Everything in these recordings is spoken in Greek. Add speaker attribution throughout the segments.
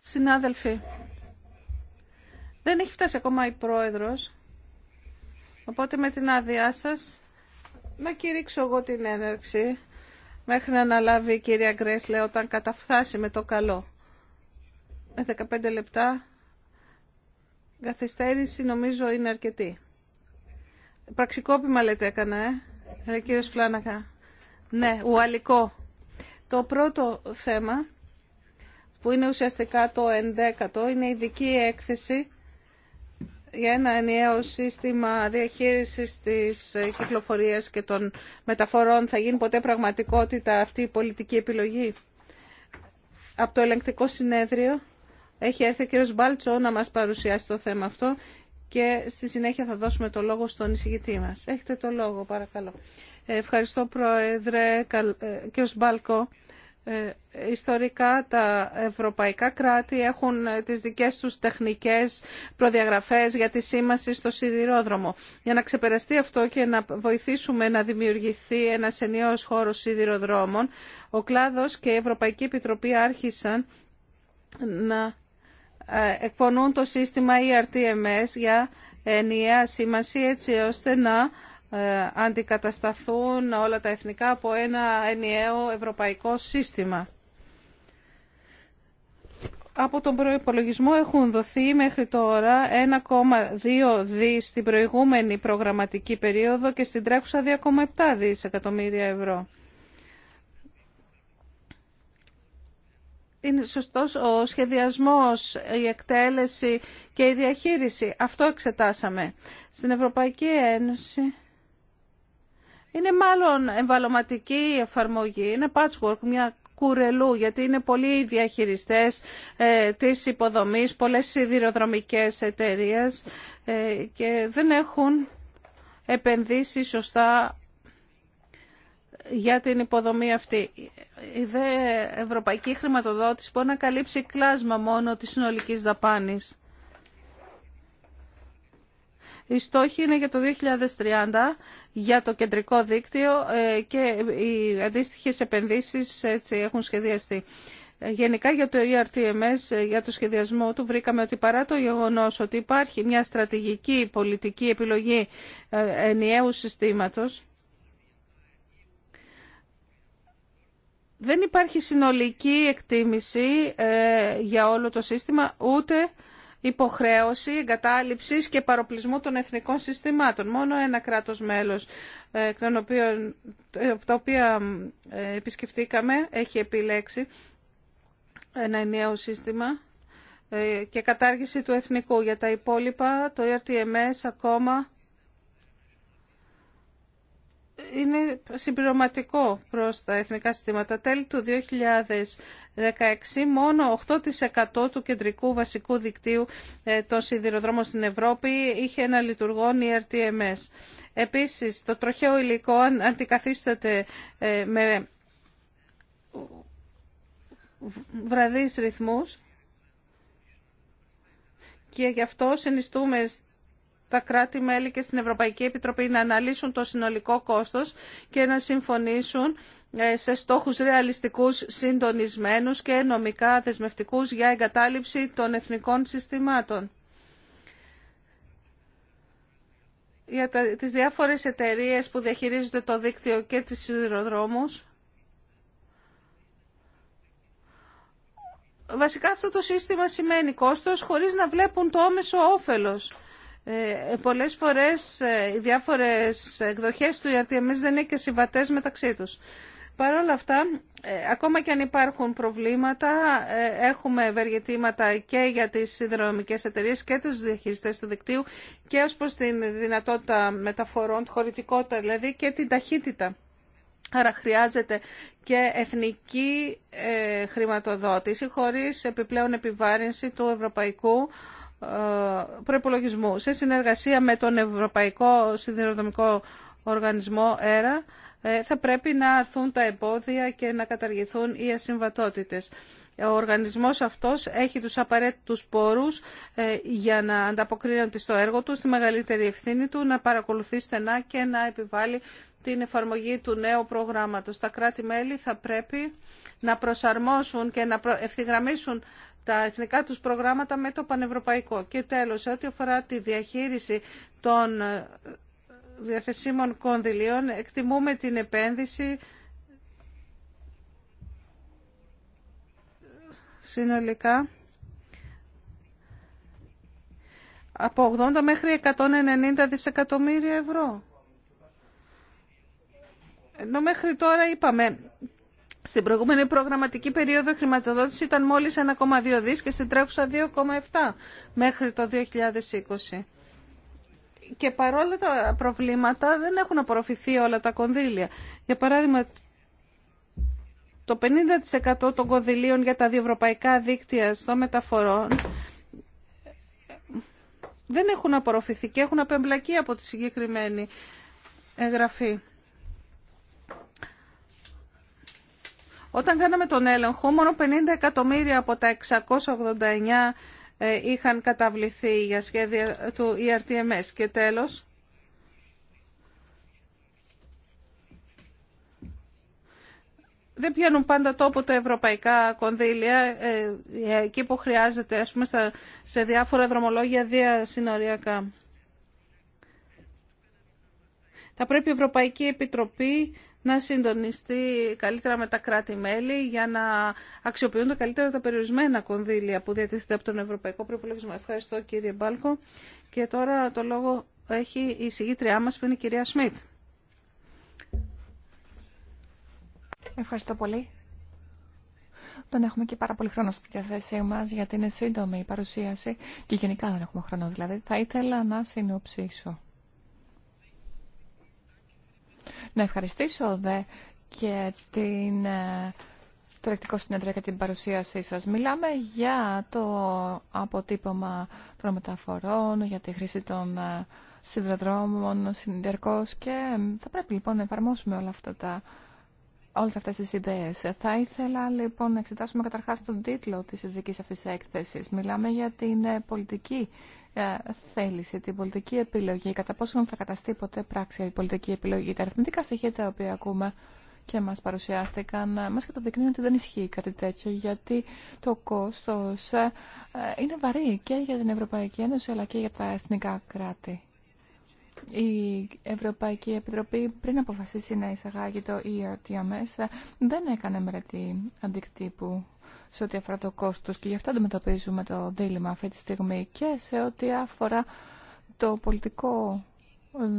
Speaker 1: Συνάδελφοι, δεν έχει φτάσει ακόμα η πρόεδρος, οπότε με την άδειά σας να κηρύξω εγώ την έναρξη μέχρι να αναλάβει η κυρία Γκρέσλε όταν καταφθάσει με το καλό. Με 15 λεπτά καθυστέρηση νομίζω είναι αρκετή. Πραξικόπημα λέτε έκανα, ε. Κύριος Φλάνακα. Ναι, ουαλικό. Το πρώτο θέμα που είναι ουσιαστικά το 11ο, είναι ειδική έκθεση για ένα ενιαίο σύστημα διαχείρισης της κυκλοφορίας και των μεταφορών. Θα γίνει ποτέ πραγματικότητα αυτή η πολιτική επιλογή. Από το ελεγκτικό συνέδριο έχει έρθει ο κ. Μπάλτσο να μας παρουσιάσει το θέμα αυτό και στη συνέχεια θα δώσουμε το λόγο στον εισηγητή μας. Έχετε το λόγο, παρακαλώ. Ε, ευχαριστώ, Πρόεδρε, κ. Ε, Μπάλκο. Ε, ιστορικά τα ευρωπαϊκά κράτη έχουν ε, τις δικές τους τεχνικές προδιαγραφές για τη σήμανση στο σιδηρόδρομο. Για να ξεπεραστεί αυτό και να βοηθήσουμε να δημιουργηθεί ένας ενιαίος χώρος σιδηροδρόμων, ο κλάδος και η Ευρωπαϊκή Επιτροπή άρχισαν να ε, εκπονούν το σύστημα ERTMS για ενιαία σήμανση έτσι ώστε να ε, αντικατασταθούν όλα τα εθνικά από ένα ενιαίο ευρωπαϊκό σύστημα. Από τον προϋπολογισμό έχουν δοθεί μέχρι τώρα 1,2 δις στην προηγούμενη προγραμματική περίοδο και στην τρέχουσα 2,7 δις εκατομμύρια ευρώ. είναι σωστός ο σχεδιασμός, η εκτέλεση και η διαχείριση. Αυτό εξετάσαμε. Στην Ευρωπαϊκή Ένωση είναι μάλλον εμβαλωματική εφαρμογή, είναι patchwork, μια κουρελού, γιατί είναι πολλοί οι διαχειριστές ε, της υποδομής, πολλές σιδηροδρομικές εταιρείες ε, και δεν έχουν επενδύσει σωστά για την υποδομή αυτή. Η δε ευρωπαϊκή χρηματοδότηση μπορεί να καλύψει κλάσμα μόνο της συνολικής δαπάνης. Οι στόχοι είναι για το 2030 για το κεντρικό δίκτυο ε, και οι αντίστοιχες επενδύσεις έτσι έχουν σχεδιαστεί. Ε, γενικά για το ERTMS, ε, για το σχεδιασμό του, βρήκαμε ότι παρά το γεγονός ότι υπάρχει μια στρατηγική πολιτική επιλογή ενιαίου συστήματος, δεν υπάρχει συνολική εκτίμηση για όλο το σύστημα, ούτε υποχρέωση εγκατάλειψη και παροπλισμού των εθνικών συστημάτων. Μόνο ένα κράτος μέλος, ε, ε, τα οποία ε, επισκεφτήκαμε, έχει επιλέξει ένα ενιαίο σύστημα και κατάργηση του εθνικού. Για τα υπόλοιπα, το ERTMS ακόμα είναι συμπληρωματικό προς τα εθνικά συστήματα. Τέλη του 2000 16 μόνο 8% του κεντρικού βασικού δικτύου ε, των σιδηροδρόμων στην Ευρώπη είχε ένα λειτουργόν ERTMS. Επίσης, το τροχαίο υλικό αντικαθίσταται ε, με βραδείς ρυθμούς και γι' αυτό συνιστούμε τα κράτη-μέλη και στην Ευρωπαϊκή Επιτροπή να αναλύσουν το συνολικό κόστος και να συμφωνήσουν ε, σε στόχους ρεαλιστικούς, συντονισμένους και νομικά δεσμευτικούς για εγκατάλειψη των εθνικών συστημάτων. Για τις διάφορες εταιρείες που διαχειρίζονται το δίκτυο και τις σιδηροδρόμους, βασικά αυτό το σύστημα σημαίνει κόστος χωρίς να βλέπουν το όμεσο όφελος. Ε, πολλές φορές ε, οι διάφορες εκδοχές του ERTMS δεν είναι και συμβατές μεταξύ τους. Παρ' όλα αυτά, ε, ακόμα και αν υπάρχουν προβλήματα, ε, έχουμε ευεργετήματα και για τις συνδρομικές εταιρείε και τους διαχειριστές του δικτύου και ως προς την δυνατότητα μεταφορών, τη χωρητικότητα δηλαδή και την ταχύτητα. Άρα χρειάζεται και εθνική ε, χρηματοδότηση χωρίς επιπλέον επιβάρυνση του ευρωπαϊκού προϋπολογισμού. Σε συνεργασία με τον Ευρωπαϊκό Συνδυνοδομικό Οργανισμό ΕΡΑ ε, θα πρέπει να αρθούν τα εμπόδια και να καταργηθούν οι ασυμβατότητες. Ο οργανισμός αυτός έχει τους απαραίτητους πόρους ε, για να ανταποκρίνονται στο έργο του, στη μεγαλύτερη ευθύνη του, να παρακολουθεί στενά και να επιβάλλει την εφαρμογή του νέου προγράμματος. Τα κράτη-μέλη θα πρέπει να προσαρμόσουν και να ευθυγραμμίσουν τα εθνικά τους προγράμματα με το πανευρωπαϊκό. Και τέλος, ό,τι αφορά τη διαχείριση των ε, διαθεσίμων κονδυλίων εκτιμούμε την επένδυση συνολικά από 80 μέχρι 190 δισεκατομμύρια ευρώ. Ενώ μέχρι τώρα είπαμε, στην προηγούμενη προγραμματική περίοδο η χρηματοδότηση ήταν μόλις 1,2 δις και στην τρέχουσα 2,7 μέχρι το 2020 και παρόλα τα προβλήματα δεν έχουν απορροφηθεί όλα τα κονδύλια. Για παράδειγμα, το 50% των κονδυλίων για τα διευρωπαϊκά δίκτυα στο μεταφορών δεν έχουν απορροφηθεί και έχουν απεμπλακεί από τη συγκεκριμένη εγγραφή. Όταν κάναμε τον έλεγχο, μόνο 50 εκατομμύρια από τα 689 ε, είχαν καταβληθεί για σχέδια του ERTMS. Και τέλος, δεν πιάνουν πάντα τόπο τα ευρωπαϊκά κονδύλια ε, ε, εκεί που χρειάζεται, ας πούμε, σε διάφορα δρομολόγια διασυνοριακά. Θα πρέπει η Ευρωπαϊκή Επιτροπή να συντονιστεί καλύτερα με τα κράτη-μέλη για να αξιοποιούνται καλύτερα τα περιορισμένα κονδύλια που διατίθεται από τον Ευρωπαϊκό Προπολογισμό. Ευχαριστώ κύριε Μπάλκο. Και τώρα το λόγο έχει η συγγήτριά μας που είναι η κυρία Σμιτ. Ευχαριστώ πολύ.
Speaker 2: Δεν έχουμε και πάρα πολύ χρόνο στη διαθέσή μα, γιατί είναι σύντομη η παρουσίαση και γενικά δεν έχουμε χρόνο. Δηλαδή, θα ήθελα να συνοψίσω. Να ευχαριστήσω δε και την, ε, το Εκτικό συνέδριο για την παρουσίασή σας. Μιλάμε για το αποτύπωμα των μεταφορών, για τη χρήση των ε, σιδηροδρόμων συνδερκώς και ε, θα πρέπει λοιπόν να εφαρμόσουμε όλα αυτά τα όλες αυτές τις ιδέες. Θα ήθελα λοιπόν να εξετάσουμε καταρχάς τον τίτλο της ειδικής αυτής έκθεσης. Μιλάμε για την πολιτική ε, θέληση, την πολιτική επιλογή, κατά πόσον θα καταστεί ποτέ πράξη η πολιτική επιλογή. Τα αριθμητικά στοιχεία τα οποία ακούμε και μας παρουσιάστηκαν, ε, μας καταδεικνύουν ότι δεν ισχύει κάτι τέτοιο, γιατί το κόστος ε, είναι βαρύ και για την Ευρωπαϊκή Ένωση, αλλά και για τα εθνικά κράτη. Η Ευρωπαϊκή Επιτροπή πριν αποφασίσει να εισαγάγει το ERTMS δεν έκανε μελέτη αντικτύπου σε ό,τι αφορά το κόστος και γι' αυτό αντιμετωπίζουμε το δίλημα αυτή τη στιγμή και σε ό,τι αφορά το πολιτικό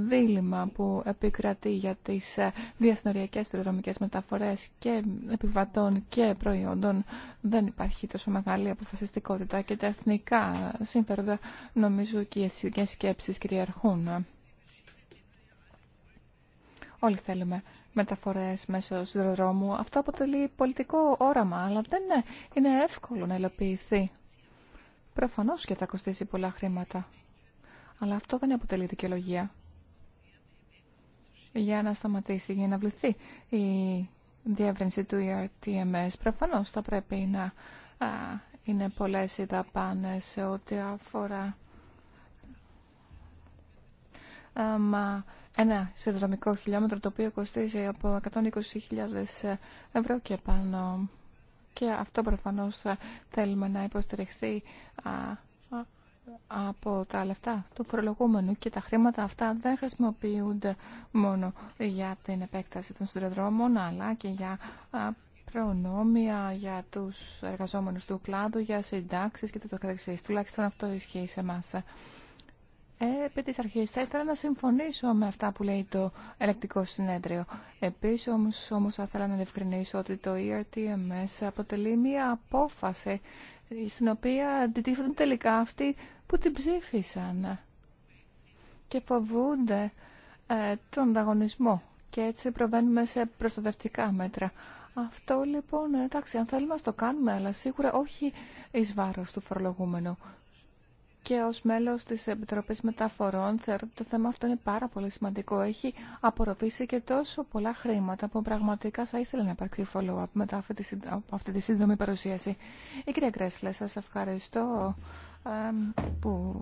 Speaker 2: δίλημα που επικρατεί για τις ε, διασυνοριακές τηλεδρομικές μεταφορές και επιβατών και προϊόντων δεν υπάρχει τόσο μεγάλη αποφασιστικότητα και τα εθνικά συμφέροντα νομίζω και οι εθνικές σκέψεις κυριαρχούν. Όλοι θέλουμε μεταφορές μέσω σιδηροδρόμου. Αυτό αποτελεί πολιτικό όραμα, αλλά δεν είναι εύκολο να υλοποιηθεί. Προφανώς και θα κοστίσει πολλά χρήματα. Αλλά αυτό δεν αποτελεί δικαιολογία. Για να σταματήσει, για να βληθεί η διεύρυνση του ERTMS, προφανώς θα πρέπει να είναι πολλές οι δαπάνες σε ό,τι αφορά... Α, ένα συνδρομικό χιλιόμετρο το οποίο κοστίζει από 120.000 ευρώ και πάνω. Και αυτό προφανώς θέλουμε να υποστηριχθεί από τα λεφτά του φορολογούμενου και τα χρήματα αυτά δεν χρησιμοποιούνται μόνο για την επέκταση των συνδρομών αλλά και για προνόμια για τους εργαζόμενους του κλάδου, για συντάξεις και το Τουλάχιστον αυτό ισχύει σε εμάς. Επί της αρχής θα ήθελα να συμφωνήσω με αυτά που λέει το ελεκτικό συνέδριο. Επίσης όμως, θα ήθελα να διευκρινίσω ότι το ERTMS αποτελεί μία απόφαση στην οποία αντιτίθεται τελικά αυτοί που την ψήφισαν και φοβούνται ε, τον ανταγωνισμό και έτσι προβαίνουμε σε προστατευτικά μέτρα. Αυτό λοιπόν, εντάξει, αν θέλουμε να το κάνουμε, αλλά σίγουρα όχι εις βάρος του φορολογούμενου και ως μέλος της Επιτροπής Μεταφορών θεωρώ ότι το θέμα αυτό είναι πάρα πολύ σημαντικό. Έχει απορροφήσει και τόσο πολλά χρήματα που πραγματικά θα ήθελα να υπάρξει follow-up μετά αυτή τη, αυτή τη σύντομη παρουσίαση. Η κυρία Κρέσλε, σας ευχαριστώ που,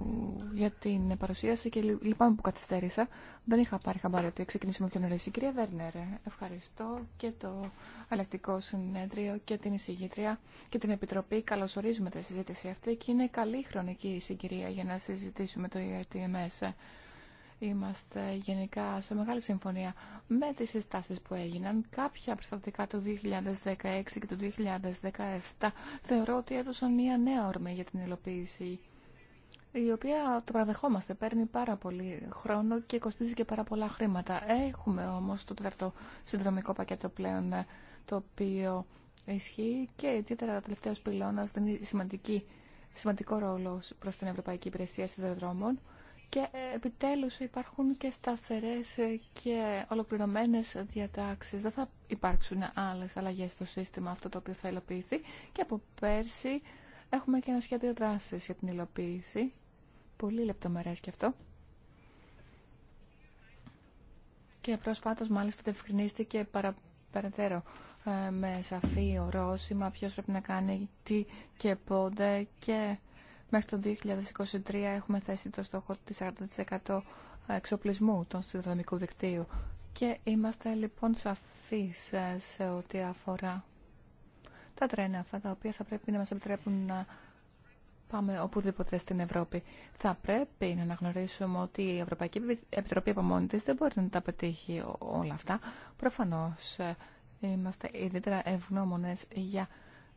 Speaker 2: για την παρουσίαση και λυπάμαι που καθυστέρησα. Δεν είχα πάρει χαμπάρι ότι ξεκινήσουμε πιο νωρίς. Η κυρία Βέρνερ, ευχαριστώ και το αλλακτικό συνέδριο και την εισηγήτρια και την Επιτροπή. Καλωσορίζουμε τη συζήτηση αυτή και είναι καλή χρονική συγκυρία για να συζητήσουμε το ERTMS. Είμαστε γενικά σε μεγάλη συμφωνία με τις συστάσεις που έγιναν. Κάποια προστατικά το 2016 και το 2017 θεωρώ ότι έδωσαν μια νέα ορμή για την υλοποίηση η οποία το παραδεχόμαστε, παίρνει πάρα πολύ χρόνο και κοστίζει και πάρα πολλά χρήματα. Έχουμε όμως το τέταρτο συνδρομικό πακέτο πλέον το οποίο ισχύει και ιδιαίτερα ο τελευταίο πυλώνα δίνει σημαντικό ρόλο προς την Ευρωπαϊκή Υπηρεσία Σιδηροδρόμων και ε, επιτέλους υπάρχουν και σταθερές ε, και ολοκληρωμένες διατάξεις. Δεν θα υπάρξουν άλλες αλλαγές στο σύστημα αυτό το οποίο θα υλοποιηθεί και από πέρσι έχουμε και ένα σχέδιο δράσης για την υλοποίηση. Πολύ λεπτομερές και αυτό. Και πρόσφατος μάλιστα διευκρινίστηκε παραπέραντερο με σαφή ορόσημα ποιος πρέπει να κάνει τι και πότε και Μέχρι το 2023 έχουμε θέσει το στόχο της 40% εξοπλισμού των συνδρομικού δικτύου και είμαστε λοιπόν σαφείς ε, σε ό,τι αφορά τα τρένα αυτά τα οποία θα πρέπει να μας επιτρέπουν να πάμε οπουδήποτε στην Ευρώπη. Θα πρέπει να αναγνωρίσουμε ότι η Ευρωπαϊκή Επιτροπή από μόνη της δεν μπορεί να τα πετύχει όλα αυτά. Προφανώς ε, είμαστε ιδιαίτερα ευγνώμονες για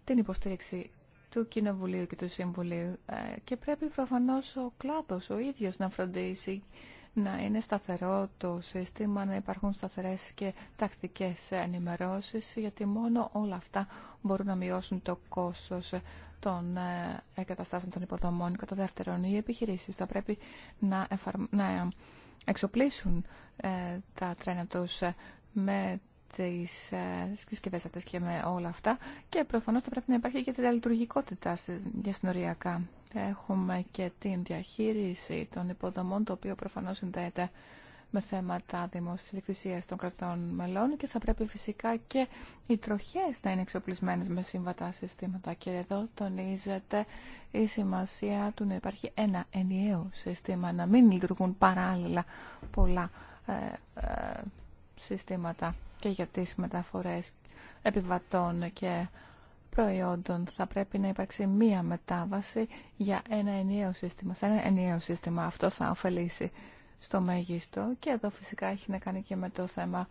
Speaker 2: την υποστήριξη του Κοινοβουλίου και του Συμβουλίου ε, και πρέπει προφανώς ο κλάδος ο ίδιος να φροντίσει να είναι σταθερό το σύστημα, να υπάρχουν σταθερές και τακτικές ενημερώσεις γιατί μόνο όλα αυτά μπορούν να μειώσουν το κόστος των ε, εγκαταστάσεων των υποδομών. Κατά δεύτερον, οι επιχειρήσεις θα πρέπει να, εξοπλίσουν ε, τα τρένα τους με τις ε, συσκευέ αυτές και με όλα αυτά και προφανώς θα πρέπει να υπάρχει και τη για συνοριακά. Έχουμε και την διαχείριση των υποδομών, το οποίο προφανώς συνδέεται με θέματα δημόσιας εκκλησίας των κρατών μελών και θα πρέπει φυσικά και οι τροχές να είναι εξοπλισμένες με συμβατά συστήματα. Και εδώ τονίζεται η σημασία του να υπάρχει ένα ενιαίο σύστημα, να μην λειτουργούν παράλληλα πολλά ε, ε, συστήματα και για τις μεταφορές επιβατών και προϊόντων θα πρέπει να υπάρξει μία μετάβαση για ένα ενιαίο σύστημα. Σε ένα ενιαίο σύστημα αυτό θα ωφελήσει στο μέγιστο και εδώ φυσικά έχει να κάνει και με το θέμα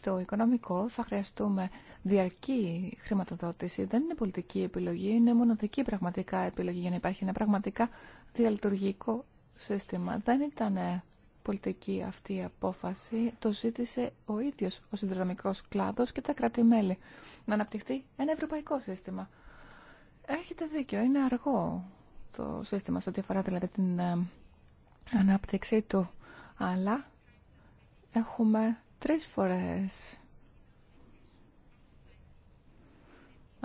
Speaker 2: το οικονομικό θα χρειαστούμε διαρκή χρηματοδότηση. Δεν είναι πολιτική επιλογή, είναι μοναδική πραγματικά επιλογή για να υπάρχει ένα πραγματικά διαλειτουργικό σύστημα. Δεν ήταν πολιτική αυτή η απόφαση το ζήτησε ο ίδιος ο συνδρομικός κλάδος και τα κράτη-μέλη να αναπτυχθεί ένα ευρωπαϊκό σύστημα. Έχετε δίκιο, είναι αργό το σύστημα σε ό,τι αφορά δηλαδή την ε, ανάπτυξή του, αλλά έχουμε τρεις φορές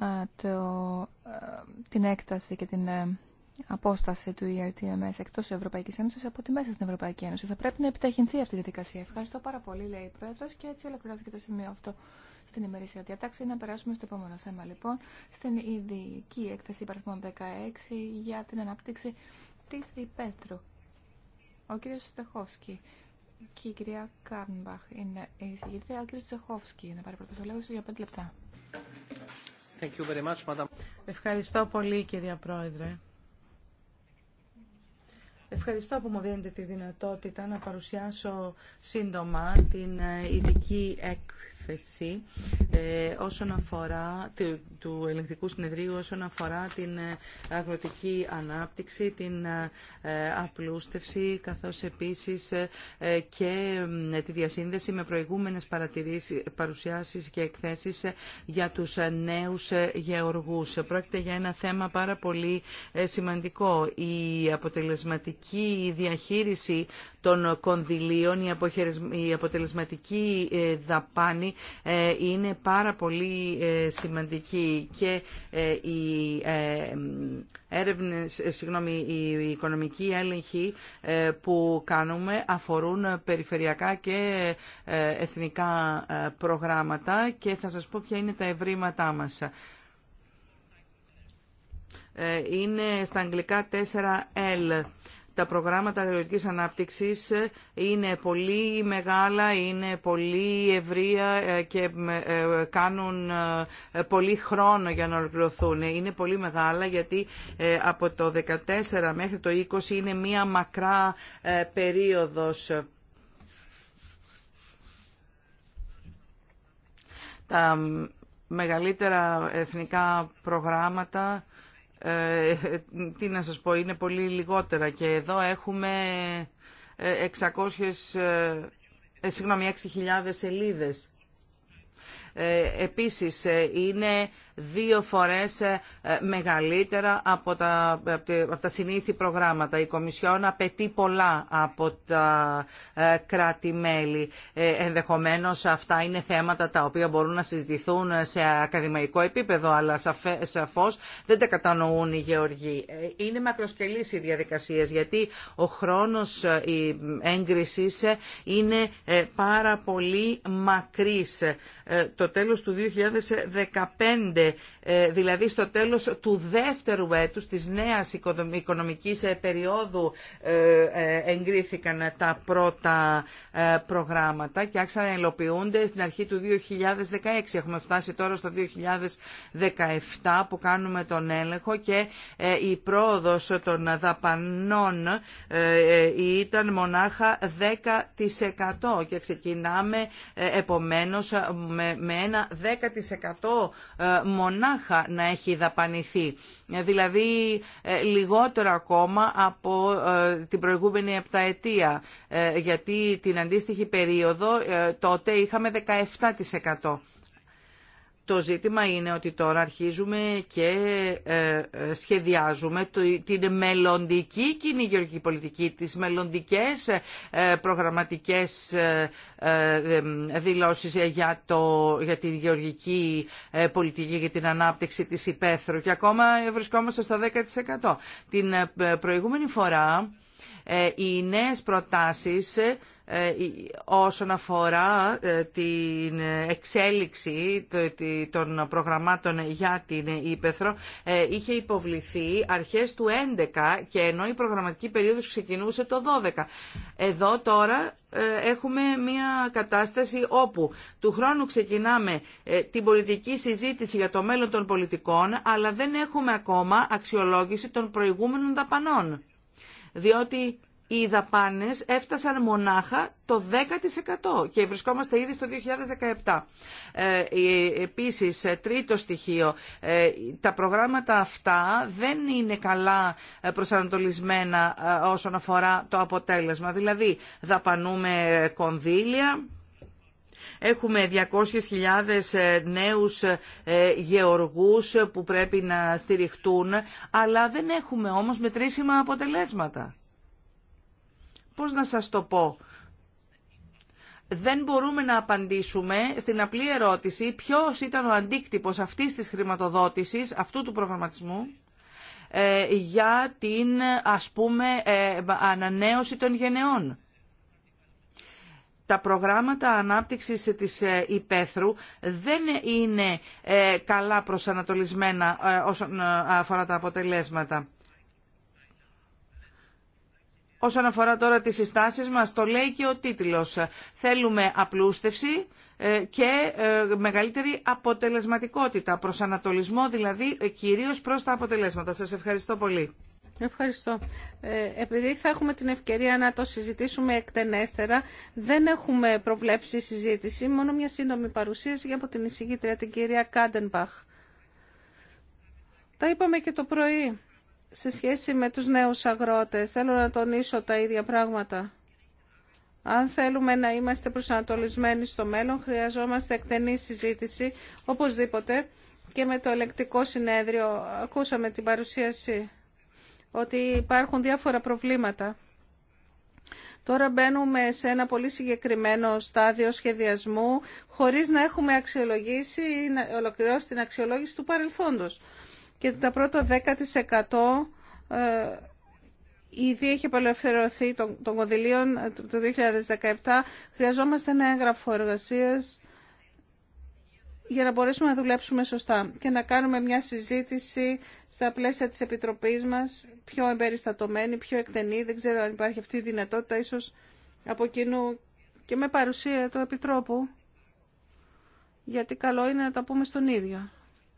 Speaker 2: ε, το, ε, την έκταση και την απόσταση του ERTMS εκτός Ευρωπαϊκής Ένωσης από τη μέσα στην Ευρωπαϊκή Ένωση. Θα πρέπει να επιταχυνθεί αυτή η διαδικασία. Ευχαριστώ πάρα πολύ, λέει η Πρόεδρος, και έτσι ολοκληρώθηκε το σημείο αυτό στην ημερήσια διατάξη. Να περάσουμε στο επόμενο θέμα, λοιπόν, στην ειδική έκθεση παραθμών 16 για την ανάπτυξη της Υπέτρου. Ο κύριος Στεχόσκι και η κυρία Κάρνμπαχ είναι η συγκεκριτή. Ο κύριος Τσεχόφσκι
Speaker 3: να πάρει για 5 λεπτά. Ευχαριστώ πολύ, κυρία Πρόεδρε. Ευχαριστώ που μου δίνετε τη δυνατότητα να παρουσιάσω σύντομα την ε, ειδική έκθεση έκθεση ε, όσον αφορά του ελεγκτικού συνεδρίου όσον αφορά την ε, αγροτική ανάπτυξη, την ε, απλούστευση καθώς επίσης και τη διασύνδεση με προηγούμενες παρουσιάσεις και εκθέσεις για τους νέους γεωργούς. Πρόκειται για ένα θέμα πάρα πολύ σημαντικό. Η αποτελεσματική διαχείριση των κονδυλίων, η αποτελεσματική δαπάνη ε, είναι πάρα πολύ ε, σημαντική και οι ε, συγγνώμη, οι οικονομικοί έλεγχοι που κάνουμε αφορούν περιφερειακά και εθνικά προγράμματα και θα σας πω ποια είναι τα ευρήματά μας είναι στα αγγλικά 4L τα προγράμματα αγροτικής ανάπτυξης είναι πολύ μεγάλα, είναι πολύ ευρεία ε, και ε, κάνουν ε, πολύ χρόνο για να ολοκληρωθούν. Είναι πολύ μεγάλα γιατί από το 2014 μέχρι το 20 είναι μία μακρά περίοδος. Τα μεγαλύτερα εθνικά προγράμματα ε, τι να σας πω, είναι πολύ λιγότερα και εδώ έχουμε 600, ε, ε, ε, συγγνώμη, 6.000 σελίδες. Ε, επίσης, ε, είναι δύο φορές ε, ε, μεγαλύτερα από τα, από τα συνήθη προγράμματα. Η Κομισιόν απαιτεί πολλά από τα ε, κράτη-μέλη. Ενδεχομένως αυτά είναι θέματα τα οποία μπορούν να συζητηθούν σε ακαδημαϊκό επίπεδο, αλλά σαφώς δεν τα κατανοούν οι γεωργοί. Είναι μακροσκελής οι διαδικασίες, γιατί ο χρόνος η έγκρισης είναι πάρα πολύ μακρύς. Το τέλος του 2015 ε, δηλαδή στο τέλος του δεύτερου έτους της νέας οικονομικής ε, περίοδου ε, εγκρίθηκαν τα πρώτα προγράμματα και άρχισαν να ελοποιούνται στην αρχή του 2016. Έχουμε φτάσει τώρα στο 2017 που κάνουμε τον έλεγχο και η πρόοδος των δαπανών ήταν μονάχα 10% και ξεκινάμε επομένως με ένα 10% μονάχα να έχει δαπανηθεί. Ε, δηλαδή ε, λιγότερο ακόμα από ε, την προηγούμενη επταετία, γιατί την αντίστοιχη περίοδο τότε είχαμε 17%. Το ζήτημα είναι ότι τώρα αρχίζουμε και ε, ε, σχεδιάζουμε την μελλοντική κοινή γεωργική πολιτική, τις μελλοντικές ε, προγραμματικές δηλώσεις για, το, για την γεωργική πολιτική, για την ανάπτυξη της υπαίθρου και ακόμα βρισκόμαστε στο 10%. Την προηγούμενη φορά οι νέες προτάσεις ε, όσον αφορά ε, την εξέλιξη των προγραμμάτων για την Ήπεθρο ε, είχε υποβληθεί αρχές του 11 και ενώ η προγραμματική περίοδος ξεκινούσε το 12. Εδώ τώρα έχουμε μια κατάσταση όπου του χρόνου ξεκινάμε την πολιτική συζήτηση για το μέλλον των πολιτικών αλλά δεν έχουμε ακόμα αξιολόγηση των προηγούμενων δαπανών. Διότι οι δαπάνες έφτασαν μονάχα το 10% και βρισκόμαστε ήδη στο 2017. Ε, επίσης, ε, τρίτο στοιχείο, ε, τα προγράμματα αυτά δεν είναι καλά ε, προσανατολισμένα όσον αφορά το αποτέλεσμα. Δηλαδή, δαπανούμε κονδύλια, Έχουμε 200.000 νέους γεωργούς που πρέπει να στηριχτούν, αλλά δεν έχουμε όμως μετρήσιμα αποτελέσματα πώς να σας το πω, δεν μπορούμε να απαντήσουμε στην απλή ερώτηση ποιος ήταν ο αντίκτυπος αυτής της χρηματοδότησης, αυτού του προγραμματισμού, ε, για την ας πούμε ε, ανανέωση των γενεών. Τα προγράμματα ανάπτυξης της ε, υπαίθρου δεν είναι καλά προσανατολισμένα όσον αφορά τα αποτελέσματα. Όσον αφορά τώρα τις συστάσεις μας, το λέει και ο τίτλος. Θέλουμε απλούστευση ε, και ε, μεγαλύτερη αποτελεσματικότητα, προς ανατολισμό δηλαδή ε, κυρίως προς τα αποτελέσματα.
Speaker 1: Σας ευχαριστώ πολύ. Ευχαριστώ. Επειδή θα έχουμε την ευκαιρία να το συζητήσουμε εκτενέστερα, δεν έχουμε προβλέψει συζήτηση, μόνο μια σύντομη παρουσίαση από την εισηγήτρια την κυρία Κάντεμπαχ. Τα είπαμε και το πρωί σε σχέση με τους νέους αγρότες, θέλω να τονίσω τα ίδια πράγματα. Αν θέλουμε να είμαστε προσανατολισμένοι στο μέλλον, χρειαζόμαστε εκτενή συζήτηση, οπωσδήποτε, και με το ελεκτικό συνέδριο ακούσαμε την παρουσίαση ότι υπάρχουν διάφορα προβλήματα. Τώρα μπαίνουμε σε ένα πολύ συγκεκριμένο στάδιο σχεδιασμού, χωρίς να έχουμε αξιολογήσει ή να ολοκληρώσει την αξιολόγηση του παρελθόντος και τα πρώτα 10% ε, ήδη έχει απελευθερωθεί των, των κονδυλίων ε, το 2017. Χρειαζόμαστε ένα έγγραφο εργασία για να μπορέσουμε να δουλέψουμε σωστά και να κάνουμε μια συζήτηση στα πλαίσια της Επιτροπής μας, πιο εμπεριστατωμένη, πιο εκτενή. Δεν ξέρω αν υπάρχει αυτή η δυνατότητα, ίσως από κοινού και με παρουσία του Επιτρόπου, γιατί καλό είναι να τα πούμε στον ίδιο.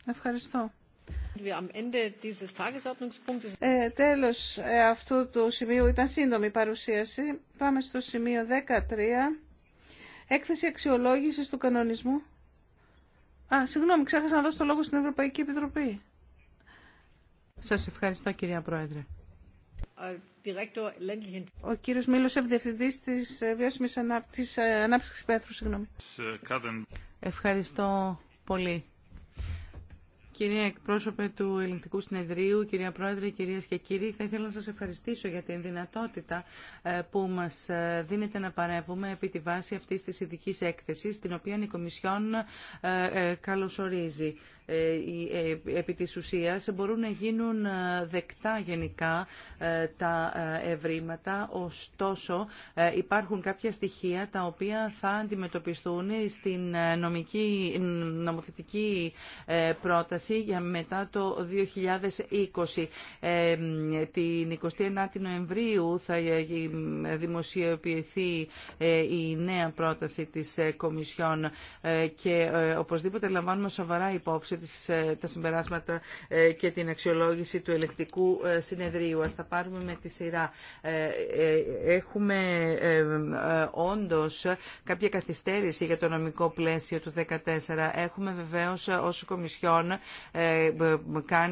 Speaker 1: Ευχαριστώ. Ε, τέλος ε, αυτού του σημείου ήταν σύντομη η παρουσίαση. Πάμε στο σημείο 13. Έκθεση αξιολόγησης του κανονισμού. Α, συγγνώμη, ξέχασα να δώσω το λόγο στην Ευρωπαϊκή Επιτροπή. Σας ευχαριστώ κυρία Πρόεδρε.
Speaker 3: Äh,
Speaker 1: Ο κύριος Μίλος Ευδιευθυντής της ε, Βιώσιμης Ανάπτυξης, Ανάπτυξης Πέθρου, συγγνώμη. Ευχαριστώ πολύ Κυρία
Speaker 3: εκπρόσωπε του Ελληνικού Συνεδρίου, κυρία Πρόεδρε, κυρίες και κύριοι, θα ήθελα να σας ευχαριστήσω για την δυνατότητα ε, που μας ε, δίνεται να παρεύουμε επί τη βάση αυτής της ειδική έκθεσης, την οποία η Κομισιόν ε, καλωσορίζει. Ε, ε, επί της ουσίας μπορούν να γίνουν ε, δεκτά γενικά τα ευρήματα, ωστόσο υπάρχουν κάποια στοιχεία τα οποία θα αντιμετωπιστούν στην νομική, νομοθετική πρόταση για μετά το 2020. Την 29η Νοεμβρίου θα δημοσιοποιηθεί η νέα πρόταση της Κομισιόν και οπωσδήποτε λαμβάνουμε σοβαρά υπόψη ε, τα συμπεράσματα ε, και την αξιολόγηση του ελεκτικού ε, συνεδρίου. Ας τα πάρουμε με τη σειρά. Έχουμε όντως κάποια καθυστέρηση για το νομικό πλαίσιο του 2014. Έχουμε βεβαίως ως Κομισιόν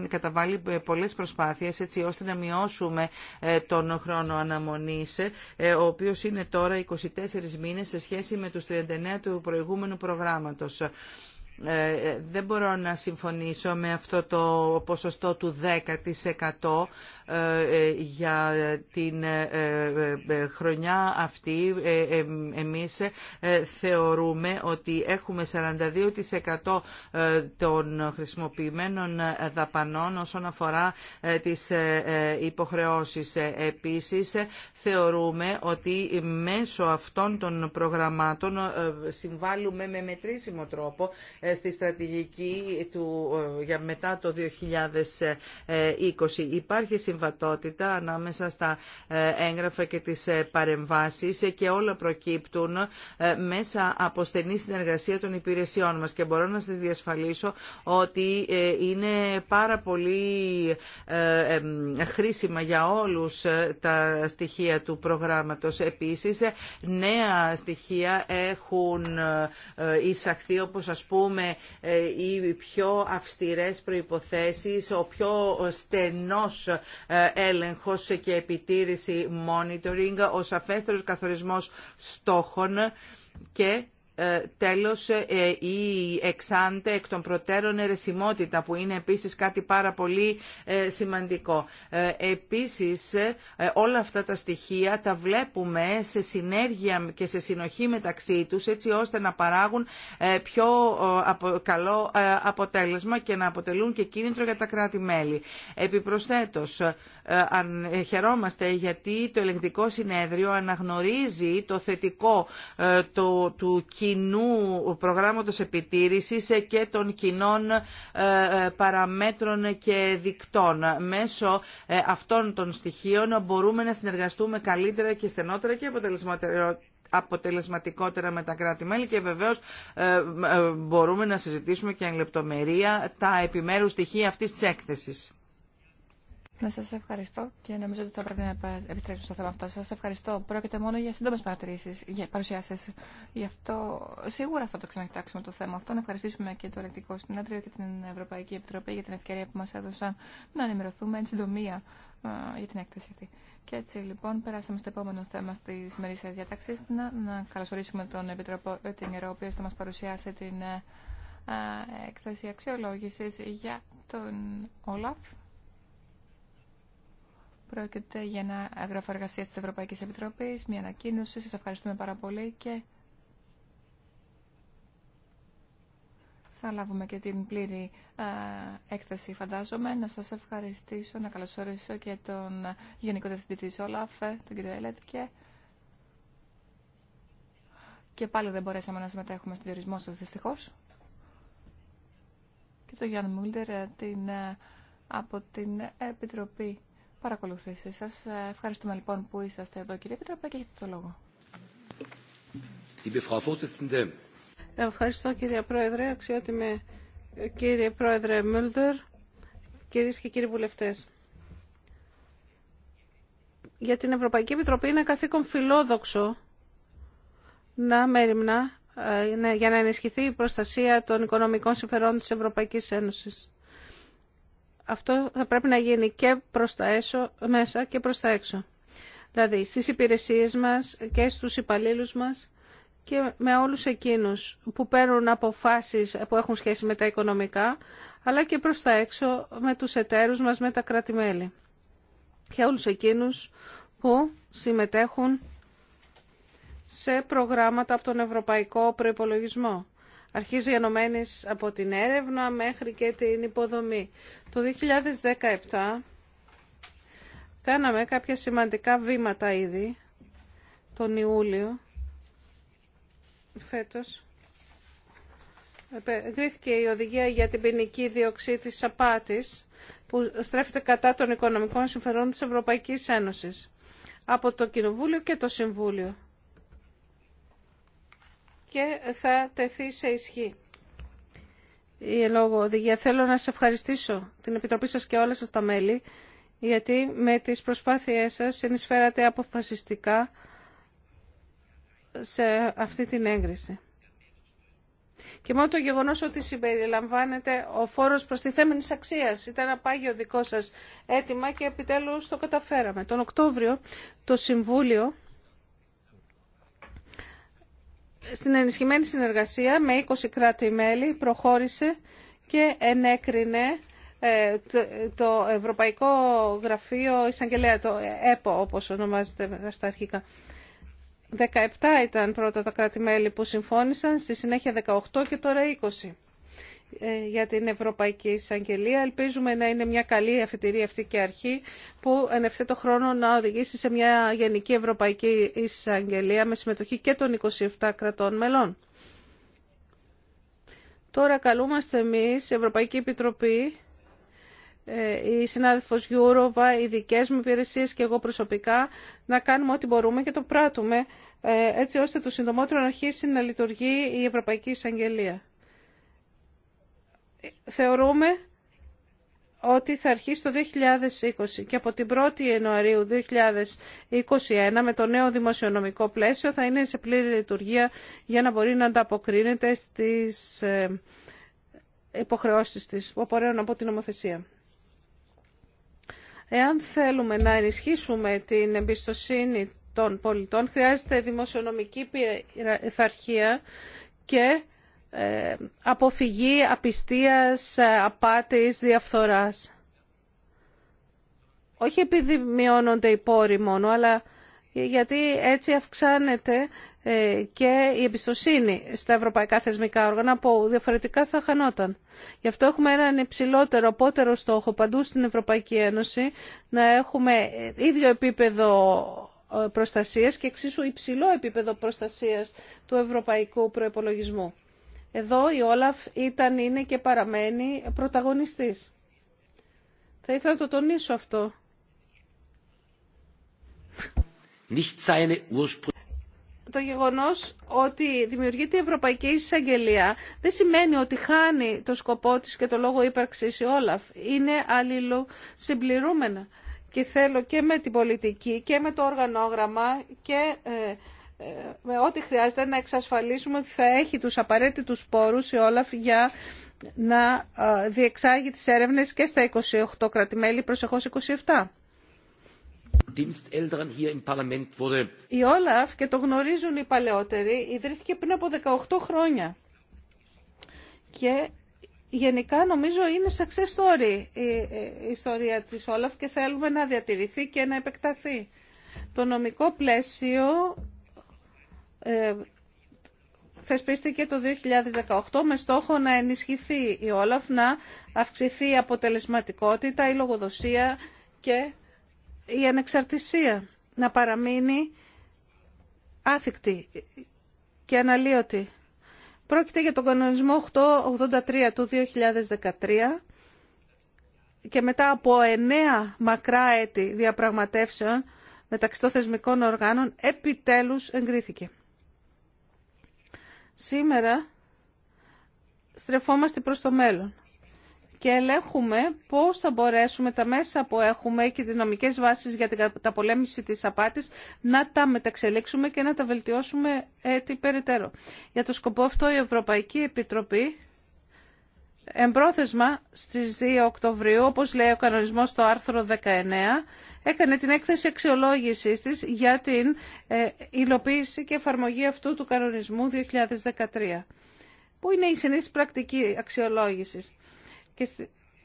Speaker 3: καταβάλει πολλές προσπάθειες έτσι ώστε να μειώσουμε τον χρόνο αναμονής, ο οποίος είναι τώρα 24 μήνες σε σχέση με τους 39 του προηγούμενου προγράμματος. Ε, ε, δεν μπορώ να συμφωνήσω με αυτό το ποσοστό του 10% για την ε, ε, ε, χρονιά αυτή εμείς θεωρούμε ότι έχουμε 42% των χρησιμοποιημένων δαπανών όσον αφορά τις υποχρεώσεις. Επίσης θεωρούμε ότι μέσω αυτών των προγραμμάτων συμβάλλουμε με μετρήσιμο τρόπο στη στρατηγική του, για μετά το 2020. Υπάρχει συμβατότητα ανάμεσα στα ε, έγγραφα και τις ε, παρεμβάσεις και όλα προκύπτουν ε, μέσα από στενή συνεργασία των υπηρεσιών μας και μπορώ να σας διασφαλίσω ότι είναι πάρα πολύ χρήσιμα για όλους τα στοιχεία του προγράμματος. Επίσης, νέα στοιχεία έχουν εισαχθεί όπως ας πούμε οι πιο αυστηρές προϋποθέσεις, ο πιο στενός ε, έλεγχος και επιτήρηση monitoring, ο σαφέστερος καθορισμός στόχων και ε, τέλος ε, η εξάντε εκ των προτέρων ερεσιμότητα που είναι επίσης κάτι πάρα πολύ ε, σημαντικό. Επίσης όλα αυτά τα στοιχεία τα βλέπουμε σε συνέργεια και σε συνοχή μεταξύ τους έτσι ώστε να παράγουν πιο καλό αποτέλεσμα και να αποτελούν και κίνητρο για τα κράτη-μέλη. Επιπροσθέτως ε, ε, χαιρόμαστε γιατί το ελεγκτικό συνέδριο αναγνωρίζει το θετικό ε, του κοινού προγράμματος επιτήρησης και των κοινών παραμέτρων και δικτών. Μέσω αυτών των στοιχείων μπορούμε να συνεργαστούμε καλύτερα και στενότερα και αποτελεσματικότερα με τα κράτη-μέλη και βεβαίως μπορούμε να συζητήσουμε και εν λεπτομερία τα επιμέρους στοιχεία αυτής της έκθεσης.
Speaker 2: Να σα ευχαριστώ και νομίζω ότι θα πρέπει να επιστρέψω στο θέμα αυτό. Σα ευχαριστώ. Πρόκειται μόνο για σύντομε παρατηρήσει, για παρουσιάσεις. Γι' αυτό σίγουρα θα το ξανακοιτάξουμε το θέμα αυτό. Να ευχαριστήσουμε και το Ελεκτικό Συνέδριο και την Ευρωπαϊκή Επιτροπή για την ευκαιρία που μα έδωσαν να ενημερωθούμε εν συντομία για την έκθεση αυτή. Και έτσι λοιπόν περάσαμε στο επόμενο θέμα τη ημερήσια διάταξη. Να, να καλωσορίσουμε τον Επιτροπό Οτινγκερό, ο οποίο θα μα παρουσιάσει την ε, έκθεση αξιολόγηση για τον Όλαφ. Πρόκειται για ένα έγγραφο εργασία τη Ευρωπαϊκή Επιτροπή, μια ανακοίνωση. Σα ευχαριστούμε πάρα πολύ και θα λάβουμε και την πλήρη α, έκθεση, φαντάζομαι. Να σας ευχαριστήσω, να καλωσορίσω και τον Γενικό Διευθυντή τη Όλαφ, τον κύριο Έλετ και... και πάλι δεν μπορέσαμε να συμμετέχουμε στον διορισμό σα δυστυχώ. Και τον Γιάννη Μούλτερ ε, την, ε, από την Επιτροπή παρακολουθήσει σας. Ε, ευχαριστούμε λοιπόν που είσαστε εδώ κύριε Επιτροπέ και έχετε το
Speaker 1: λόγο. Ευχαριστώ κύριε Πρόεδρε, αξιότιμε ε, κύριε Πρόεδρε Μούλτερ, κυρίες και κύριοι βουλευτές. Για την Ευρωπαϊκή Επιτροπή είναι καθήκον φιλόδοξο να μεριμνά ε, για να ενισχυθεί η προστασία των οικονομικών συμφερόντων της Ευρωπαϊκής Ένωσης αυτό θα πρέπει να γίνει και προς τα έσω, μέσα και προς τα έξω. Δηλαδή στις υπηρεσίες μας και στους υπαλλήλους μας και με όλους εκείνους που παίρνουν αποφάσεις που έχουν σχέση με τα οικονομικά, αλλά και προς τα έξω με τους εταίρους μας, με τα κράτη-μέλη. Και όλους εκείνους που συμμετέχουν σε προγράμματα από τον Ευρωπαϊκό Προϋπολογισμό αρχίζει ενωμένη από την έρευνα μέχρι και την υποδομή. Το 2017 κάναμε κάποια σημαντικά βήματα ήδη, τον Ιούλιο φέτος. Εγκρίθηκε η οδηγία για την ποινική διοξή της απάτης που στρέφεται κατά των οικονομικών συμφερόντων της Ευρωπαϊκής Ένωσης από το Κοινοβούλιο και το Συμβούλιο και θα τεθεί σε ισχύ. Η λόγω οδηγία. Θέλω να σας ευχαριστήσω την Επιτροπή σας και όλα σας τα μέλη, γιατί με τις προσπάθειές σας συνεισφέρατε αποφασιστικά σε αυτή την έγκριση. Και μόνο το γεγονός ότι συμπεριλαμβάνεται ο φόρος προστιθέμενης αξίας ήταν απάγιο δικό σας αίτημα και επιτέλους το καταφέραμε. Τον Οκτώβριο το Συμβούλιο στην ενισχυμένη συνεργασία με 20 κράτη-μέλη προχώρησε και ενέκρινε ε, το Ευρωπαϊκό Γραφείο Εισαγγελέα, το ΕΠΟ όπως ονομάζεται στα αρχικά. 17 ήταν πρώτα τα κράτη-μέλη που συμφώνησαν, στη συνέχεια 18 και τώρα 20. Ε, για την Ευρωπαϊκή Εισαγγελία. Ελπίζουμε να είναι μια καλή αφιτηρία αυτή και αρχή που εν ευθέτω χρόνο να οδηγήσει σε μια γενική Ευρωπαϊκή Εισαγγελία με συμμετοχή και των 27 κρατών μελών. Τώρα καλούμαστε εμείς, Ευρωπαϊκή Επιτροπή, ε, η συνάδελφος Γιούροβα, οι δικές μου υπηρεσίε και εγώ προσωπικά να κάνουμε ό,τι μπορούμε και το πράττουμε ε, έτσι ώστε το συντομότερο να αρχίσει να λειτουργεί η Ευρωπαϊκή Εισαγγελία θεωρούμε ότι θα αρχίσει το 2020 και από την 1η Ιανουαρίου 2021 με το νέο δημοσιονομικό πλαίσιο θα είναι σε πλήρη λειτουργία για να μπορεί να ανταποκρίνεται στις ε, υποχρεώσεις της που απορρέουν από την νομοθεσία. Εάν θέλουμε να ενισχύσουμε την εμπιστοσύνη των πολιτών χρειάζεται δημοσιονομική πειθαρχία και ε, αποφυγή απιστίας, ε, απάτης, διαφθοράς. Όχι επειδή μειώνονται οι πόροι μόνο, αλλά γιατί έτσι αυξάνεται ε, και η εμπιστοσύνη στα ευρωπαϊκά θεσμικά όργανα που διαφορετικά θα χανόταν. Γι' αυτό έχουμε έναν υψηλότερο, απότερο στόχο παντού στην Ευρωπαϊκή Ένωση να έχουμε ίδιο επίπεδο προστασίας και εξίσου υψηλό επίπεδο προστασίας του ευρωπαϊκού προϋπολογισμού. Εδώ η Όλαφ ήταν, είναι και παραμένει πρωταγωνιστής. Θα ήθελα να το τονίσω αυτό. Το γεγονός ότι δημιουργείται η Ευρωπαϊκή Εισαγγελία δεν σημαίνει ότι χάνει το σκοπό της και το λόγο ύπαρξης η Όλαφ. Είναι αλληλοσυμπληρούμενα. Και θέλω και με την πολιτική και με το οργανόγραμμα και ε, με ό,τι χρειάζεται να εξασφαλίσουμε ότι θα έχει τους απαραίτητους πόρους η Όλαφ για να ε, διεξάγει τις έρευνες και στα 28 κρατημέλη, προσεχώς 27. Η Όλαφ, και το γνωρίζουν οι παλαιότεροι, ιδρύθηκε πριν από 18 χρόνια. Και γενικά νομίζω είναι success story η ιστορία της Όλαφ και θέλουμε να διατηρηθεί και να επεκταθεί. Το νομικό πλαίσιο ε, θεσπίστηκε το 2018 με στόχο να ενισχυθεί η Όλαφ, να αυξηθεί η αποτελεσματικότητα, η λογοδοσία και η ανεξαρτησία, να παραμείνει άθικτη και αναλύωτη. Πρόκειται για τον κανονισμό 883 του 2013 και μετά από εννέα μακρά έτη διαπραγματεύσεων μεταξύ των θεσμικών οργάνων επιτέλους εγκρίθηκε. Σήμερα στρεφόμαστε προς το μέλλον και ελέγχουμε πώς θα μπορέσουμε τα μέσα που έχουμε και τις νομικές βάσεις για την καταπολέμηση της απάτης να τα μεταξελίξουμε και να τα βελτιώσουμε έτσι περαιτέρω. Για το σκοπό αυτό η Ευρωπαϊκή Επιτροπή εμπρόθεσμα στις 2 Οκτωβρίου, όπως λέει ο κανονισμός στο άρθρο 19, έκανε την έκθεση αξιολόγησης της για την ε, υλοποίηση και εφαρμογή αυτού του κανονισμού 2013. Πού είναι η συνήθιση πρακτική αξιολόγησης. Και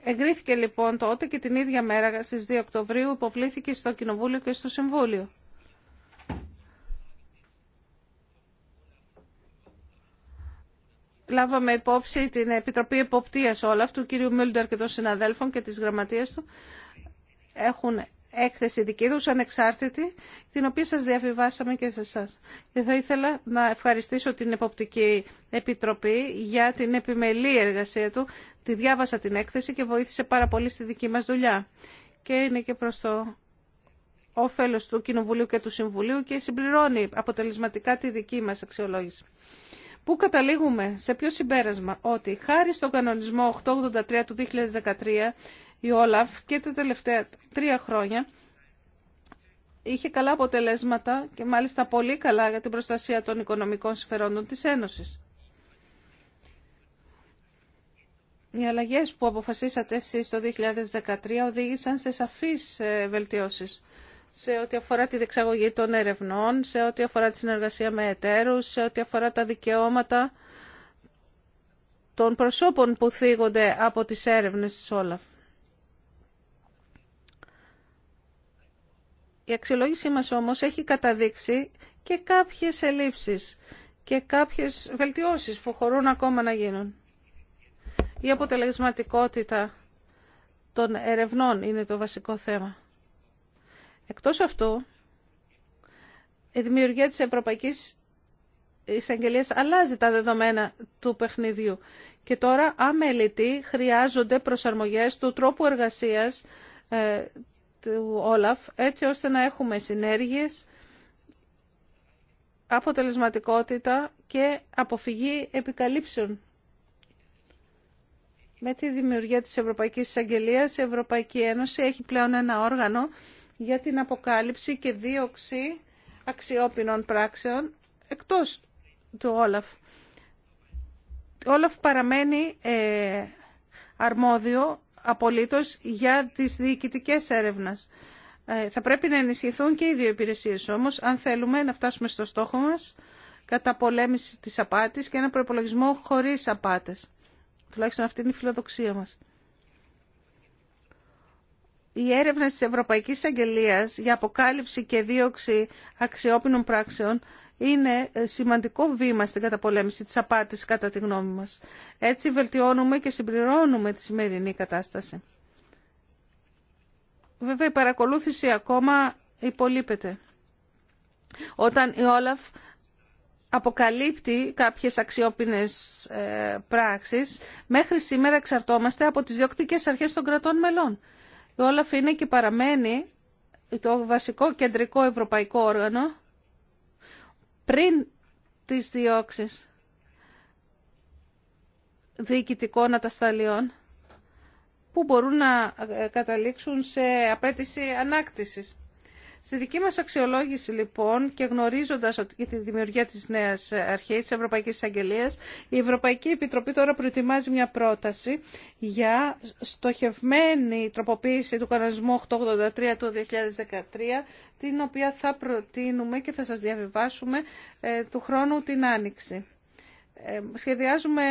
Speaker 1: Εγκρίθηκε λοιπόν τότε και την ίδια μέρα στις 2 Οκτωβρίου υποβλήθηκε στο Κοινοβούλιο και στο Συμβούλιο. Λάβαμε υπόψη την Επιτροπή Εποπτείας όλα αυτού, του κ. Μίλντερ και των συναδέλφων και της γραμματείας του. Έχουν έκθεση δική του, ανεξάρτητη, την οποία σας διαβιβάσαμε και σε εσά. Και θα ήθελα να ευχαριστήσω την Εποπτική Επιτροπή για την επιμελή εργασία του. Τη διάβασα την έκθεση και βοήθησε πάρα πολύ στη δική μας δουλειά. Και είναι και προς το όφελος του Κοινοβουλίου και του Συμβουλίου και συμπληρώνει αποτελεσματικά τη δική μας αξιολόγηση. Πού καταλήγουμε, σε ποιο συμπέρασμα, ότι χάρη στον κανονισμό 883 του 2013 η Όλαφ και τα τελευταία τρία χρόνια είχε καλά αποτελέσματα και μάλιστα πολύ καλά για την προστασία των οικονομικών συμφερόντων της Ένωσης. Οι αλλαγές που αποφασίσατε εσείς το 2013 οδήγησαν σε σαφείς ε, βελτιώσεις σε ό,τι αφορά τη δεξαγωγή των ερευνών, σε ό,τι αφορά τη συνεργασία με εταίρους, σε ό,τι αφορά τα δικαιώματα των προσώπων που θίγονται από τις έρευνες τη Όλαφ. Η αξιολόγησή μας όμως έχει καταδείξει και κάποιες ελλείψεις και κάποιες βελτιώσεις που χωρούν ακόμα να γίνουν. Η αποτελεσματικότητα των ερευνών είναι το βασικό θέμα. Εκτός αυτού, η δημιουργία της Ευρωπαϊκής Εισαγγελίας αλλάζει τα δεδομένα του παιχνιδιού και τώρα αμελητοί χρειάζονται προσαρμογές του τρόπου εργασίας ε, του Όλαφ, έτσι ώστε να έχουμε συνέργειες, αποτελεσματικότητα και αποφυγή επικαλύψεων. Με τη δημιουργία της Ευρωπαϊκής Εισαγγελίας, η Ευρωπαϊκή Ένωση έχει πλέον ένα όργανο για την αποκάλυψη και δίωξη αξιόπινων πράξεων εκτός του Όλαφ. Όλαφ παραμένει ε, αρμόδιο απολύτως για τις διοικητικές έρευνας. Ε, θα πρέπει να ενισχυθούν και οι δύο υπηρεσίες όμως, αν θέλουμε να φτάσουμε στο στόχο μας, κατά πολέμηση της απάτης και ένα προπολογισμό χωρίς απάτες. Τουλάχιστον αυτή είναι η φιλοδοξία μας. Οι έρευνες της Ευρωπαϊκής Αγγελίας για αποκάλυψη και δίωξη αξιόπινων πράξεων είναι ε, σημαντικό βήμα στην καταπολέμηση της απάτης κατά τη γνώμη μας. Έτσι βελτιώνουμε και συμπληρώνουμε τη σημερινή κατάσταση. Βέβαια η παρακολούθηση ακόμα υπολείπεται. Όταν η Όλαφ αποκαλύπτει κάποιες αξιόπινες ε, πράξεις, μέχρι σήμερα εξαρτώμαστε από τις διοκτικές αρχές των κρατών μελών. Η Όλαφ είναι και παραμένει το βασικό κεντρικό ευρωπαϊκό όργανο πριν τις διώξεις διοικητικών ατασταλιών που μπορούν να ε, καταλήξουν σε απέτηση ανάκτησης. Στη δική μας αξιολόγηση λοιπόν και γνωρίζοντας ότι για τη δημιουργία της νέας αρχής της Ευρωπαϊκής Αγγελίας, η Ευρωπαϊκή Επιτροπή τώρα προετοιμάζει μια πρόταση για στοχευμένη τροποποίηση του κανονισμού 883 του 2013, την οποία θα προτείνουμε και θα σας διαβιβάσουμε ε, του χρόνου την Άνοιξη. Ε, σχεδιάζουμε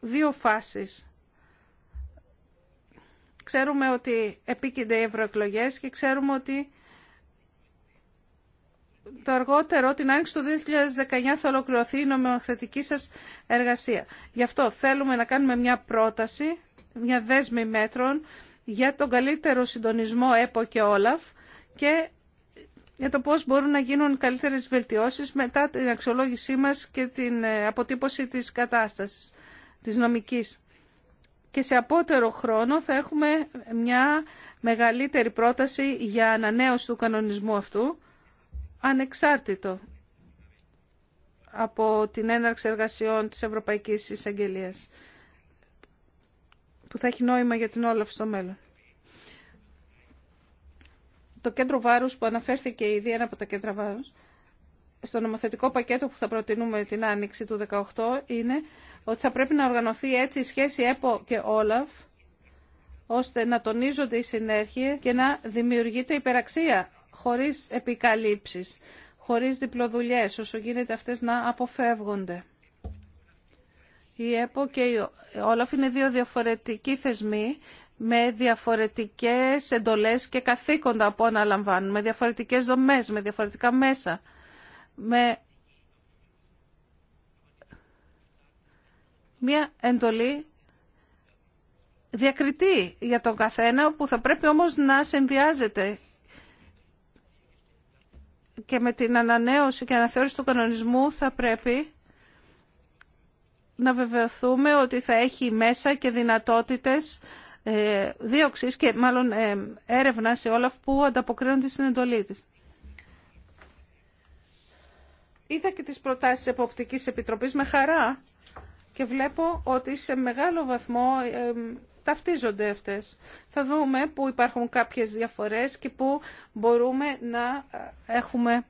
Speaker 1: δύο φάσεις Ξέρουμε ότι επίκενται οι ευρωεκλογέ και ξέρουμε ότι το αργότερο, την άνοιξη του 2019, θα ολοκληρωθεί η νομοθετική σας εργασία. Γι' αυτό θέλουμε να κάνουμε μια πρόταση, μια δέσμη μέτρων για τον καλύτερο συντονισμό ΕΠΟ και ΟΛΑΦ και για το πώς μπορούν να γίνουν καλύτερες βελτιώσεις μετά την αξιολόγησή μας και την ε, αποτύπωση της κατάστασης, της νομικής και σε απότερο χρόνο θα έχουμε μια μεγαλύτερη πρόταση για ανανέωση του κανονισμού αυτού, ανεξάρτητο από την έναρξη εργασιών της Ευρωπαϊκής Εισαγγελίας, που θα έχει νόημα για την όλαυση στο μέλλον. Το κέντρο βάρους που αναφέρθηκε ήδη, ένα από τα κέντρα βάρους, στο νομοθετικό πακέτο που θα προτείνουμε την άνοιξη του 2018 είναι ότι θα πρέπει να οργανωθεί έτσι η σχέση ΕΠΟ και Όλαφ ώστε να τονίζονται οι συνέρχειες και να δημιουργείται υπεραξία χωρίς επικαλύψεις, χωρίς διπλοδουλειές, όσο γίνεται αυτές να αποφεύγονται. Η ΕΠΟ και η Όλαφ είναι δύο διαφορετικοί θεσμοί με διαφορετικές εντολές και καθήκοντα που αναλαμβάνουν, με διαφορετικές δομές, με διαφορετικά μέσα με μια εντολή διακριτή για τον καθένα που θα πρέπει όμως να συνδυάζεται και με την ανανέωση και αναθεώρηση του κανονισμού θα πρέπει να βεβαιωθούμε ότι θα έχει μέσα και δυνατότητες ε, δίωξης και μάλλον ε, έρευνα σε όλα που ανταποκρίνονται στην εντολή της. Είδα και τις προτάσεις Εποπτικής Επιτροπής με χαρά και βλέπω ότι σε μεγάλο βαθμό ταυτίζονται αυτές. Θα δούμε που υπάρχουν κάποιες διαφορές και που μπορούμε να ε, έχουμε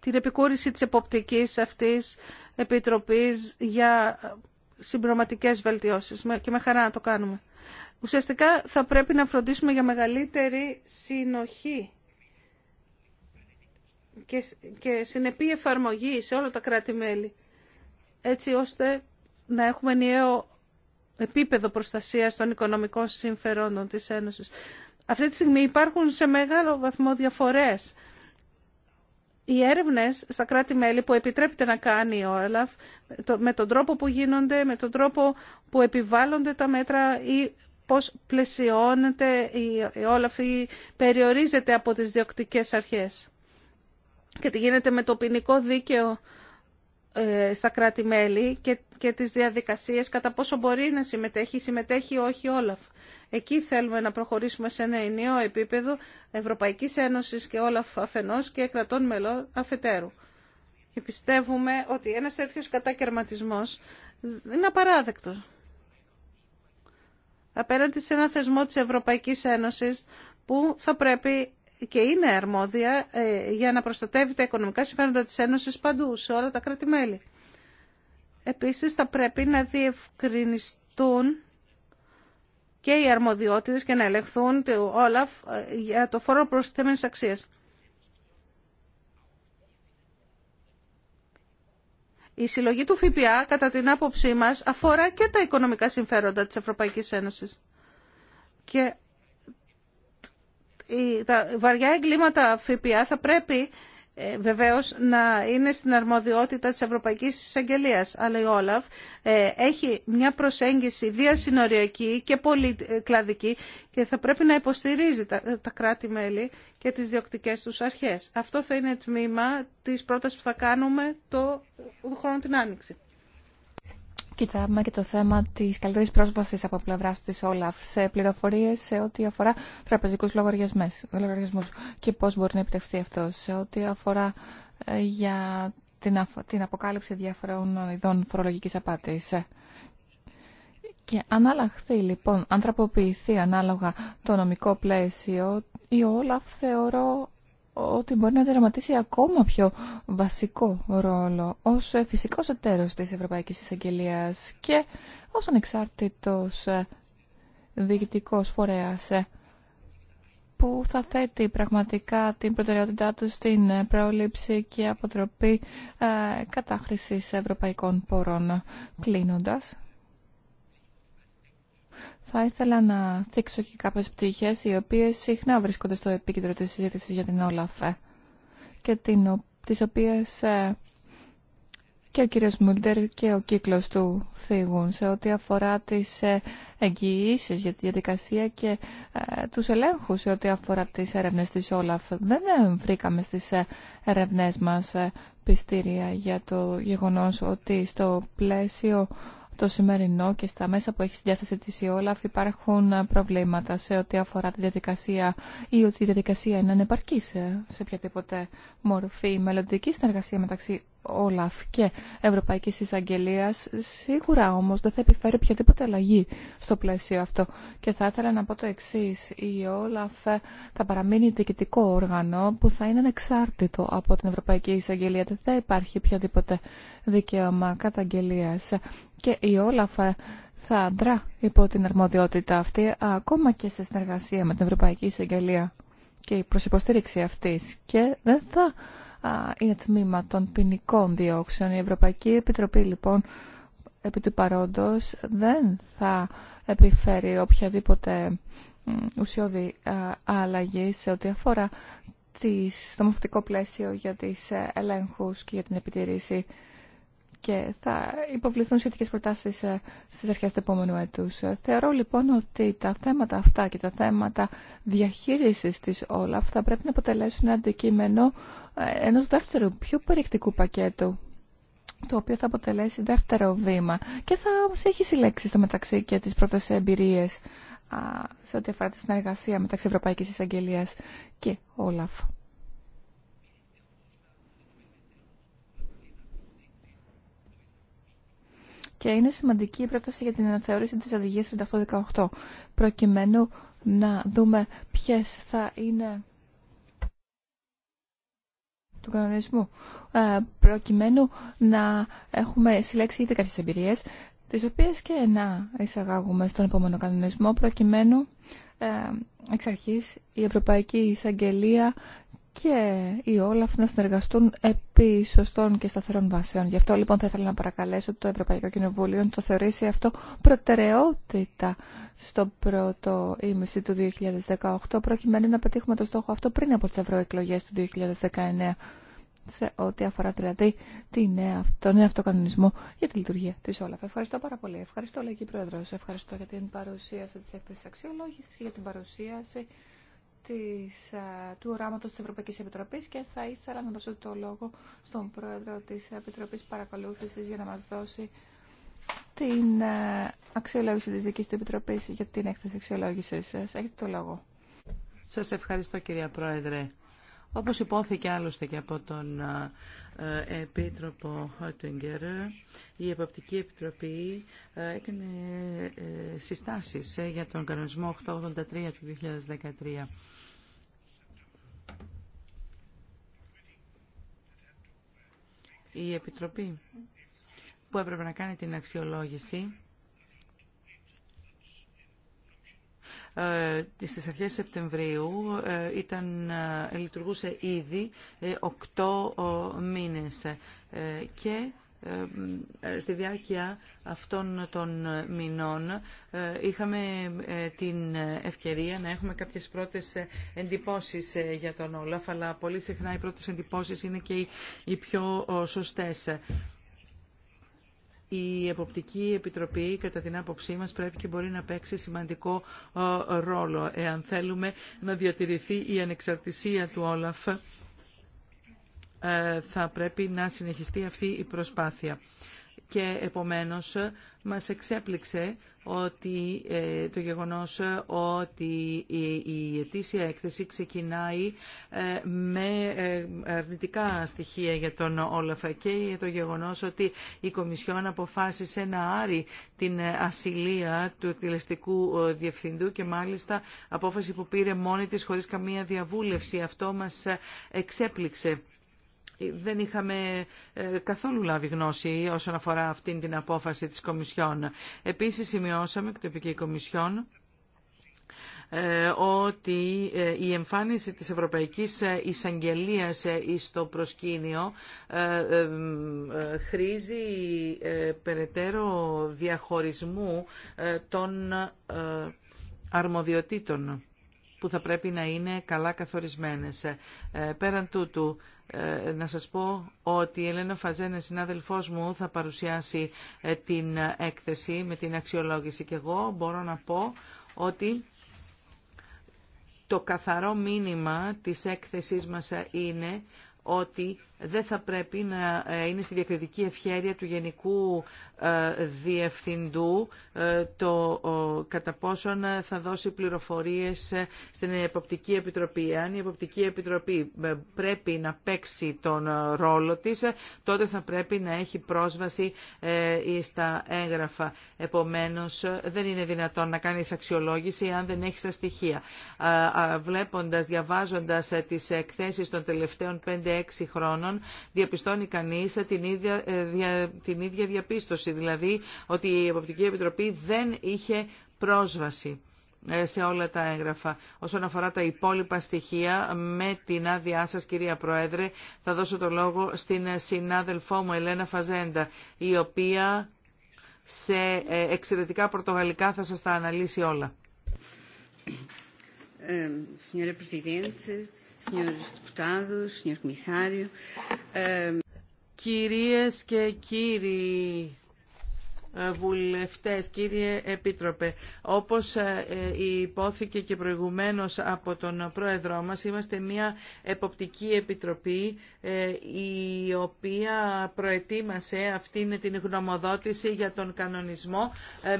Speaker 1: την επικούρηση της εποπτικής αυτής επιτροπής για ε, συμπληρωματικές βελτιώσεις και με χαρά να το κάνουμε. Ουσιαστικά θα πρέπει να φροντίσουμε για μεγαλύτερη συνοχή και συνεπή εφαρμογή σε όλα τα κράτη-μέλη, έτσι ώστε να έχουμε ενιαίο επίπεδο προστασίας των οικονομικών συμφερόντων της Ένωσης. Αυτή τη στιγμή υπάρχουν σε μεγάλο βαθμό διαφορές. Οι έρευνες στα κράτη-μέλη που επιτρέπεται να κάνει η Όλαφ, με τον τρόπο που γίνονται, με τον τρόπο που επιβάλλονται τα μέτρα ή πώς πλαισιώνεται η Όλαφ ή περιορίζεται από τις διοκτικές αρχές και τι γίνεται με το ποινικό δίκαιο ε, στα κράτη-μέλη και, και τις διαδικασίες, κατά πόσο μπορεί να συμμετέχει, συμμετέχει όχι Όλαφ. Εκεί θέλουμε να προχωρήσουμε σε ένα ενιαίο επίπεδο Ευρωπαϊκής Ένωσης και Όλαφ αφενός και κρατών μελών αφετέρου. Και πιστεύουμε ότι ένας τέτοιος κατακαιρματισμός είναι απαράδεκτος. Απέναντι σε ένα θεσμό της Ευρωπαϊκής Ένωσης που θα πρέπει και είναι αρμόδια ε, για να προστατεύει τα οικονομικά συμφέροντα της Ένωσης παντού, σε όλα τα κράτη-μέλη. Επίσης, θα πρέπει να διευκρινιστούν και οι αρμοδιότητες και να ελεγχθούν όλα ε, για το φόρο προστιθέμενης αξίας. Η συλλογή του ΦΠΑ, κατά την άποψή μας, αφορά και τα οικονομικά συμφέροντα της Ευρωπαϊκής Ένωσης. Και τα βαριά εγκλήματα ΦΠΑ θα πρέπει ε, βεβαίως να είναι στην αρμοδιότητα της Ευρωπαϊκής Εισαγγελία. Αλλά η Όλαφ ε, έχει μια προσέγγιση διασυνοριακή και πολύ κλαδική και θα πρέπει να υποστηρίζει τα, κράτη-μέλη και τις διοκτικές τους αρχές. Αυτό θα είναι τμήμα της πρότασης που θα κάνουμε το, το χρόνο την Άνοιξη
Speaker 2: κοιτάμε και το θέμα της καλύτερη πρόσβασης από πλευρά τη Όλαφ σε πληροφορίε, σε ό,τι αφορά τραπεζικούς λογαριασμούς και πώ μπορεί να επιτευχθεί αυτό σε ό,τι αφορά ε, για την, αποκάλυψη διάφορων ειδών φορολογική απάτη. Και αν αλλάχθει, λοιπόν, αν τραποποιηθεί ανάλογα το νομικό πλαίσιο, η Όλαφ θεωρώ ότι μπορεί να δραματίσει ακόμα πιο βασικό ρόλο ως φυσικός εταίρος της Ευρωπαϊκής Εισαγγελίας και ως ανεξάρτητος ε, διοικητικός φορέας ε, που θα θέτει πραγματικά την προτεραιότητά του στην ε, πρόληψη και αποτροπή κατάχρησης ευρωπαϊκών πόρων. Κλείνοντας, θα ήθελα να θίξω και κάποιες πτυχές οι οποίες συχνά βρίσκονται στο επίκεντρο της συζήτησης για την Όλαφ ε. και την, τις οποίες ε, και ο κύριος Μούλτερ και ο κύκλος του θίγουν σε ό,τι αφορά τις ε, εγγυήσει για τη διαδικασία και τους ελέγχους σε ό,τι αφορά τις έρευνες της Όλαφ. Δεν βρήκαμε στις ερευνές μας πιστήρια για το γεγονός ότι στο πλαίσιο το σημερινό και στα μέσα που έχει στη διάθεση της η Όλαφ υπάρχουν ε, προβλήματα σε ό,τι αφορά τη διαδικασία ή ότι η διαδικασία είναι ανεπαρκή σε, σε οποιαδήποτε μορφή. Η μελλοντική συνεργασία μεταξύ Όλαφ και Ευρωπαϊκή εισαγγελία. σίγουρα όμω δεν θα επιφέρει οποιαδήποτε αλλαγή στο πλαίσιο αυτό. Και θα ήθελα να πω το εξή. Η Όλαφ ε, θα παραμείνει διοικητικό όργανο που θα είναι ανεξάρτητο από την Ευρωπαϊκή Εισαγγελία. Δεν θα υπάρχει οποιαδήποτε δικαίωμα καταγγελία και η όλαφα θα αντρά υπό την αρμοδιότητα αυτή ακόμα και σε συνεργασία με την Ευρωπαϊκή Εισαγγελία και η προσυποστήριξη αυτής και δεν θα α, είναι τμήμα των ποινικών διώξεων. Η Ευρωπαϊκή Επιτροπή λοιπόν επί του παρόντος δεν θα επιφέρει οποιαδήποτε ουσιώδη αλλαγή σε ό,τι αφορά το μορφωτικό πλαίσιο για τις ε, ελέγχους και για την επιτηρήση και θα υποβληθούν σχετικέ προτάσει ε, στι αρχέ του επόμενου έτου. Θεωρώ λοιπόν ότι τα θέματα αυτά και τα θέματα διαχείριση τη Όλαφ θα πρέπει να αποτελέσουν αντικείμενο ε, ενό δεύτερου, πιο περιεκτικού πακέτου το οποίο θα αποτελέσει δεύτερο βήμα και θα έχει συλλέξει στο μεταξύ και τις πρώτες εμπειρίες σε ό,τι αφορά τη συνεργασία μεταξύ Ευρωπαϊκής Εισαγγελίας και Όλαφ. και είναι σημαντική η πρόταση για την αναθεώρηση της οδηγίας 3818 προκειμένου να δούμε ποιες θα είναι του κανονισμού ε, προκειμένου να έχουμε συλλέξει ήδη κάποιες εμπειρίες τις οποίες και να εισαγάγουμε στον επόμενο κανονισμό προκειμένου ε, εξ αρχής η Ευρωπαϊκή Εισαγγελία και οι Όλαφ να συνεργαστούν επί σωστών και σταθερών βάσεων. Γι' αυτό λοιπόν θα ήθελα να παρακαλέσω το Ευρωπαϊκό Κοινοβούλιο να το θεωρήσει αυτό προτεραιότητα στο πρώτο ήμιση του 2018 προκειμένου να πετύχουμε το στόχο αυτό πριν από τις ευρωεκλογές του 2019 σε ό,τι αφορά δηλαδή τον νέο αυτοκανονισμό για τη λειτουργία τη Όλαφ. Ευχαριστώ πάρα πολύ. Ευχαριστώ, Λαϊκή Πρόεδρο. Ευχαριστώ για την παρουσίαση τη έκθεση αξιολόγηση και για την παρουσίαση της, του οράματος της Ευρωπαϊκής Επιτροπής και θα ήθελα να δώσω το λόγο στον Πρόεδρο της Επιτροπής Παρακολούθησης για να μας δώσει την αξιολόγηση της δικής του Επιτροπής για την έκθεση αξιολόγησης. Έχετε το λόγο.
Speaker 3: Σας ευχαριστώ κυρία Πρόεδρε. Όπως υπόθηκε άλλωστε και από τον ε, Επίτροπο Χότιγκερ, η Εποπτική Επιτροπή ε, έκανε ε, συστάσεις για τον κανονισμό 883 του 2013 η Επιτροπή που έπρεπε να κάνει την αξιολόγηση ε, στις αρχές Σεπτεμβρίου ε, ήταν, ε, λειτουργούσε ήδη οκτώ μήνες και στη διάρκεια αυτών των μηνών ε, είχαμε ε, την ευκαιρία να έχουμε κάποιες πρώτες ε, εντυπώσεις για τον Όλαφ, αλλά πολύ συχνά οι πρώτες εντυπώσεις είναι και οι πιο σωστές. Η Εποπτική Επιτροπή, κατά την άποψή μας, πρέπει και μπορεί να παίξει σημαντικό ρόλο, εάν θέλουμε να διατηρηθεί η ανεξαρτησία του Όλαφ ε, θα πρέπει να συνεχιστεί αυτή η προσπάθεια. Και επομένως μας εξέπληξε ότι ε, το γεγονός ότι η, η ετήσια έκθεση ξεκινάει ε, με αρνητικά στοιχεία για τον Όλαφα και το γεγονός ότι η Κομισιόν αποφάσισε να άρει την ασυλία του εκτελεστικού διευθυντού και μάλιστα απόφαση που πήρε μόνη της χωρίς καμία διαβούλευση. Αυτό μας εξέπληξε δεν είχαμε ε, καθόλου λάβει γνώση όσον αφορά αυτήν την απόφαση της Κομισιόν. Επίσης σημειώσαμε, και η Κομισιόν, ε, ότι ε, η εμφάνιση της Ευρωπαϊκής εισαγγελία στο προσκήνιο χρήζει περαιτέρω διαχωρισμού των αρμοδιοτήτων που θα πρέπει να είναι καλά καθορισμένες. Πέραν τούτου, ε, να σας πω ότι η Ελένα Φαζένα, συνάδελφός μου, θα παρουσιάσει ε, την έκθεση με την αξιολόγηση και εγώ μπορώ να πω ότι το καθαρό μήνυμα της έκθεσής μας ε, είναι ότι δεν θα πρέπει να ε, είναι στη διακριτική ευχέρεια του Γενικού ε, Διευθυντού ε, το κατά πόσον θα δώσει πληροφορίες στην Εποπτική Επιτροπή. Αν η Εποπτική Επιτροπή πρέπει να παίξει τον ρόλο της, τότε θα πρέπει να έχει πρόσβαση στα έγγραφα. Επομένως, δεν είναι δυνατόν να κάνεις αξιολόγηση αν δεν έχεις τα στοιχεία. Βλέποντας, διαβάζοντας τις εκθέσεις των τελευταίων 5-6 χρόνων, χρόνων διαπιστώνει κανείς την ίδια, ε, την ίδια διαπίστωση, δηλαδή ότι η Εποπτική Επιτροπή δεν είχε πρόσβαση ε, σε όλα τα έγγραφα. Όσον αφορά τα υπόλοιπα στοιχεία, με την άδειά σας κυρία Πρόεδρε, θα δώσω το λόγο στην συνάδελφό μου Ελένα Φαζέντα, η οποία σε ε, εξαιρετικά πορτογαλικά θα σας τα αναλύσει όλα.
Speaker 1: Κυρίες και κύριοι
Speaker 3: ε, βουλευτές, κύριε Επίτροπε, όπως ε, ε, υπόθηκε και προηγουμένως από τον Πρόεδρό μας, είμαστε μια εποπτική επιτροπή η οποία προετοίμασε αυτήν την γνωμοδότηση για τον κανονισμό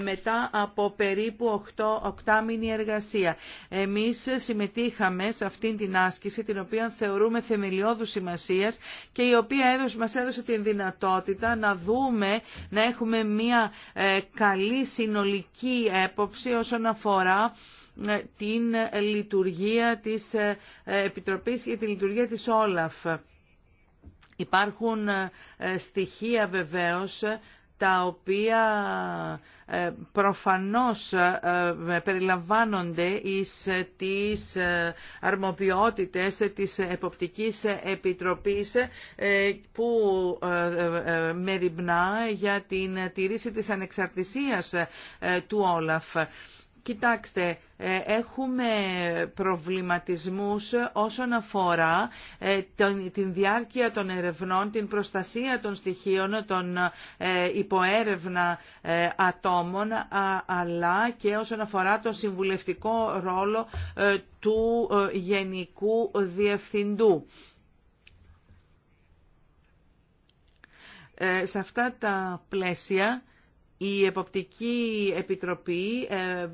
Speaker 3: μετά από περίπου 8 οκτάμινη εργασία. Εμείς συμμετείχαμε σε αυτήν την άσκηση την οποία θεωρούμε θεμελιώδου σημασίας και η οποία έδωσε, μας έδωσε την δυνατότητα να δούμε, να έχουμε μια ε, καλή συνολική έποψη όσον αφορά ε, την λειτουργία της ε, Επιτροπής και τη λειτουργία της Όλαφ. Υπάρχουν στοιχεία βεβαίως τα οποία ε, προφανώς ε, ε, περιλαμβάνονται εις τις αρμοδιότητες της Εποπτικής Επιτροπής που μεριμνά για την τηρήση της ανεξαρτησίας του Όλαφ. Κοιτάξτε, ε, έχουμε προβληματισμούς όσον αφορά ε, την διάρκεια των ερευνών, την προστασία των στοιχείων των ε, υποέρευνα ατόμων, αλλά και όσον αφορά το συμβουλευτικό ρόλο του Γενικού Διευθυντού. Σε αυτά τα πλαίσια η Εποπτική Επιτροπή ε, ε,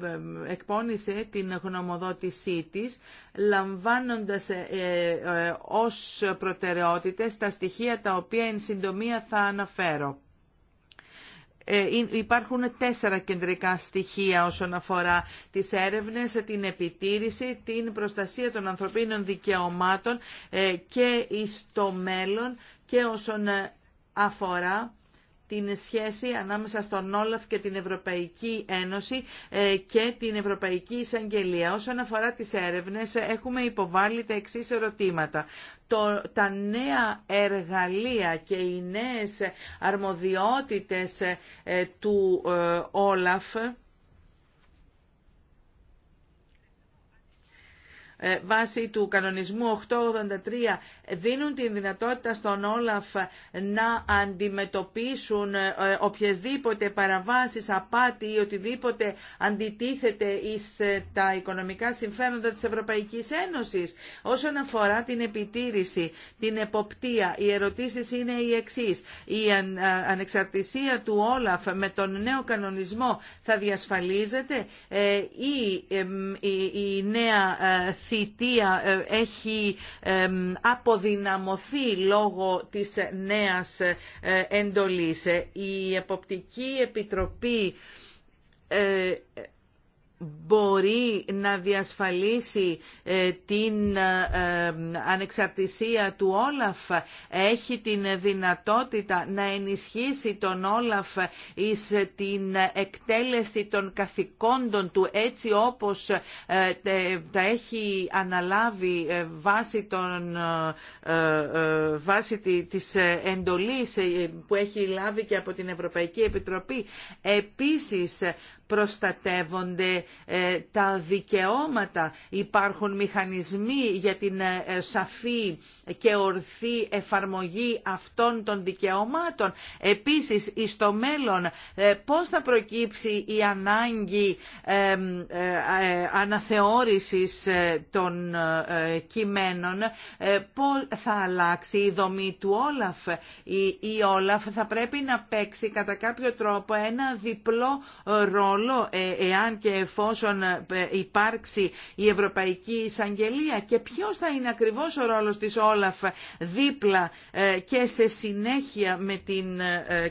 Speaker 3: εκπώνησε την γνωμοδότησή της, λαμβάνοντας ε, ως προτεραιότητες τα στοιχεία τα οποία εν συντομία θα αναφέρω. Υπάρχουν τέσσερα κεντρικά στοιχεία όσον αφορά τις έρευνες, την επιτήρηση, την προστασία των ανθρωπίνων δικαιωμάτων και στο μέλλον και όσον αφορά την σχέση ανάμεσα στον Όλαφ και την Ευρωπαϊκή Ένωση ε, και την Ευρωπαϊκή Εισαγγελία. Όσον αφορά τις έρευνες, έχουμε υποβάλει τα εξής ερωτήματα. Το, τα νέα εργαλεία και οι νέες αρμοδιότητες ε, του ε, Όλαφ βάσει του κανονισμού 883 δίνουν την δυνατότητα στον Όλαφ να αντιμετωπίσουν ε, οποιασδήποτε παραβάσεις, απάτη ή οτιδήποτε αντιτίθεται εις ε, τα οικονομικά συμφέροντα της Ευρωπαϊκής Ένωσης. Όσον αφορά την επιτήρηση, την εποπτεία, οι ερωτήσεις είναι οι εξής. Η ε, ανεξαρτησία του Όλαφ με τον νέο κανονισμό θα διασφαλίζεται ή η νέα θητεία έχει αποδείξει αποδυναμωθεί λόγω της νέας ε, εντολής. Η Εποπτική Επιτροπή ε, μπορεί να διασφαλίσει ε, την ε, ε, ανεξαρτησία του Όλαφ, έχει την δυνατότητα να ενισχύσει τον Όλαφ εις την εκτέλεση των καθηκόντων του έτσι όπως τα έχει αναλάβει βάσει, των, βάσει της εντολής που έχει λάβει και από την Ευρωπαϊκή Επιτροπή. Επίσης, προστατεύονται ε, τα δικαιώματα, υπάρχουν μηχανισμοί για την ε, ε, σαφή και ορθή εφαρμογή αυτών των δικαιωμάτων. Επίσης, το μέλλον, πώς θα προκύψει η ανάγκη αναθεώρησης των κειμένων, πώς θα αλλάξει η δομή του Όλαφ. Η Όλαφ θα πρέπει να παίξει κατά κάποιο τρόπο ένα διπλό ρόλο ε, εάν και εφόσον ε, υπάρξει η Ευρωπαϊκή Εισαγγελία και ποιος θα είναι ακριβώς ο ρόλος της Όλαφ δίπλα ε, και σε συνέχεια με την,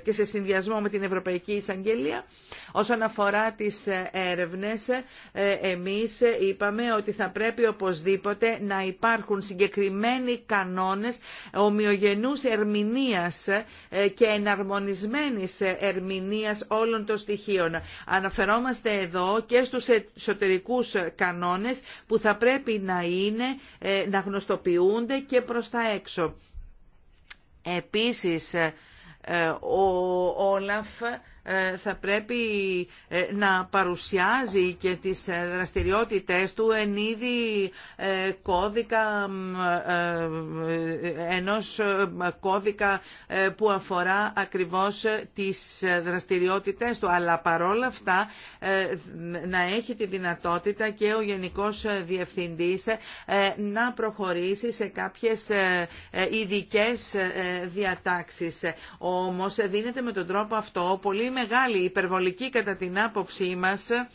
Speaker 3: και σε συνδυασμό με την Ευρωπαϊκή Εισαγγελία. Όσον αφορά τις έρευνες, εμείς είπαμε ότι θα πρέπει οπωσδήποτε να υπάρχουν συγκεκριμένοι κανόνες ομοιογενούς ερμηνείας και εναρμονισμένης ερμηνείας όλων των στοιχείων αναφερόμαστε εδώ και στους εσωτερικούς κανόνες που θα πρέπει να είναι, ε, να γνωστοποιούνται και προς τα έξω. Επίσης, ε, ο Όλαφ ε, θα πρέπει ε, να παρουσιάζει και τις ε, δραστηριότητες του εν είδη κώδικα, ενός κώδικα που αφορά ακριβώς τις δραστηριότητες του. Αλλά παρόλα αυτά να έχει τη δυνατότητα και ο Γενικός Διευθυντής να προχωρήσει σε κάποιες ειδικέ διατάξεις. Όμως δίνεται με τον τρόπο αυτό πολύ μεγάλη, υπερβολική κατά την άποψή μας, ε,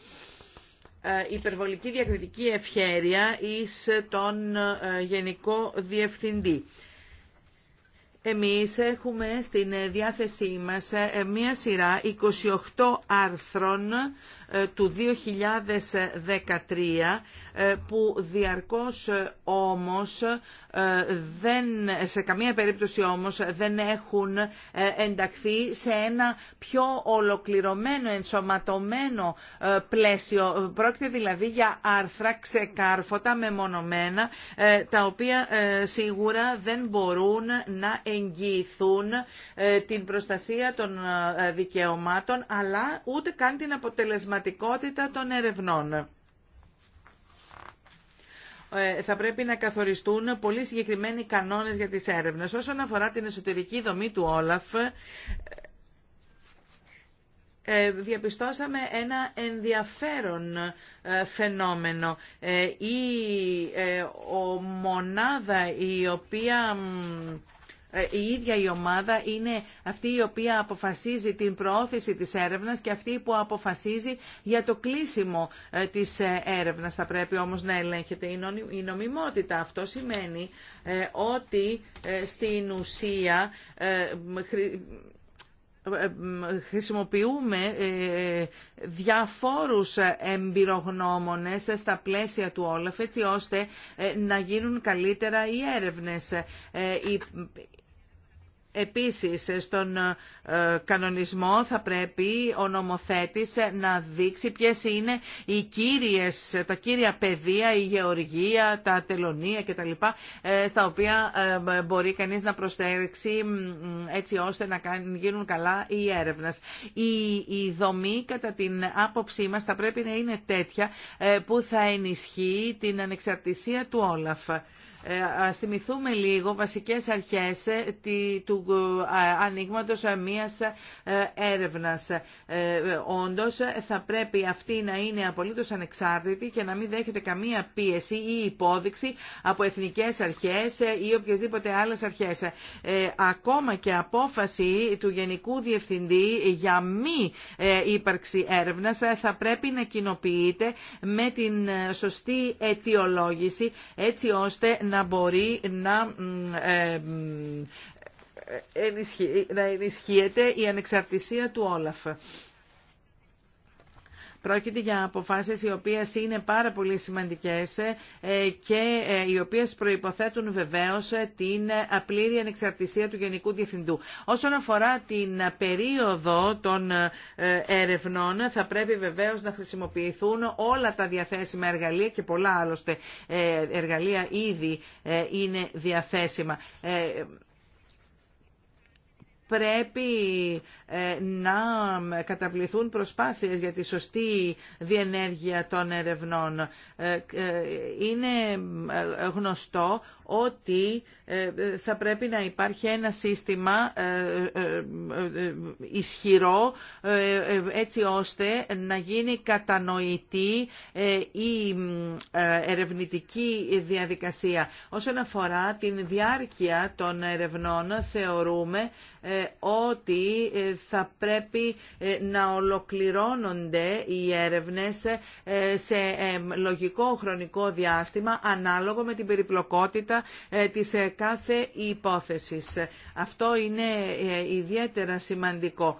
Speaker 3: υπερβολική διακριτική ευχέρεια εις τον ε, Γενικό Διευθυντή. Εμείς έχουμε στην διάθεσή μας ε, μία σειρά 28 άρθρων ε, του 2013 ε, που διαρκώς ε, όμως δεν, σε καμία περίπτωση όμως δεν έχουν ενταχθεί σε ένα πιο ολοκληρωμένο, ενσωματωμένο πλαίσιο. Πρόκειται δηλαδή για άρθρα ξεκάρφωτα, μεμονωμένα, τα οποία σίγουρα δεν μπορούν να εγγυηθούν την προστασία των δικαιωμάτων, αλλά ούτε καν την αποτελεσματικότητα αποτελεσματικότητα των ερευνών ε, θα πρέπει να καθοριστούν πολύ συγκεκριμένοι κανόνες για τις έρευνες. Όσον αφορά την εσωτερική δομή του Όλαφ, ε, ε, διαπιστώσαμε ένα ενδιαφέρον φαινόμενο. Η μονάδα η οποία ε, η ίδια η ομάδα είναι αυτή η οποία αποφασίζει την πρόθεση της έρευνας και αυτή που αποφασίζει για το κλείσιμο ε, της ε, έρευνας. Θα πρέπει όμως να ελέγχεται η νομιμότητα. Αυτό σημαίνει ότι στην ουσία χρησιμοποιούμε διαφόρους εμπειρογνώμονες στα πλαίσια του Όλαφ έτσι ώστε να γίνουν καλύτερα οι έρευνες Επίσης, στον ε, κανονισμό θα πρέπει ο νομοθέτης να δείξει ποιες είναι οι κύριες, τα κύρια πεδία, η γεωργία, τα τελωνία κτλ. Ε, στα οποία ε, μπορεί κανείς να ε, έτσι ώστε να γίνουν καλά οι έρευνες. Η, η δομή κατά την άποψή μας θα πρέπει να είναι τέτοια που θα ενισχύει την ανεξαρτησία του Όλαφ. Ε, Α θυμηθούμε λίγο βασικές αρχές ε, του ε, ανοίγματο μια έρευνα. Όντω, θα πρέπει αυτή να είναι απολύτως ανεξάρτητη και να μην δέχεται καμία πίεση ή υπόδειξη από εθνικές αρχές ή οποιασδήποτε άλλες αρχές. Ακόμα και απόφαση του Γενικού Διευθυντή για μη ύπαρξη έρευνα, θα πρέπει να κοινοποιείται με την σωστή αιτιολόγηση έτσι ώστε να να μπορεί ε, ε, να ενισχύεται η ανεξαρτησία του Όλαφ. Πρόκειται για αποφάσεις οι οποίες είναι πάρα πολύ σημαντικές ε, και ε, οι οποίες προϋποθέτουν βεβαίως ε, την απλήρη ανεξαρτησία του Γενικού Διευθυντού. Όσον αφορά την περίοδο των ερευνών θα πρέπει βεβαίως να χρησιμοποιηθούν όλα τα διαθέσιμα εργαλεία και πολλά άλλωστε εργαλεία ήδη είναι διαθέσιμα πρέπει ε, να καταβληθούν προσπάθειες για τη σωστή διενέργεια των ερευνών. Ε, ε, είναι γνωστό ότι ε, ε, θα πρέπει να υπάρχει ένα σύστημα ε, ισχυρό έτσι ώστε να γίνει κατανοητή η ερευνητική διαδικασία. Όσον αφορά την διάρκεια των ερευνών θεωρούμε ότι θα πρέπει να ολοκληρώνονται οι έρευνες σε λογικό χρονικό διάστημα ανάλογο με την περιπλοκότητα ε, της ε, κάθε υπόθεσης. Αυτό είναι ε, ιδιαίτερα σημαντικό.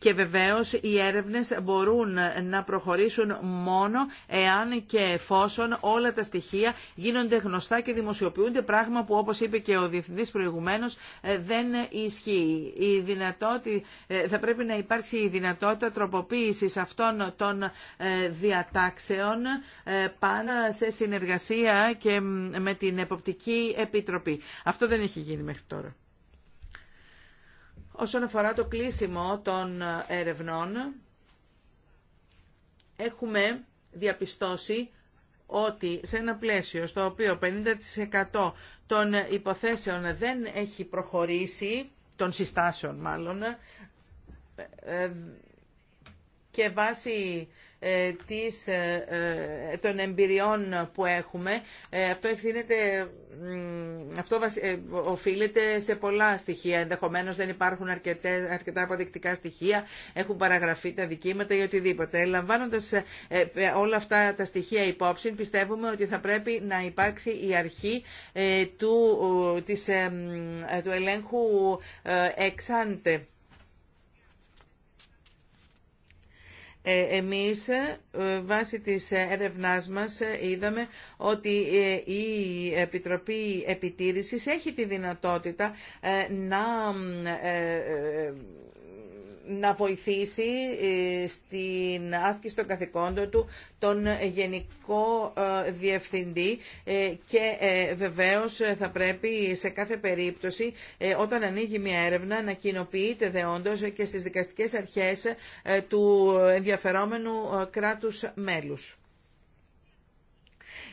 Speaker 3: Και βεβαίως οι έρευνες μπορούν να προχωρήσουν μόνο εάν και εφόσον όλα τα στοιχεία γίνονται γνωστά και δημοσιοποιούνται, πράγμα που όπως είπε και ο Διευθυντής προηγουμένως ε, δεν ισχύει. Η δυνατότη, ε, θα πρέπει να υπάρξει η δυνατότητα τροποποίησης αυτών των ε, διατάξεων πάνω σε συνεργασία και με την Εποπτική Επιτροπή. Αυτό δεν έχει γίνει μέχρι τώρα. Όσον αφορά το κλείσιμο των ερευνών, έχουμε διαπιστώσει ότι σε ένα πλαίσιο στο οποίο 50% των υποθέσεων δεν έχει προχωρήσει, των συστάσεων μάλλον, ε, ε, και βάσει ε, της, ε, ε, των εμπειριών που έχουμε, αυτό, ευθύνεται, αυτό βασι, οφείλεται σε πολλά στοιχεία. Ενδεχομένως δεν υπάρχουν αρκετά αποδεικτικά στοιχεία, έχουν παραγραφεί τα δικήματα ή οτιδήποτε. Λαμβάνοντας όλα αυτά τα στοιχεία υπόψη, πιστεύουμε ότι θα πρέπει να υπάρξει η αρχή του, της, του ελέγχου εξάντε Ε, εμείς ε, βάσει της έρευνάς μας ε, είδαμε ότι η Επιτροπή Επιτήρησης έχει τη δυνατότητα να να βοηθήσει ε, στην άσκηση των καθηκόντων του τον Γενικό ε, Διευθυντή ε, και βεβαίως θα πρέπει σε κάθε περίπτωση όταν ανοίγει μια έρευνα να κοινοποιείται δεόντως και στις δικαστικές αρχές του ενδιαφερόμενου κράτους μέλους.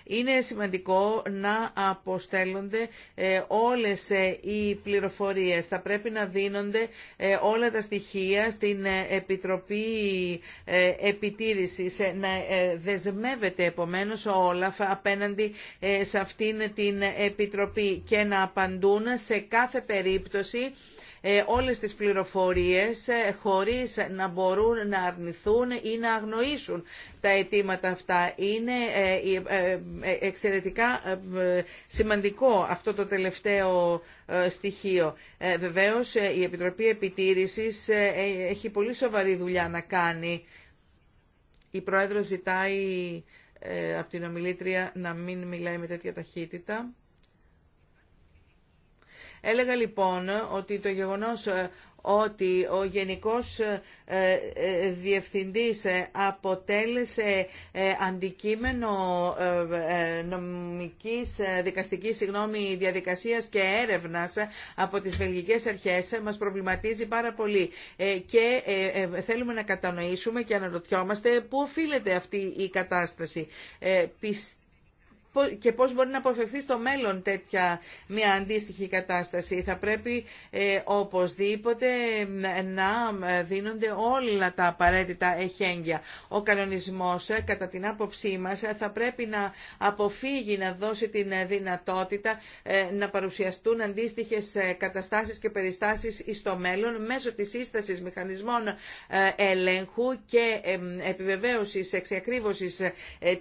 Speaker 3: Είναι σημαντικό να αποστέλλονται ε, όλες ε, οι πληροφορίες. Θα πρέπει να δίνονται ε, όλα τα στοιχεία στην Επιτροπή Επιτήρησης. Να δεσμεύεται επομένως ο Όλαφ απέναντι σε αυτήν την Επιτροπή και να απαντούν σε κάθε περίπτωση ε, όλες τις πληροφορίες ε, χωρίς να μπορούν να αρνηθούν ή να αγνοήσουν τα αιτήματα αυτά. Είναι ε, εξαιρετικά σημαντικό αυτό το τελευταίο στοιχείο. Βεβαίως η Επιτροπή Επιτήρησης έχει πολύ σοβαρή δουλειά να κάνει. Η Πρόεδρος ζητάει από την ομιλήτρια να μην μιλάει με τέτοια ταχύτητα. Έλεγα λοιπόν ότι το γεγονός ε, ότι ο Γενικός ε, ε, Διευθυντής αποτέλεσε αντικείμενο νομικής, δικαστικής συγγνώμη, διαδικασίας και έρευνας από τις βελγικές αρχές μας προβληματίζει πάρα πολύ και θέλουμε να κατανοήσουμε και αναρωτιόμαστε πού οφείλεται αυτή η κατάσταση και πώς μπορεί να αποφευθεί στο μέλλον τέτοια μια αντίστοιχη κατάσταση. Θα πρέπει ε, οπωσδήποτε να ε, δίνονται όλα τα απαραίτητα εχέγγυα. Ο κανονισμός, ε, κατά την άποψή μας, ε, θα πρέπει να αποφύγει να δώσει την δυνατότητα να παρουσιαστούν αντίστοιχες καταστάσεις και περιστάσεις στο μέλλον μέσω της σύστασης μηχανισμών ελέγχου και επιβεβαίωσης, εξακρίβωσης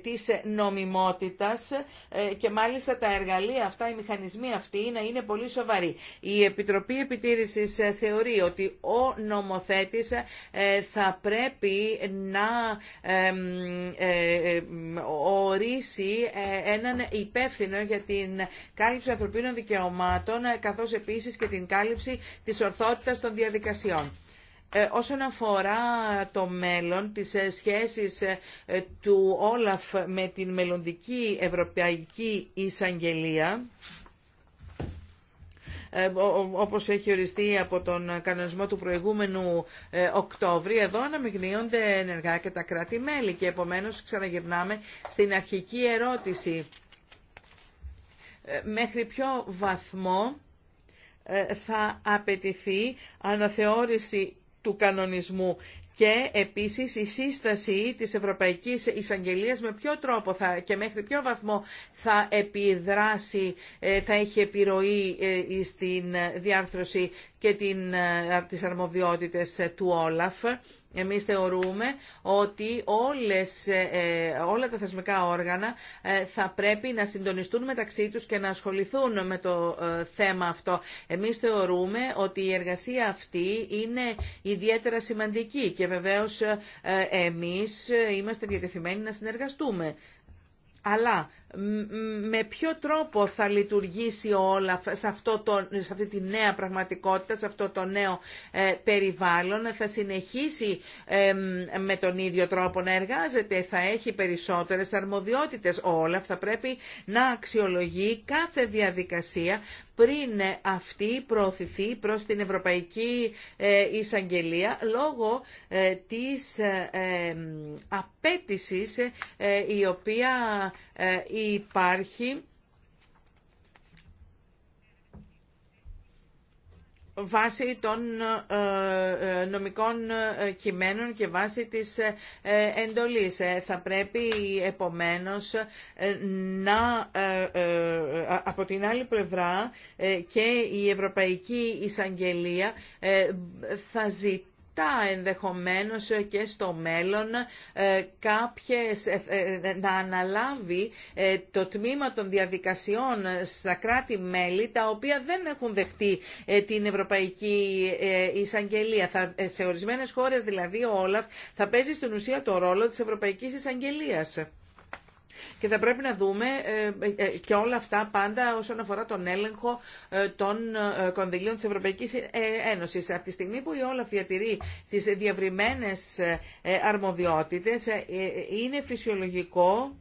Speaker 3: της νομιμότητας ε, και μάλιστα τα εργαλεία αυτά, οι μηχανισμοί αυτοί να είναι πολύ σοβαροί. Η Επιτροπή Επιτήρησης ε, θεωρεί ότι ο νομοθέτης ε, θα πρέπει να ορίσει έναν υπεύθυνο για την κάλυψη ανθρωπίνων δικαιωμάτων καθώς επίσης και την κάλυψη της ορθότητας των διαδικασιών. Ε, όσον αφορά το μέλλον, τις ε, σχέσεις ε, του Όλαφ με την μελλοντική Ευρωπαϊκή Εισαγγελία, όπως έχει οριστεί από τον κανονισμό του προηγούμενου Οκτώβρη, εδώ αναμειγνύονται ενεργά και τα κράτη-μέλη και επομένως ξαναγυρνάμε στην αρχική ερώτηση. Μέχρι ποιο βαθμό θα απαιτηθεί αναθεώρηση του κανονισμού και επίσης η σύσταση της Ευρωπαϊκής Εισαγγελίας με ποιο τρόπο θα, και μέχρι ποιο βαθμό θα επιδράσει, ε, θα έχει επιρροή ε, στην διάρθρωση και την, ε, τις αρμοδιότητες του Όλαφ εμείς θεωρούμε ότι όλες, ε, ε, όλα τα θεσμικά όργανα ε, θα πρέπει να συντονιστούν μεταξύ τους και να ασχοληθούν με το θέμα αυτό. Εμείς θεωρούμε ότι η εργασία αυτή είναι ιδιαίτερα σημαντική και βεβαίως εμείς είμαστε διατεθειμένοι να συνεργαστούμε. Αλλά με ποιο τρόπο θα λειτουργήσει όλα σε, αυτό το, σε αυτή τη νέα πραγματικότητα, σε αυτό το νέο ε, περιβάλλον, θα συνεχίσει ε, με τον ίδιο τρόπο να εργάζεται, θα έχει περισσότερες αρμοδιότητες όλα, θα πρέπει να αξιολογεί κάθε διαδικασία πριν αυτή προωθηθεί προς την Ευρωπαϊκή ε, Εισαγγελία λόγω της απέτησης η οποία ε, υπάρχει βάσει των ε, ε, νομικών κειμένων και βάσει της εντολής. Θα πρέπει επομένως να από την άλλη πλευρά και η Ευρωπαϊκή Εισαγγελία θα ζητήσει τα ενδεχομένως και στο μέλλον ε, κάποιες, ε, ε, να αναλάβει το τμήμα των διαδικασιών στα κράτη-μέλη τα οποία δεν έχουν δεχτεί την Ευρωπαϊκή Εισαγγελία. Θα, σε ορισμένες χώρες δηλαδή ο Όλαφ θα παίζει στην ουσία το ρόλο της Ευρωπαϊκής Εισαγγελίας. Και θα πρέπει να δούμε ε, ε, ε, και όλα αυτά πάντα όσον αφορά τον έλεγχο των κονδυλίων της Ευρωπαϊκής Ένωσης. Από τη στιγμή που η Όλαφ διατηρεί τις διαβριμένες αρμοδιότητες, είναι φυσιολογικό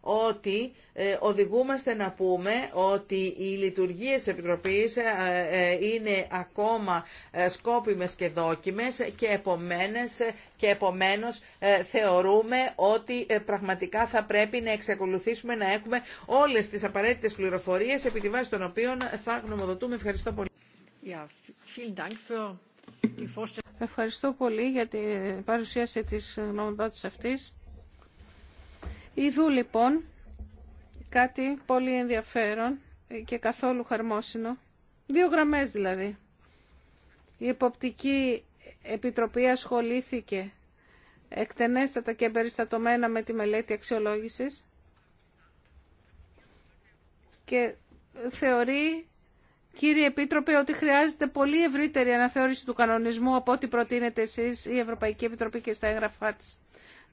Speaker 3: ότι ε, οδηγούμαστε να πούμε ότι οι λειτουργίες της Επιτροπής ε, ε, είναι ακόμα σκόπιμες και δόκιμες και επομένες και επομένως θεωρούμε ότι πραγματικά θα πρέπει να εξακολουθήσουμε να έχουμε όλες τις απαραίτητες πληροφορίες επί τη βάση των οποίων θα γνωμοδοτούμε. Ευχαριστώ πολύ.
Speaker 1: Ευχαριστώ πολύ για την παρουσίαση της γνωμοδότησης αυτής. Ιδού, λοιπόν κάτι πολύ ενδιαφέρον και καθόλου χαρμόσυνο. Δύο γραμμές δηλαδή. Η Εποπτική Επιτροπή ασχολήθηκε εκτενέστατα και περιστατωμένα με τη μελέτη αξιολόγησης και θεωρεί, κύριε Επίτροπε, ότι χρειάζεται πολύ ευρύτερη αναθεώρηση του κανονισμού από ό,τι προτείνετε εσείς η Ευρωπαϊκή Επιτροπή και στα έγγραφά της.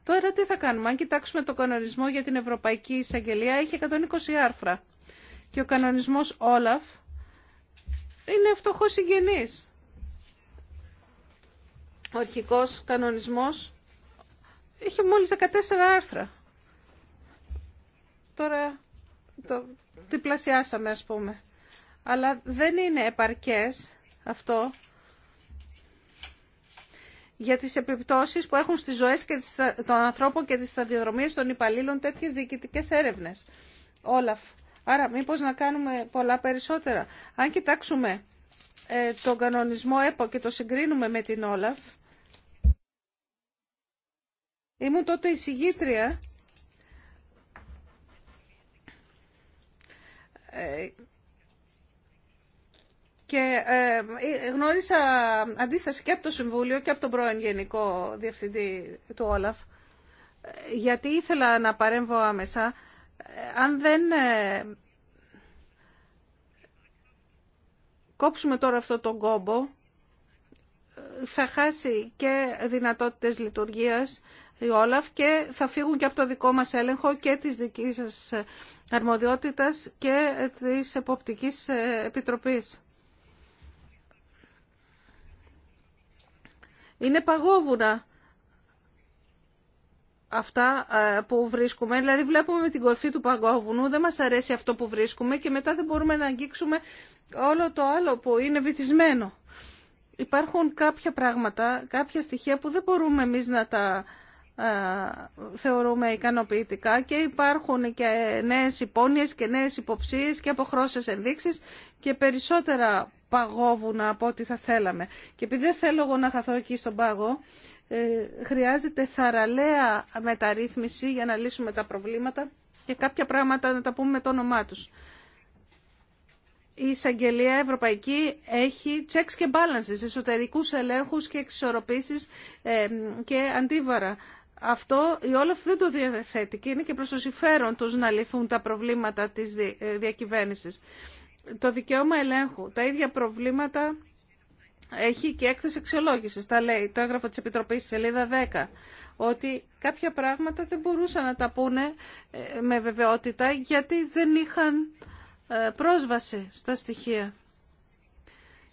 Speaker 1: Τώρα τι θα κάνουμε, αν κοιτάξουμε τον κανονισμό για την Ευρωπαϊκή Εισαγγελία, έχει 120 άρθρα. Και ο κανονισμός Όλαφ είναι φτωχό συγγενής. Ο αρχικός κανονισμός είχε μόλις 14 άρθρα. Τώρα το διπλασιάσαμε ας πούμε. Αλλά δεν είναι επαρκές αυτό για τις επιπτώσεις που έχουν στις ζωές και των ανθρώπων και τις σταδιοδρομίες των υπαλλήλων τέτοιες διοικητικές έρευνες. Όλαφ. Άρα μήπως να κάνουμε πολλά περισσότερα. Αν κοιτάξουμε ε, τον κανονισμό ΕΠΟ και το συγκρίνουμε με την Όλαφ, ήμουν τότε εισηγήτρια ε, και ε, ε, γνώρισα αντίσταση και από το Συμβούλιο και από τον πρώην Γενικό Διευθυντή του Όλαφ, ε, γιατί ήθελα να παρέμβω άμεσα. Αν δεν κόψουμε τώρα αυτό τον κόμπο, θα χάσει και δυνατότητες λειτουργίας η Όλαφ και θα φύγουν και από το δικό μας έλεγχο και της δικής σας αρμοδιότητας και της Εποπτικής Επιτροπής. Είναι παγόβουνα αυτά ε, που βρίσκουμε. Δηλαδή βλέπουμε με την κορφή του παγόβουνου, δεν μας αρέσει αυτό που βρίσκουμε και μετά δεν μπορούμε να αγγίξουμε όλο το άλλο που είναι βυθισμένο. Υπάρχουν κάποια πράγματα, κάποια στοιχεία που δεν μπορούμε εμείς να τα ε, θεωρούμε ικανοποιητικά και υπάρχουν και νέες υπόνοιες και νέες υποψίες και αποχρώσεις ενδείξεις και περισσότερα παγόβουνα από ό,τι θα θέλαμε. Και επειδή δεν θέλω εγώ να χαθώ εκεί στον πάγο, ε, χρειάζεται θαραλέα μεταρρύθμιση για να λύσουμε τα προβλήματα και κάποια πράγματα να τα πούμε με το όνομά τους. Η εισαγγελία ευρωπαϊκή έχει checks και balances, εσωτερικούς ελέγχους και εξισορροπήσεις ε, και αντίβαρα. Αυτό η Όλαφ δεν το διαθέτει και είναι και προς το συμφέρον τους να λυθούν τα προβλήματα της ε, διακυβέρνησης το δικαίωμα ελέγχου. Τα ίδια προβλήματα έχει και έκθεση αξιολόγηση. Τα λέει το έγγραφο τη Επιτροπή, σελίδα 10, ότι κάποια πράγματα δεν μπορούσαν να τα πούνε ε, με βεβαιότητα γιατί δεν είχαν ε, πρόσβαση στα στοιχεία.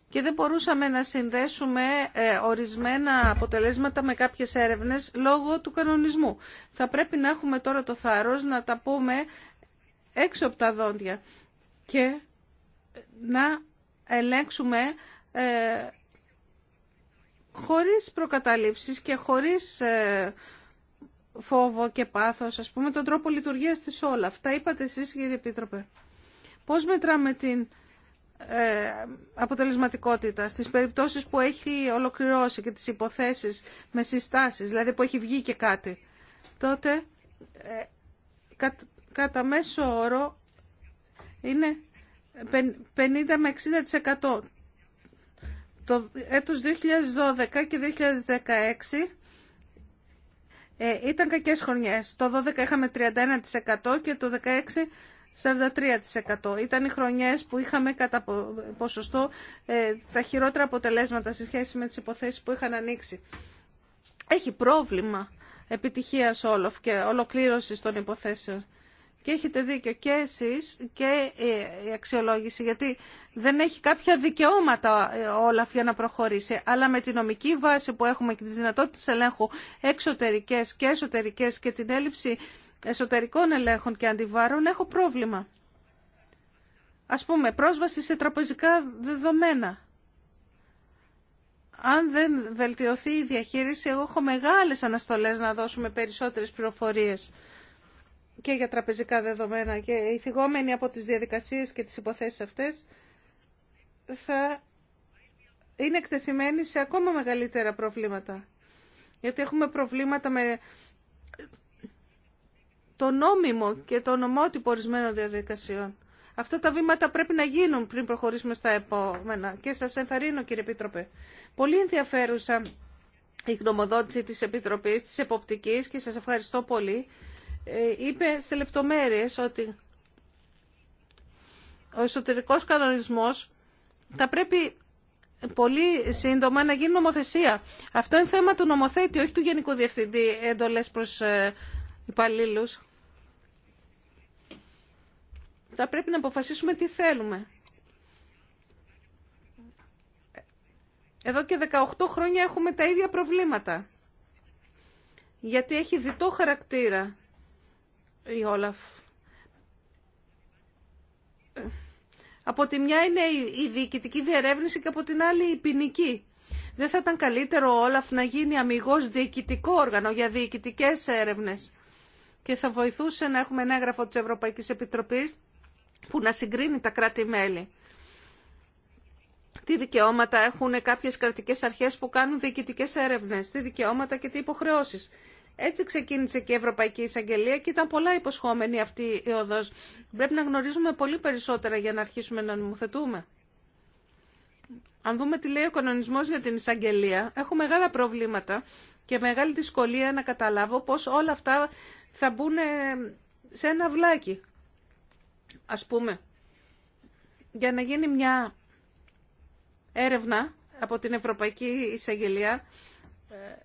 Speaker 1: Και δεν μπορούσαμε να συνδέσουμε ε, ορισμένα αποτελέσματα με κάποιες έρευνες λόγω του κανονισμού. Θα πρέπει να έχουμε τώρα το θάρρος να τα πούμε έξω από τα δόντια. Και να ελέγξουμε ε, χωρίς προκαταλήψεις και χωρίς ε, φόβο και πάθος, ας πούμε, τον τρόπο λειτουργίας της όλα. Αυτά είπατε εσείς, κύριε Επίτροπε. Πώς μετράμε την ε, αποτελεσματικότητα στις περιπτώσεις που έχει ολοκληρώσει και τις υποθέσεις με συστάσεις, δηλαδή που έχει βγει και κάτι. Τότε, ε, κατά μέσο όρο, είναι 50 με 60%. Το έτος 2012 και 2016 ε, ήταν κακές χρονιές. Το 2012 είχαμε 31% και το 2016 43%. Ήταν οι χρονιές που είχαμε κατά ποσοστό ε, τα χειρότερα αποτελέσματα σε σχέση με τις υποθέσεις που είχαν ανοίξει. Έχει πρόβλημα επιτυχίας όλο και ολοκλήρωσης των υποθέσεων. Και έχετε δίκιο και εσείς και η αξιολόγηση, γιατί δεν έχει κάποια δικαιώματα ε, όλα για να προχωρήσει. Αλλά με τη νομική βάση που έχουμε και τις δυνατότητες ελέγχου εξωτερικές και εσωτερικές και την έλλειψη εσωτερικών ελέγχων και αντιβάρων, έχω πρόβλημα. Ας πούμε, πρόσβαση σε τραπεζικά δεδομένα. Αν δεν βελτιωθεί η διαχείριση, εγώ έχω μεγάλες αναστολές να δώσουμε περισσότερες πληροφορίες και για τραπεζικά δεδομένα και οι θυγόμενοι από τις διαδικασίες και τις υποθέσεις αυτές θα είναι εκτεθειμένοι σε ακόμα μεγαλύτερα προβλήματα. Γιατί έχουμε προβλήματα με το νόμιμο και το νομότυπο ορισμένων διαδικασιών. Αυτά τα βήματα πρέπει να γίνουν πριν προχωρήσουμε στα επόμενα. Και σας ενθαρρύνω κύριε Επίτροπε. Πολύ ενδιαφέρουσα η γνωμοδότηση της Επιτροπής, της Εποπτικής και σας ευχαριστώ πολύ ε, είπε σε λεπτομέρειες ότι ο εσωτερικός κανονισμός θα πρέπει πολύ σύντομα να γίνει νομοθεσία. Αυτό είναι θέμα του νομοθέτη, όχι του Γενικού Διευθυντή εντολές προς ε, υπαλλήλους. Θα πρέπει να αποφασίσουμε τι θέλουμε. Εδώ και 18 χρόνια έχουμε τα ίδια προβλήματα. Γιατί έχει διτό χαρακτήρα η Όλαφ. Από τη μια είναι η διοικητική διερεύνηση και από την άλλη η ποινική. Δεν θα ήταν καλύτερο ο Όλαφ να γίνει αμυγός διοικητικό όργανο για διοικητικές έρευνες και θα βοηθούσε να έχουμε ένα έγγραφο της Ευρωπαϊκής Επιτροπής που να συγκρίνει τα κράτη-μέλη. Τι δικαιώματα έχουν κάποιες κρατικές αρχές που κάνουν διοικητικές έρευνες, τι δικαιώματα και τι υποχρεώσεις. Έτσι ξεκίνησε και η Ευρωπαϊκή Εισαγγελία και ήταν πολλά υποσχόμενη αυτή η οδός. Πρέπει να γνωρίζουμε πολύ περισσότερα για να αρχίσουμε να νομοθετούμε. Αν δούμε τι λέει ο κανονισμό για την εισαγγελία, έχω μεγάλα προβλήματα και μεγάλη δυσκολία να καταλάβω πώς όλα αυτά θα μπουν ε, σε ένα βλάκι. Ας πούμε, για να γίνει μια έρευνα από την Ευρωπαϊκή Εισαγγελία, ε,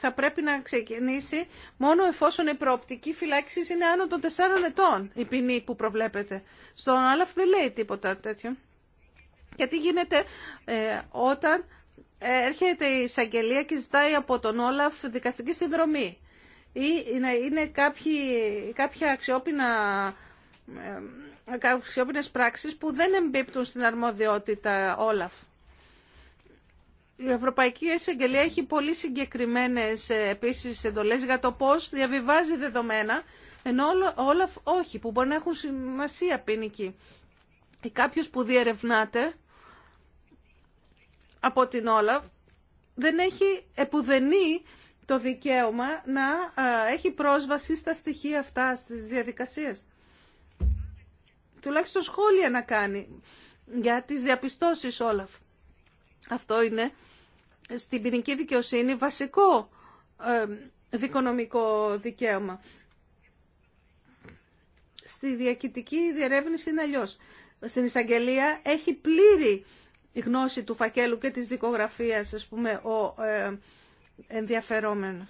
Speaker 1: θα πρέπει να ξεκινήσει μόνο εφόσον η προοπτική φυλάξη είναι άνω των 4 ετών, η ποινή που προβλέπεται. Στον Όλαφ δεν λέει τίποτα τέτοιο. Γιατί γίνεται ε, όταν ε, έρχεται η εισαγγελία και ζητάει από τον Όλαφ δικαστική συνδρομή ή να είναι κάποια αξιόπινα ε, αξιόπινες πράξεις που δεν εμπίπτουν στην αρμοδιότητα Όλαφ. Η Ευρωπαϊκή Εισαγγελία έχει πολύ συγκεκριμένες ε, επίσης εντολές για το πώ διαβιβάζει δεδομένα, ενώ όλα όχι, που μπορεί να έχουν σημασία ποινική. Ή κάποιος που διερευνάται από την Όλαφ δεν έχει επουδενή το δικαίωμα να ε, έχει πρόσβαση στα στοιχεία αυτά, στις διαδικασίες. Τουλάχιστον σχόλια να κάνει για τις διαπιστώσεις Όλαφ. Αυτό είναι στην ποινική δικαιοσύνη βασικό ε, δικονομικό δικαίωμα. Στη διακητική διερεύνηση είναι αλλιώ. Στην εισαγγελία έχει πλήρη γνώση του φακέλου και της δικογραφίας, ας πούμε, ο ε, ενδιαφερόμενος,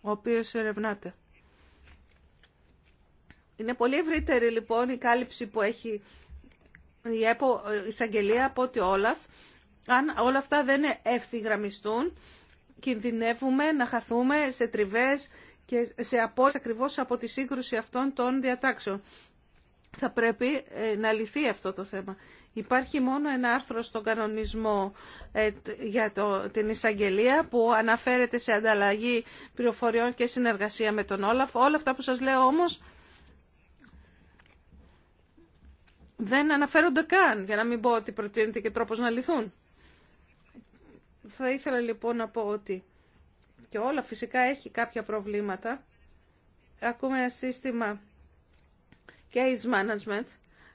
Speaker 1: ο οποίος ερευνάται. Είναι πολύ ευρύτερη λοιπόν η κάλυψη που έχει η εισαγγελία από ότι Όλαφ αν όλα αυτά δεν ευθυγραμμιστούν, κινδυνεύουμε να χαθούμε σε τριβές και σε απόλυση ακριβώς από τη σύγκρουση αυτών των διατάξεων. Θα πρέπει ε, να λυθεί αυτό το θέμα. Υπάρχει μόνο ένα άρθρο στον κανονισμό ε, για την εισαγγελία που αναφέρεται σε ανταλλαγή πληροφοριών και συνεργασία με τον Όλαφ. Όλα αυτά που σας λέω όμως δεν αναφέρονται καν, για να μην πω ότι προτείνεται και τρόπος να λυθούν. Θα ήθελα λοιπόν να πω ότι και όλα φυσικά έχει κάποια προβλήματα. Ακούμε ένα σύστημα case management,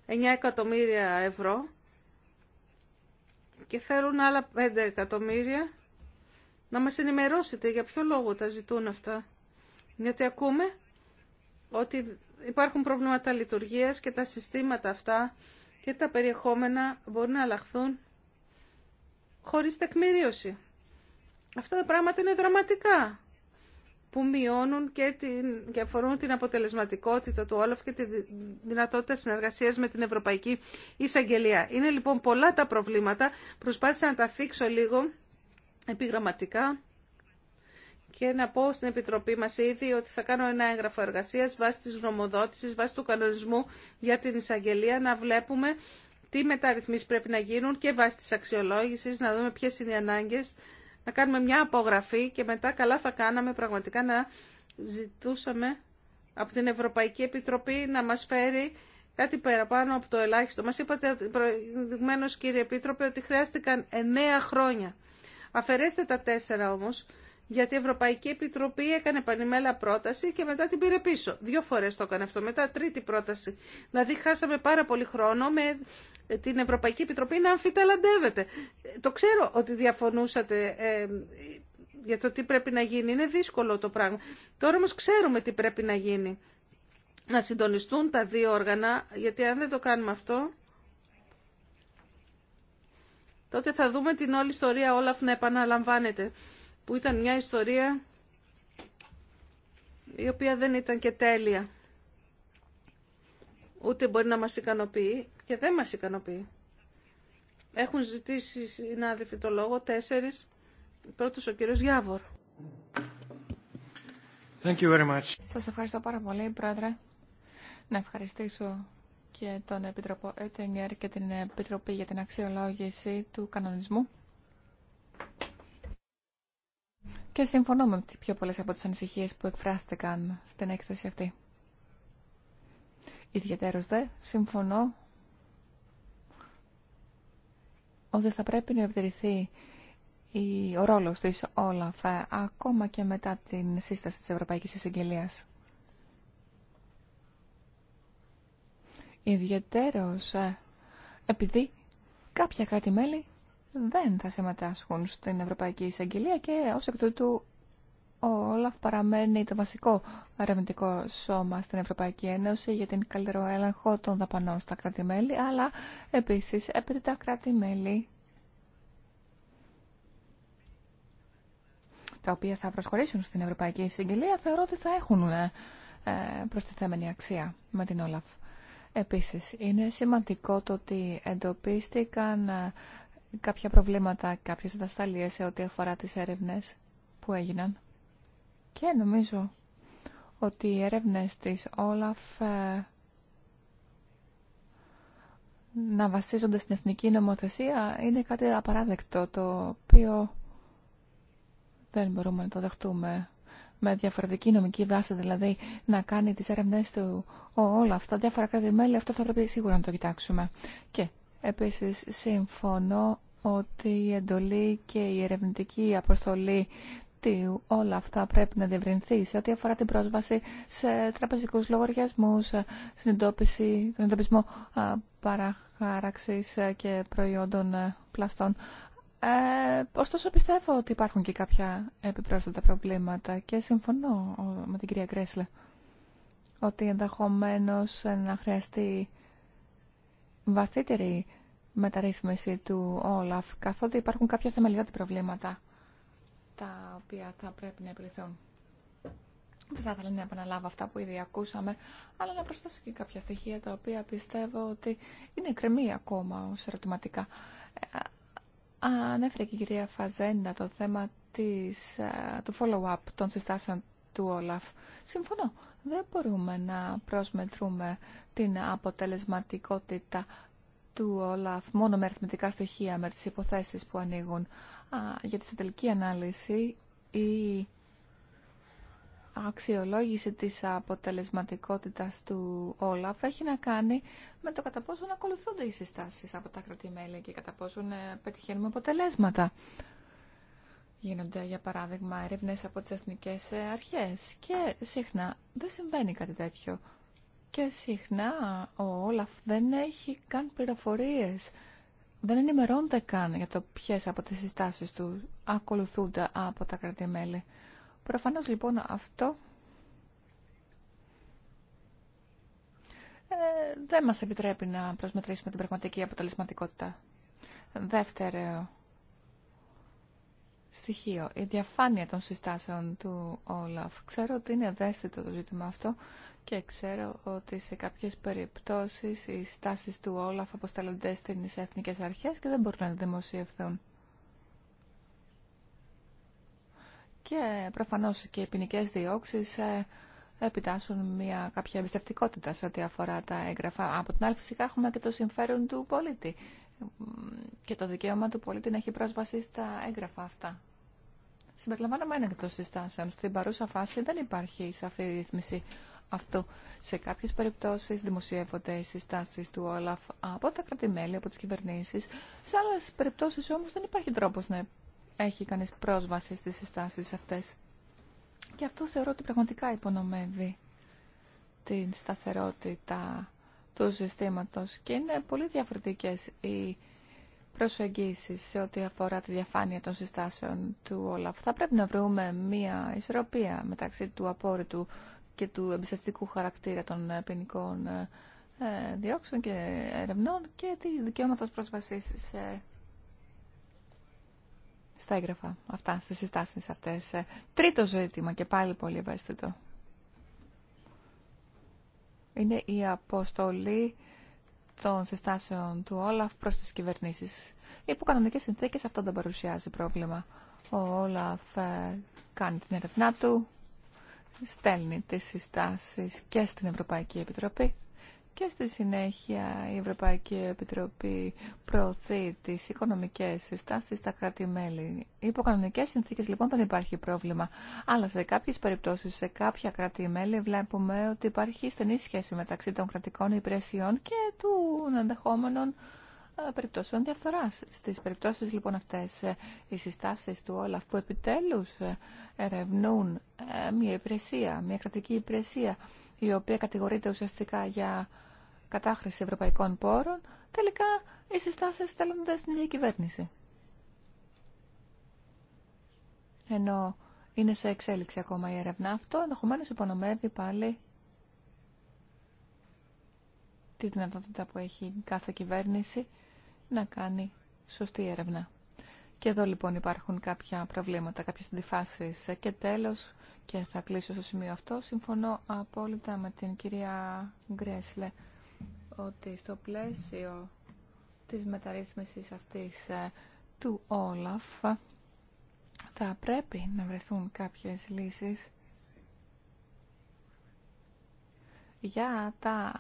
Speaker 1: 9 εκατομμύρια ευρώ και θέλουν άλλα 5 εκατομμύρια να μας ενημερώσετε για ποιο λόγο τα ζητούν αυτά. Γιατί ακούμε ότι υπάρχουν προβλήματα λειτουργίας και τα συστήματα αυτά και τα περιεχόμενα μπορούν να αλλάχθουν χωρίς τεκμηρίωση. Αυτά τα πράγματα είναι δραματικά που μειώνουν και, την, και αφορούν την αποτελεσματικότητα του Όλαφ και τη δυνατότητα συνεργασίας με την Ευρωπαϊκή Εισαγγελία. Είναι λοιπόν πολλά τα προβλήματα. Προσπάθησα να τα θίξω λίγο επιγραμματικά και να πω στην Επιτροπή μας ήδη ότι θα κάνω ένα έγγραφο εργασίας βάσει της γνωμοδότησης, βάσει του κανονισμού για την εισαγγελία να βλέπουμε τι μεταρρυθμίσεις πρέπει να γίνουν και βάσει της αξιολόγησης, να δούμε ποιες είναι οι ανάγκες, να κάνουμε μια απογραφή και μετά καλά θα κάναμε πραγματικά να ζητούσαμε από την Ευρωπαϊκή Επιτροπή να μας φέρει κάτι παραπάνω από το ελάχιστο. Μας είπατε προηγουμένως κύριε Επίτροπε ότι χρειάστηκαν εννέα χρόνια. Αφαιρέστε τα τέσσερα όμως γιατί η Ευρωπαϊκή Επιτροπή έκανε πανημέλα πρόταση και μετά την πήρε πίσω. Δύο φορές το έκανε αυτό, μετά τρίτη πρόταση. Δηλαδή χάσαμε πάρα πολύ χρόνο με την Ευρωπαϊκή Επιτροπή να αμφιταλαντεύεται. Το ξέρω ότι διαφωνούσατε ε, για το τι πρέπει να γίνει. Είναι δύσκολο το πράγμα. Τώρα όμως ξέρουμε τι πρέπει να γίνει. Να συντονιστούν τα δύο όργανα, γιατί αν δεν το κάνουμε αυτό, τότε θα δούμε την όλη ιστορία όλα αυτά να επαναλαμβάνεται που ήταν μια ιστορία η οποία δεν ήταν και τέλεια. Ούτε μπορεί να μας ικανοποιεί και δεν μας ικανοποιεί. Έχουν ζητήσει συνάδελφοι το λόγο τέσσερις. Πρώτος ο κύριος Γιάβορ. Thank you very much. Σας
Speaker 2: ευχαριστώ πάρα πολύ, Πρόεδρε. Να ευχαριστήσω και τον Επίτροπο Έτενγκερ και την Επιτροπή για την αξιολόγηση του κανονισμού και συμφωνώ με πιο πολλές από τις ανησυχίες που εκφράστηκαν στην έκθεση αυτή. Ιδιαίτερος δε, συμφωνώ ότι θα πρέπει να ευδηρηθεί ο ρόλος της Όλαφ ε, ακόμα και μετά την σύσταση της Ευρωπαϊκής Εισαγγελίας. Ιδιαίτερος ε, επειδή κάποια κράτη-μέλη δεν θα συμμετάσχουν στην Ευρωπαϊκή Εισαγγελία και ως εκ τούτου ο Όλαφ παραμένει το βασικό ερευνητικό σώμα στην Ευρωπαϊκή Ένωση για την καλύτερο έλεγχο των δαπανών στα κράτη-μέλη, αλλά επίσης επειδή τα κράτη-μέλη τα οποία θα προσχωρήσουν στην Ευρωπαϊκή Εισαγγελία θεωρώ ότι θα έχουν ε, προστιθέμενη αξία με την Όλαφ. Επίσης, είναι σημαντικό το ότι εντοπίστηκαν ε, κάποια προβλήματα, κάποιες ατασταλίες σε ό,τι αφορά τις έρευνες που έγιναν. Και νομίζω ότι οι έρευνες της Όλαφ ε, να βασίζονται στην εθνική νομοθεσία είναι κάτι απαράδεκτο, το οποίο δεν μπορούμε να το δεχτούμε με διαφορετική νομική δάση, δηλαδή να κάνει τις έρευνές του ΟΛΑΦ αυτα αυτά, διάφορα κράτη-μέλη, αυτό θα πρέπει σίγουρα να το κοιτάξουμε. Και Επίσης, συμφωνώ ότι η εντολή και η ερευνητική αποστολή του όλα αυτά πρέπει να διευρυνθεί σε ό,τι αφορά την πρόσβαση σε τραπεζικούς λογαριασμούς, στην τον εντοπισμό παραχάραξης ε, και προϊόντων ε, πλαστών. Ε, ωστόσο πιστεύω ότι υπάρχουν και κάποια επιπρόσθετα προβλήματα και συμφωνώ με την κυρία Κρέσλε ότι ενδεχομένως να χρειαστεί βαθύτερη μεταρρύθμιση του Όλαφ, καθότι υπάρχουν κάποια θεμελιώδη προβλήματα τα οποία θα πρέπει να επιληθούν. Δεν θα ήθελα να επαναλάβω αυτά που ήδη ακούσαμε, αλλά να προσθέσω και κάποια στοιχεία τα οποία πιστεύω ότι είναι κρεμή ακόμα ω ερωτηματικά. Ε, ανέφερε και η κυρία Φαζέντα το θέμα ε, του follow-up των συστάσεων του Όλαφ. Συμφωνώ, δεν μπορούμε να προσμετρούμε την αποτελεσματικότητα του Όλαφ μόνο με αριθμητικά στοιχεία, με τις υποθέσεις που ανοίγουν. για τη τελική ανάλυση η αξιολόγηση της αποτελεσματικότητας του Όλαφ έχει να κάνει με το κατά πόσο ακολουθούνται οι συστάσεις από τα κρατημέλη και κατά πόσο ε, πετυχαίνουμε αποτελέσματα. Γίνονται, για παράδειγμα, έρευνε από τις εθνικές ε, αρχές και συχνά δεν συμβαίνει κάτι τέτοιο και συχνά ο Όλαφ δεν έχει καν πληροφορίες. Δεν ενημερώνεται καν για το ποιες από τις συστάσεις του ακολουθούνται από τα κρατημέλη. Προφανώς λοιπόν αυτό ε, δεν μας επιτρέπει να προσμετρήσουμε την πραγματική αποτελεσματικότητα. Δεύτερο στοιχείο, η διαφάνεια των συστάσεων του Όλαφ. Ξέρω ότι είναι ευαίσθητο το ζήτημα αυτό, και ξέρω ότι σε κάποιες περιπτώσεις οι στάσεις του Όλαφ αποστέλλονται στις εθνικές αρχές και δεν μπορούν να δημοσιευθούν. Και προφανώς και οι ποινικέ διώξεις ε, επιτάσσουν μια κάποια εμπιστευτικότητα σε ό,τι αφορά τα έγγραφα. Από την άλλη φυσικά έχουμε και το συμφέρον του πολίτη και το δικαίωμα του πολίτη να έχει πρόσβαση στα έγγραφα αυτά. Συμπεριλαμβάνομαι ένα εκτό συστάσεων. Στην παρούσα φάση δεν υπάρχει σαφή ρύθμιση αυτού. Σε κάποιες περιπτώσεις δημοσιεύονται οι συστάσεις του Όλαφ από τα κρατημέλη, από τις κυβερνήσεις. Σε άλλε περιπτώσεις όμως δεν υπάρχει τρόπος να έχει κάνει πρόσβαση στις συστάσεις αυτές. Και αυτό θεωρώ ότι πραγματικά υπονομεύει την σταθερότητα του συστήματος και είναι πολύ διαφορετικές οι προσεγγίσεις σε ό,τι αφορά τη διαφάνεια των συστάσεων του Όλαφ. Θα πρέπει να βρούμε μία ισορροπία μεταξύ του απόρριτου και του εμπιστευτικού χαρακτήρα των ε, ποινικών ε, ε, διώξεων και ερευνών και τη δικαιώματο πρόσβαση σε... στα έγγραφα αυτά, στι συστάσει αυτέ. Τρίτο ζήτημα και πάλι πολύ ευαίσθητο. Είναι η αποστολή των συστάσεων του Όλαφ προς τις κυβερνήσεις. Υπό κανονικές συνθήκες αυτό δεν παρουσιάζει πρόβλημα. Ο Όλαφ κάνει την ερευνά του, στέλνει τις συστάσεις και στην Ευρωπαϊκή Επιτροπή και στη συνέχεια η Ευρωπαϊκή Επιτροπή προωθεί τις οικονομικές συστάσεις στα κράτη-μέλη. Υπό κανονικές συνθήκες λοιπόν δεν υπάρχει πρόβλημα, αλλά σε κάποιες περιπτώσεις, σε κάποια κράτη-μέλη βλέπουμε ότι υπάρχει στενή σχέση μεταξύ των κρατικών υπηρεσιών και των ενδεχόμενων ε, περιπτώσεων διαφθοράς. Στις περιπτώσει λοιπόν αυτές ε, οι συστάσει του Όλαφ που επιτέλου ε, ερευνούν μια υπηρεσία, μια κρατική υπηρεσία η οποία κατηγορείται ουσιαστικά για κατάχρηση ευρωπαϊκών πόρων, τελικά οι συστάσει στέλνονται στην ίδια κυβέρνηση. Ενώ είναι σε εξέλιξη ακόμα η έρευνα αυτό, ενδεχομένω υπονομεύει πάλι τη δυνατότητα που έχει κάθε κυβέρνηση να κάνει σωστή έρευνα. Και εδώ λοιπόν υπάρχουν κάποια προβλήματα, κάποιες αντιφάσεις. Και τέλος, και θα κλείσω στο σημείο αυτό, συμφωνώ απόλυτα με την κυρία Γκρέσλε ότι στο πλαίσιο της μεταρρύθμισης αυτής ε, του Όλαφ θα πρέπει να βρεθούν κάποιες λύσεις για τα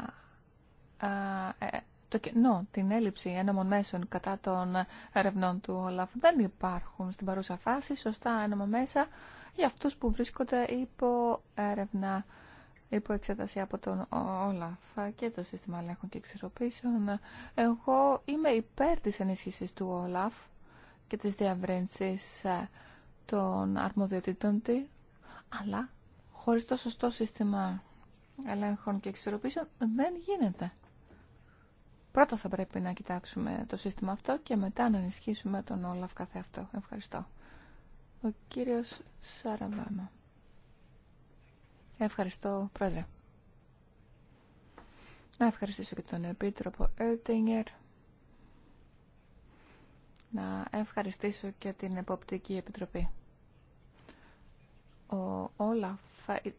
Speaker 2: ε, ε, το κενό, την έλλειψη ένωμων μέσων κατά των ερευνών του Όλαφ. Δεν υπάρχουν στην παρούσα φάση σωστά ένωμα μέσα για αυτούς που βρίσκονται υπό έρευνα, υπό εξέταση από τον Όλαφ και το σύστημα ελέγχων και εξισορροπήσεων. Εγώ είμαι υπέρ της ενίσχυσης του Όλαφ και της διαβρύνσης ε, των αρμοδιοτήτων τη, αλλά χωρίς το σωστό σύστημα ελέγχων και εξισορροπήσεων δεν γίνεται. Πρώτα θα πρέπει να κοιτάξουμε το σύστημα αυτό και μετά να ενισχύσουμε τον Όλαφ καθε αυτό. Ευχαριστώ. Ο κύριος Σαραβάμα. Ευχαριστώ, Πρόεδρε. Να ευχαριστήσω και τον Επίτροπο Ερτίνγκερ. Να ευχαριστήσω και την Εποπτική Επιτροπή ο Όλαφ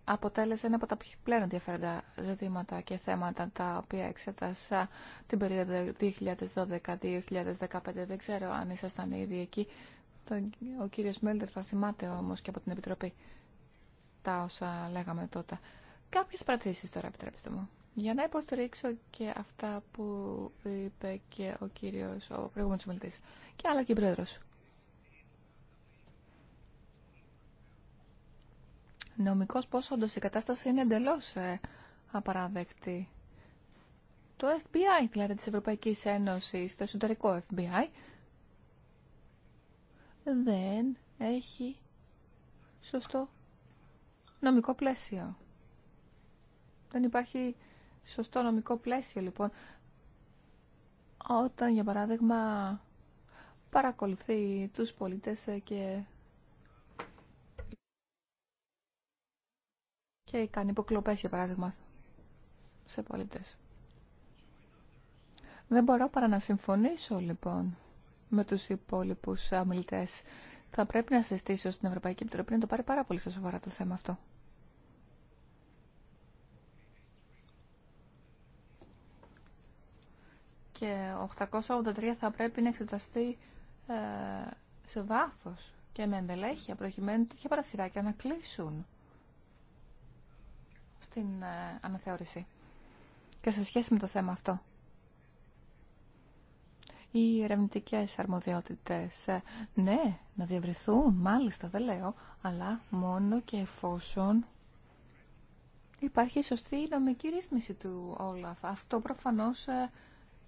Speaker 2: αποτέλεσε ένα από τα πλέον ενδιαφέροντα ζητήματα και θέματα τα οποία εξέτασα την περίοδο 2012-2015. Δεν ξέρω αν ήσασταν ήδη εκεί. Ο κύριος Μέλτερ θα θυμάται όμως και από την Επιτροπή τα όσα λέγαμε τότε. Κάποιες παρατηρήσεις τώρα επιτρέψτε μου. Για να υποστηρίξω και αυτά που είπε και ο κύριος, ο προηγούμενος μιλητής και άλλα και η πρόεδρος. νομικός πόσο η κατάσταση είναι εντελώς ε, απαράδεκτη. Το FBI, δηλαδή της Ευρωπαϊκής Ένωσης, το εσωτερικό FBI, δεν έχει σωστό νομικό πλαίσιο. Δεν υπάρχει σωστό νομικό πλαίσιο, λοιπόν, όταν, για παράδειγμα, παρακολουθεί τους πολίτες ε, και και κάνει υποκλοπές για παράδειγμα σε πολίτες. Δεν μπορώ παρά να συμφωνήσω λοιπόν με τους υπόλοιπους αμιλητές. Θα πρέπει να συστήσω στην Ευρωπαϊκή Επιτροπή να το πάρει πάρα πολύ σοβαρά το θέμα αυτό. Και 883 θα πρέπει να εξεταστεί ε, σε βάθος και με εντελέχεια, προκειμένου τέτοια παραθυράκια να κλείσουν στην ε, αναθεώρηση και σε σχέση με το θέμα αυτό. Οι ερευνητικέ αρμοδιότητες, ε, ναι, να διαβριθούν, μάλιστα δεν λέω, αλλά μόνο και εφόσον υπάρχει σωστή νομική ρύθμιση του Όλαφ. Αυτό προφανώς ε,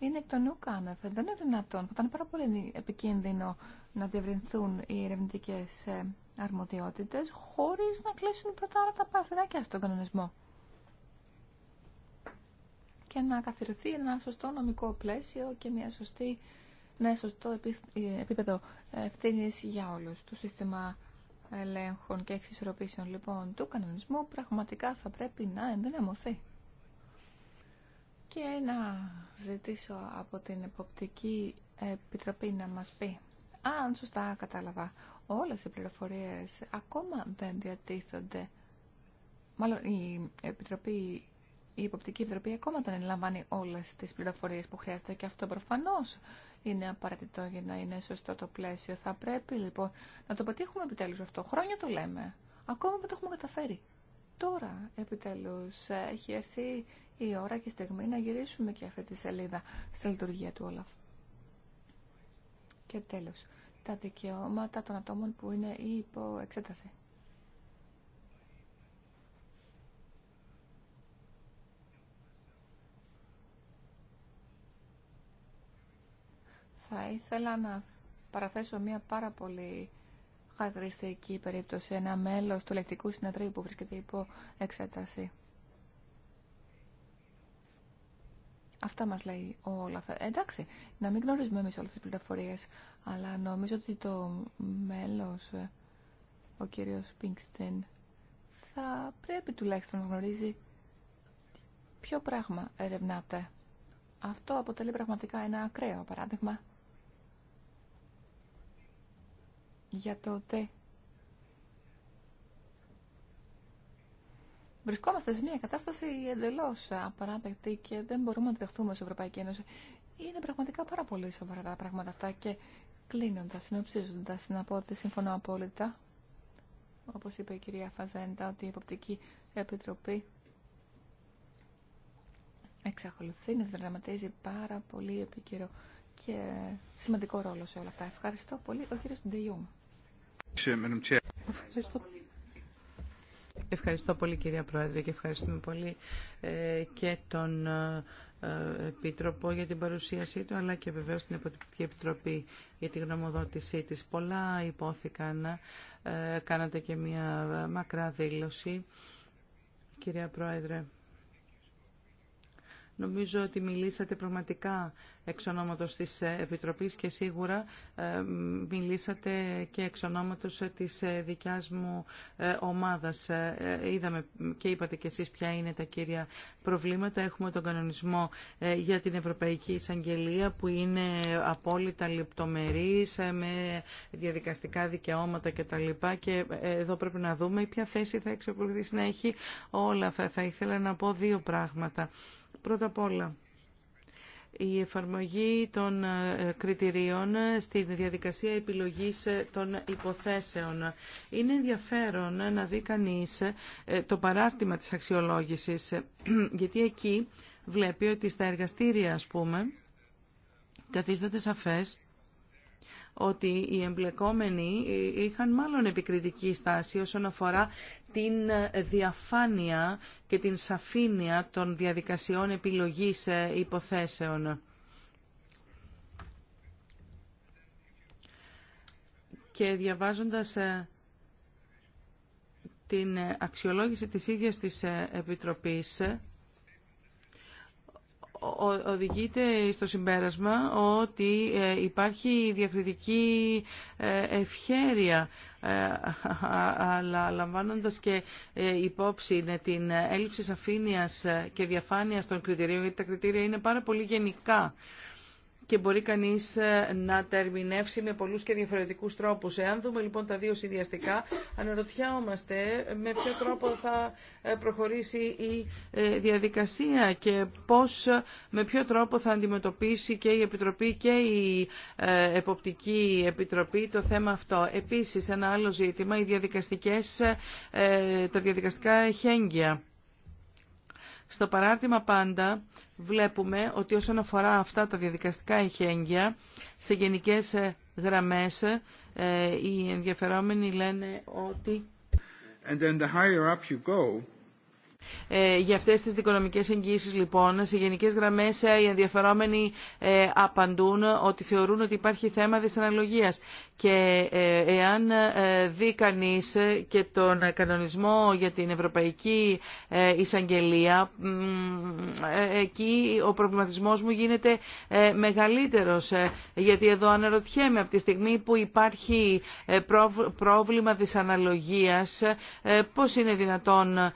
Speaker 2: είναι εκ των Δεν είναι δυνατόν. Ήταν πάρα πολύ επικίνδυνο να διευρυνθούν οι ερευνητικέ αρμοδιότητε χωρί να κλείσουν πρώτα όλα τα παθηνάκια στον κανονισμό και να καθιερωθεί ένα σωστό νομικό πλαίσιο και μια σωστή, ένα σωστό ε, επίπεδο ευθύνη για όλους. Το σύστημα ελέγχων και εξισορροπήσεων λοιπόν του κανονισμού πραγματικά θα πρέπει να ενδυναμωθεί. Και να ζητήσω από την Εποπτική Επιτροπή να μας πει αν σωστά κατάλαβα όλες οι πληροφορίες ακόμα δεν διατίθονται μάλλον η Επιτροπή η Υποπτική Επιτροπή ακόμα δεν ελαμβάνει όλες τις πληροφορίες που χρειάζεται και αυτό Προφανώ είναι απαραίτητο για να είναι σωστό το πλαίσιο. Θα πρέπει λοιπόν να το πετύχουμε επιτέλου αυτό. Χρόνια το λέμε. Ακόμα που το έχουμε καταφέρει. Τώρα επιτέλους έχει έρθει η ώρα και η στιγμή να γυρίσουμε και αυτή τη σελίδα στη λειτουργία του Όλαφ. Και τέλο, τα δικαιώματα των ατόμων που είναι υπό εξέταση. θα ήθελα να παραθέσω μια πάρα πολύ χαρακτηριστική περίπτωση, ένα μέλος του λεκτικού συνεδρίου που βρίσκεται υπό εξέταση. Αυτά μας λέει ο Όλαφ. Ε, εντάξει, να μην γνωρίζουμε εμείς όλες τις πληροφορίες, αλλά νομίζω ότι το μέλος, ε, ο κύριος Πίνκστεν, θα πρέπει τουλάχιστον να γνωρίζει ποιο πράγμα ερευνάται. Αυτό αποτελεί πραγματικά ένα ακραίο παράδειγμα για το ότι βρισκόμαστε σε μια κατάσταση εντελώ απαράδεκτη και δεν μπορούμε να τη δεχτούμε στην Ευρωπαϊκή Ένωση. Είναι πραγματικά πάρα πολύ σοβαρά τα πράγματα αυτά και κλείνοντα, συνοψίζοντα, να πω ότι συμφωνώ απόλυτα, όπω είπε η κυρία Φαζέντα, ότι η Εποπτική Επιτροπή εξακολουθεί να δραματίζει πάρα πολύ επίκαιρο και σημαντικό ρόλο σε όλα αυτά. Ευχαριστώ πολύ. Ο κύριος Ντειούμ.
Speaker 1: Ευχαριστώ.
Speaker 3: Ευχαριστώ πολύ κυρία Πρόεδρε και ευχαριστούμε πολύ ε, και τον ε, ε, Επίτροπο για την παρουσίασή του αλλά και βεβαίως την Επιτροπή για τη γνωμοδότησή της. Πολλά υπόθηκαν, κάνατε και μια μακρά δήλωση. Κυρία Πρόεδρε, Νομίζω ότι μιλήσατε πραγματικά εξ ονόματος της ε, Επιτροπής και σίγουρα ε, μιλήσατε και εξ ονόματος ε, της δικιάς μου ομάδας. Είδαμε και είπατε και εσείς ποια είναι τα κύρια προβλήματα. Έχουμε τον κανονισμό για την Ευρωπαϊκή Εισαγγελία που είναι απόλυτα λεπτομερής με διαδικαστικά δικαιώματα κτλ. Και εδώ πρέπει να δούμε ποια θέση θα εξακολουθήσει να έχει όλα. Θα ήθελα να πω δύο πράγματα. Πρώτα απ' όλα, η εφαρμογή των ε, κριτηρίων στη διαδικασία επιλογής ε, των υποθέσεων. Είναι ενδιαφέρον ε, να δει κανείς το παράρτημα της αξιολόγησης, γιατί εκεί βλέπει ότι στα εργαστήρια, ας πούμε, καθίσταται σαφές ότι οι εμπλεκόμενοι είχαν μάλλον επικριτική στάση όσον αφορά την διαφάνεια και την σαφήνεια των διαδικασιών επιλογής ε, υποθέσεων. Και διαβάζοντας ε, την ε, αξιολόγηση της ίδιας της Επιτροπής, οδηγείται στο συμπέρασμα ότι ε, υπάρχει διακριτική ε, ευχέρεια ε, αλλά λαμβάνοντας και υπόψη ναι, την έλλειψη σαφήνειας και διαφάνειας των κριτηρίων γιατί τα κριτήρια είναι πάρα πολύ γενικά και μπορεί κανείς ε, να τα με πολλούς και διαφορετικούς τρόπους. Εάν δούμε λοιπόν τα δύο συνδυαστικά, αναρωτιόμαστε με ποιο τρόπο θα ε, προχωρήσει η ε, διαδικασία και πώς, με ποιο τρόπο θα αντιμετωπίσει και η Επιτροπή και η Εποπτική Επιτροπή το θέμα αυτό. Επίσης, ένα άλλο ζήτημα, οι διαδικαστικές, τα διαδικαστικά χέγγια. Στο παράρτημα πάντα βλέπουμε ότι όσον αφορά αυτά τα διαδικαστικά ειχέγγυα, σε γενικές ε, γραμμές ε, οι ενδιαφερόμενοι λένε ότι ε, για αυτές τις δικονομικές εγγύησεις λοιπόν, σε γενικές γραμμές ε, οι ενδιαφερόμενοι ε, απαντούν ότι θεωρούν ότι υπάρχει θέμα δυσαναλογίας. Και εάν δει κανεί και τον κανονισμό για την Ευρωπαϊκή Εισαγγελία, εκεί ο προβληματισμός μου γίνεται μεγαλύτερος. Γιατί εδώ αναρωτιέμαι από τη στιγμή που υπάρχει πρόβλημα δυσαναλογίας, πώς είναι δυνατόν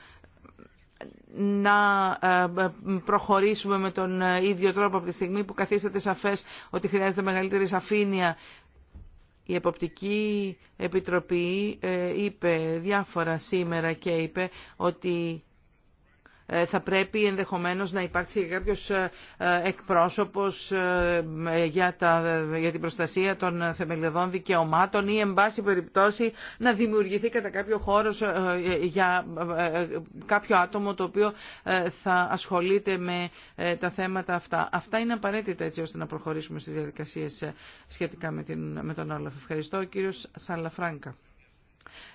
Speaker 3: να ε, ε, προχωρήσουμε με τον ε, ίδιο τρόπο από τη στιγμή που καθίσατε σαφές ότι χρειάζεται μεγαλύτερη σαφήνεια. Η Εποπτική Επιτροπή είπε διάφορα σήμερα και είπε ότι ε, θα πρέπει ενδεχομένως να υπάρξει κάποιος ε, ε, εκπρόσωπος για, τα, για την προστασία των θεμελιωδών δικαιωμάτων ή εν πάση περιπτώσει να δημιουργηθεί κατά κάποιο χώρο για κάποιο άτομο το οποίο θα ασχολείται με τα θέματα αυτά. Αυτά είναι απαραίτητα έτσι ώστε να προχωρήσουμε στις διαδικασίες σχετικά με, την, με τον Όλαφ. Ευχαριστώ. Ο κύριος Σαλαφράγκα.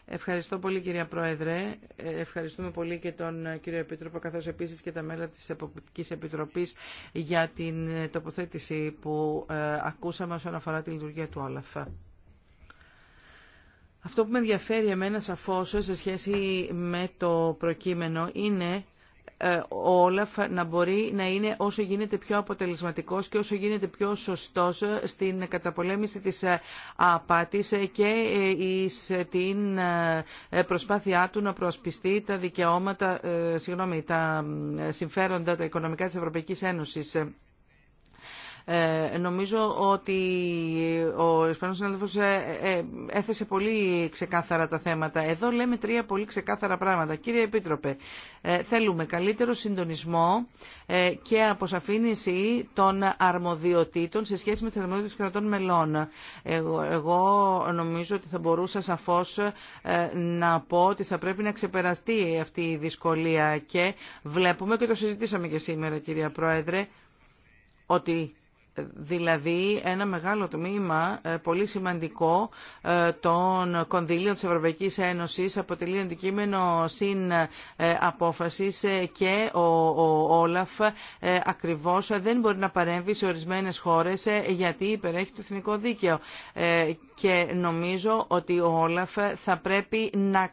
Speaker 3: Ευχαριστώ πολύ κυρία Πρόεδρε. Ε, ευχαριστούμε πολύ και τον ε, κύριο Επίτροπο καθώς επίσης και τα μέλη της Εποπτικής Επιτροπής για την ε, τοποθέτηση που ακούσαμε όσον αφορά τη λειτουργία του Όλαφ. Αυτό που με ενδιαφέρει εμένα σαφώς σε σχέση με το προκείμενο είναι ε, ο Όλαφ να μπορεί να είναι όσο γίνεται πιο αποτελεσματικός και όσο γίνεται πιο σωστός στην καταπολέμηση της ε, απάτης και στην ε, προσπάθειά του να προασπιστεί τα δικαιώματα, συγγνώμη, τα συμφέροντα, τα οικονομικά της Ευρωπαϊκής Ένωσης. Ε, νομίζω ότι ο Ισπανός συνάδελφος ε, ε, έθεσε πολύ ξεκάθαρα τα θέματα. Εδώ λέμε τρία πολύ ξεκάθαρα πράγματα. Κύριε Επίτροπε, θέλουμε καλύτερο συντονισμό και αποσαφήνιση των αρμοδιοτήτων σε σχέση με τις αρμοδιότητες κρατών μελών. Εγώ νομίζω ότι θα μπορούσα σαφώς να πω ότι θα πρέπει να ξεπεραστεί αυτή η δυσκολία και βλέπουμε και το συζητήσαμε και σήμερα κυρία Πρόεδρε ότι δηλαδή ένα μεγάλο τμήμα, ε, πολύ σημαντικό, ε, των κονδυλίων της Ευρωπαϊκής Ένωσης αποτελεί αντικείμενο συν ε, απόφασης και ο, ο Όλαφ ακριβώς δεν μπορεί να παρέμβει σε ορισμένες χώρες γιατί υπερέχει το εθνικό δίκαιο. Και νομίζω ότι ο Όλαφ θα πρέπει να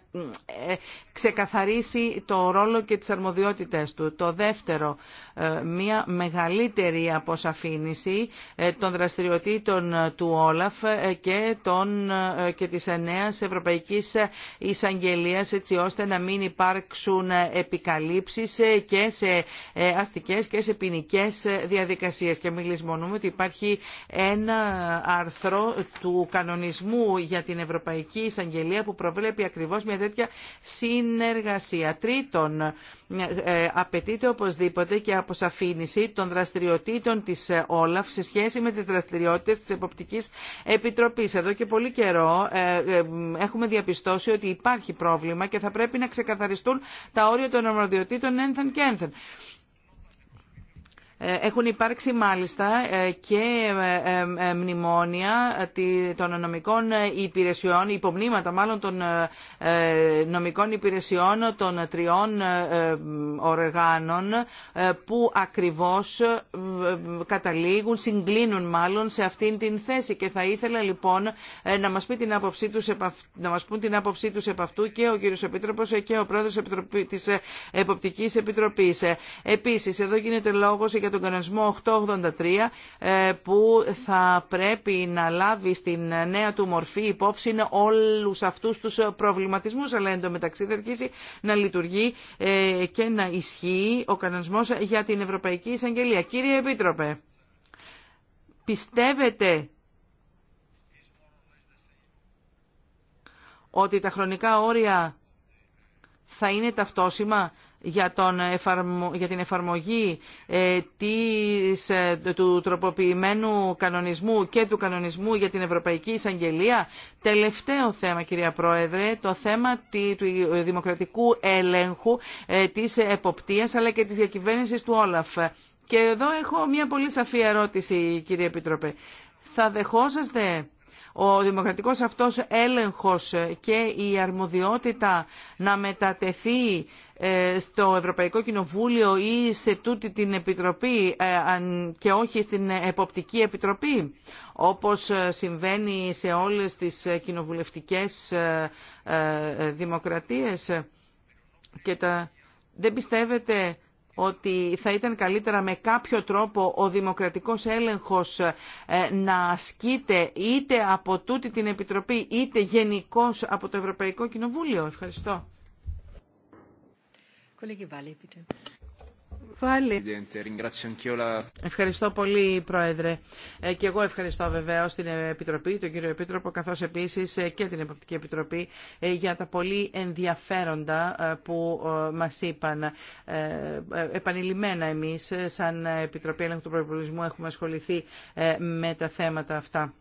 Speaker 3: ξεκαθαρίσει το ρόλο και τις αρμοδιότητες του. Το δεύτερο, ε, μια μεγαλύτερη αποσαφήνιση ε, των δραστηριοτήτων ε, του Όλαφ και, των, και της νέας Ευρωπαϊκής Εισαγγελίας έτσι ώστε να μην υπάρξουν επικαλύψεις και σε αστικές και σε ποινικέ διαδικασίες. Και μην ότι υπάρχει ένα άρθρο του κανονισμού για την Ευρωπαϊκή Εισαγγελία που προβλέπει ακριβώς μια τέτοια συν συνεργασία. Τρίτον, ε, ε, απαιτείται οπωσδήποτε και αποσαφήνιση των δραστηριοτήτων της ε, Όλαφ σε σχέση με τις δραστηριότητες της Εποπτικής Επιτροπής. Εδώ και πολύ καιρό έχουμε διαπιστώσει ότι υπάρχει πρόβλημα και θα πρέπει να ξεκαθαριστούν τα όρια των αρμοδιοτήτων ένθεν και ένθεν. Ε, έχουν υπάρξει μάλιστα ε, και ε, μνημόνια των νομικών υπηρεσιών, υπομνήματα μάλλον των νομικών υπηρεσιών των τριών οργάνων που ακριβώς καταλήγουν, συγκλίνουν μάλλον σε αυτήν την θέση και θα ήθελα λοιπόν να μας, πει την άποψή τους, να μας πούν την άποψή τους επ' αυτού και ο κύριος Επίτροπος και ο πρόεδρος της Εποπτικής Επιτροπής. Επίσης, εδώ γίνεται λόγος για για τον κανονισμό 883 ε, που θα πρέπει να λάβει στην νέα του μορφή υπόψη όλους αυτούς τους προβληματισμούς αλλά εντωμεταξύ θα αρχίσει να λειτουργεί ε, και να ισχύει ο κανονισμός για την Ευρωπαϊκή Εισαγγελία. Κύριε Επίτροπε, πιστεύετε ότι τα χρονικά όρια θα είναι ταυτόσιμα για, τον για την εφαρμογή ε, της, ε, του τροποποιημένου κανονισμού και του κανονισμού για την Ευρωπαϊκή Εισαγγελία. Τελευταίο θέμα, κυρία Πρόεδρε, το θέμα του δημοκρατικού έλεγχου ε, της εποπτείας αλλά και της διακυβέρνησης του Όλαφ. Και εδώ έχω μια πολύ σαφή ερώτηση, κύριε Επιτροπέ. Θα δεχόσαστε ο δημοκρατικός αυτός έλεγχος και η αρμοδιότητα να μετατεθεί ε, στο Ευρωπαϊκό Κοινοβούλιο ή σε τούτη την Επιτροπή ε, και όχι στην Εποπτική Επιτροπή, όπως ε, συμβαίνει σε όλες τις κοινοβουλευτικές δημοκρατίες. Και τα... Δεν πιστεύετε ότι θα ήταν καλύτερα με κάποιο τρόπο ο δημοκρατικός έλεγχος να ασκείται είτε από τούτη την Επιτροπή είτε γενικώ από το Ευρωπαϊκό Κοινοβούλιο. Ευχαριστώ. Ευχαριστώ πολύ, Πρόεδρε. Ε, και εγώ ευχαριστώ βεβαίω την Επιτροπή, τον κύριο Επίτροπο, καθώ επίση ε, και την Εποπτική Επιτροπή ε, για τα πολύ ενδιαφέροντα που μα είπαν. επανειλημμένα εμεί, σαν Επιτροπή Έλεγχου του Προπολογισμού, έχουμε ασχοληθεί με τα θέματα αυτά.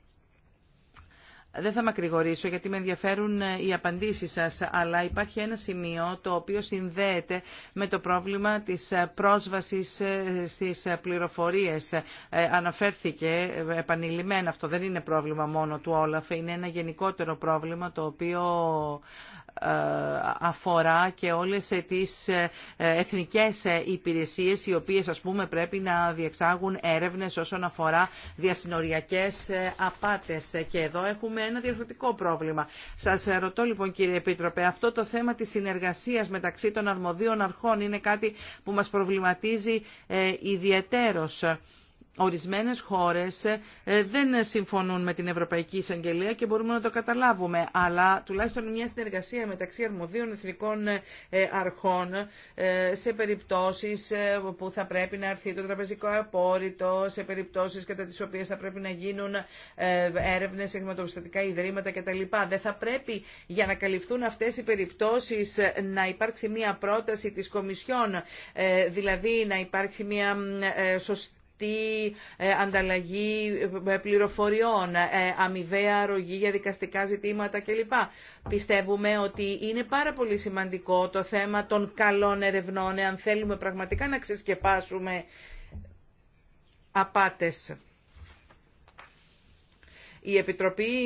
Speaker 3: Δεν θα μακρηγορήσω γιατί με ενδιαφέρουν ε, οι απαντήσεις σας, αλλά υπάρχει ένα σημείο το οποίο συνδέεται με το πρόβλημα της ε, πρόσβασης ε, στις πληροφορίες. Αναφέρθηκε επανειλημμένα αυτό, δεν είναι πρόβλημα μόνο του Όλαφ, είναι ένα γενικότερο πρόβλημα το οποίο αφορά και όλες τις ε, εθνικές ε, υπηρεσίες οι οποίες ας πούμε πρέπει να διεξάγουν έρευνες όσον αφορά διασυνοριακές ε, απάτες και εδώ έχουμε ένα διαφορετικό πρόβλημα. Σας ρωτώ λοιπόν κύριε Επίτροπε, αυτό το θέμα της συνεργασίας μεταξύ των αρμοδίων αρχών είναι κάτι που μας προβληματίζει ιδιαιτέρως. Ορισμένες χώρες ε, δεν συμφωνούν με την Ευρωπαϊκή Εισαγγελία και μπορούμε να το καταλάβουμε, αλλά τουλάχιστον μια συνεργασία μεταξύ αρμοδίων εθνικών ε, ε, αρχών σε περιπτώσεις που θα πρέπει να έρθει το τραπεζικό απόρριτο, σε περιπτώσεις κατά τις οποίες θα πρέπει να γίνουν έρευνες σε ιδρύματα κτλ. Δεν θα πρέπει για να καλυφθούν αυτές οι περιπτώσεις να υπάρξει μια πρόταση της Κομισιόν, δηλαδή να υπάρξει μια σωστή τη ε, ανταλλαγή ε, πληροφοριών, ε, αμοιβαία αρρωγή για δικαστικά ζητήματα κλπ. Πιστεύουμε ότι είναι πάρα πολύ σημαντικό το θέμα των καλών ερευνών, αν θέλουμε πραγματικά να ξεσκεπάσουμε απάτες η Επιτροπή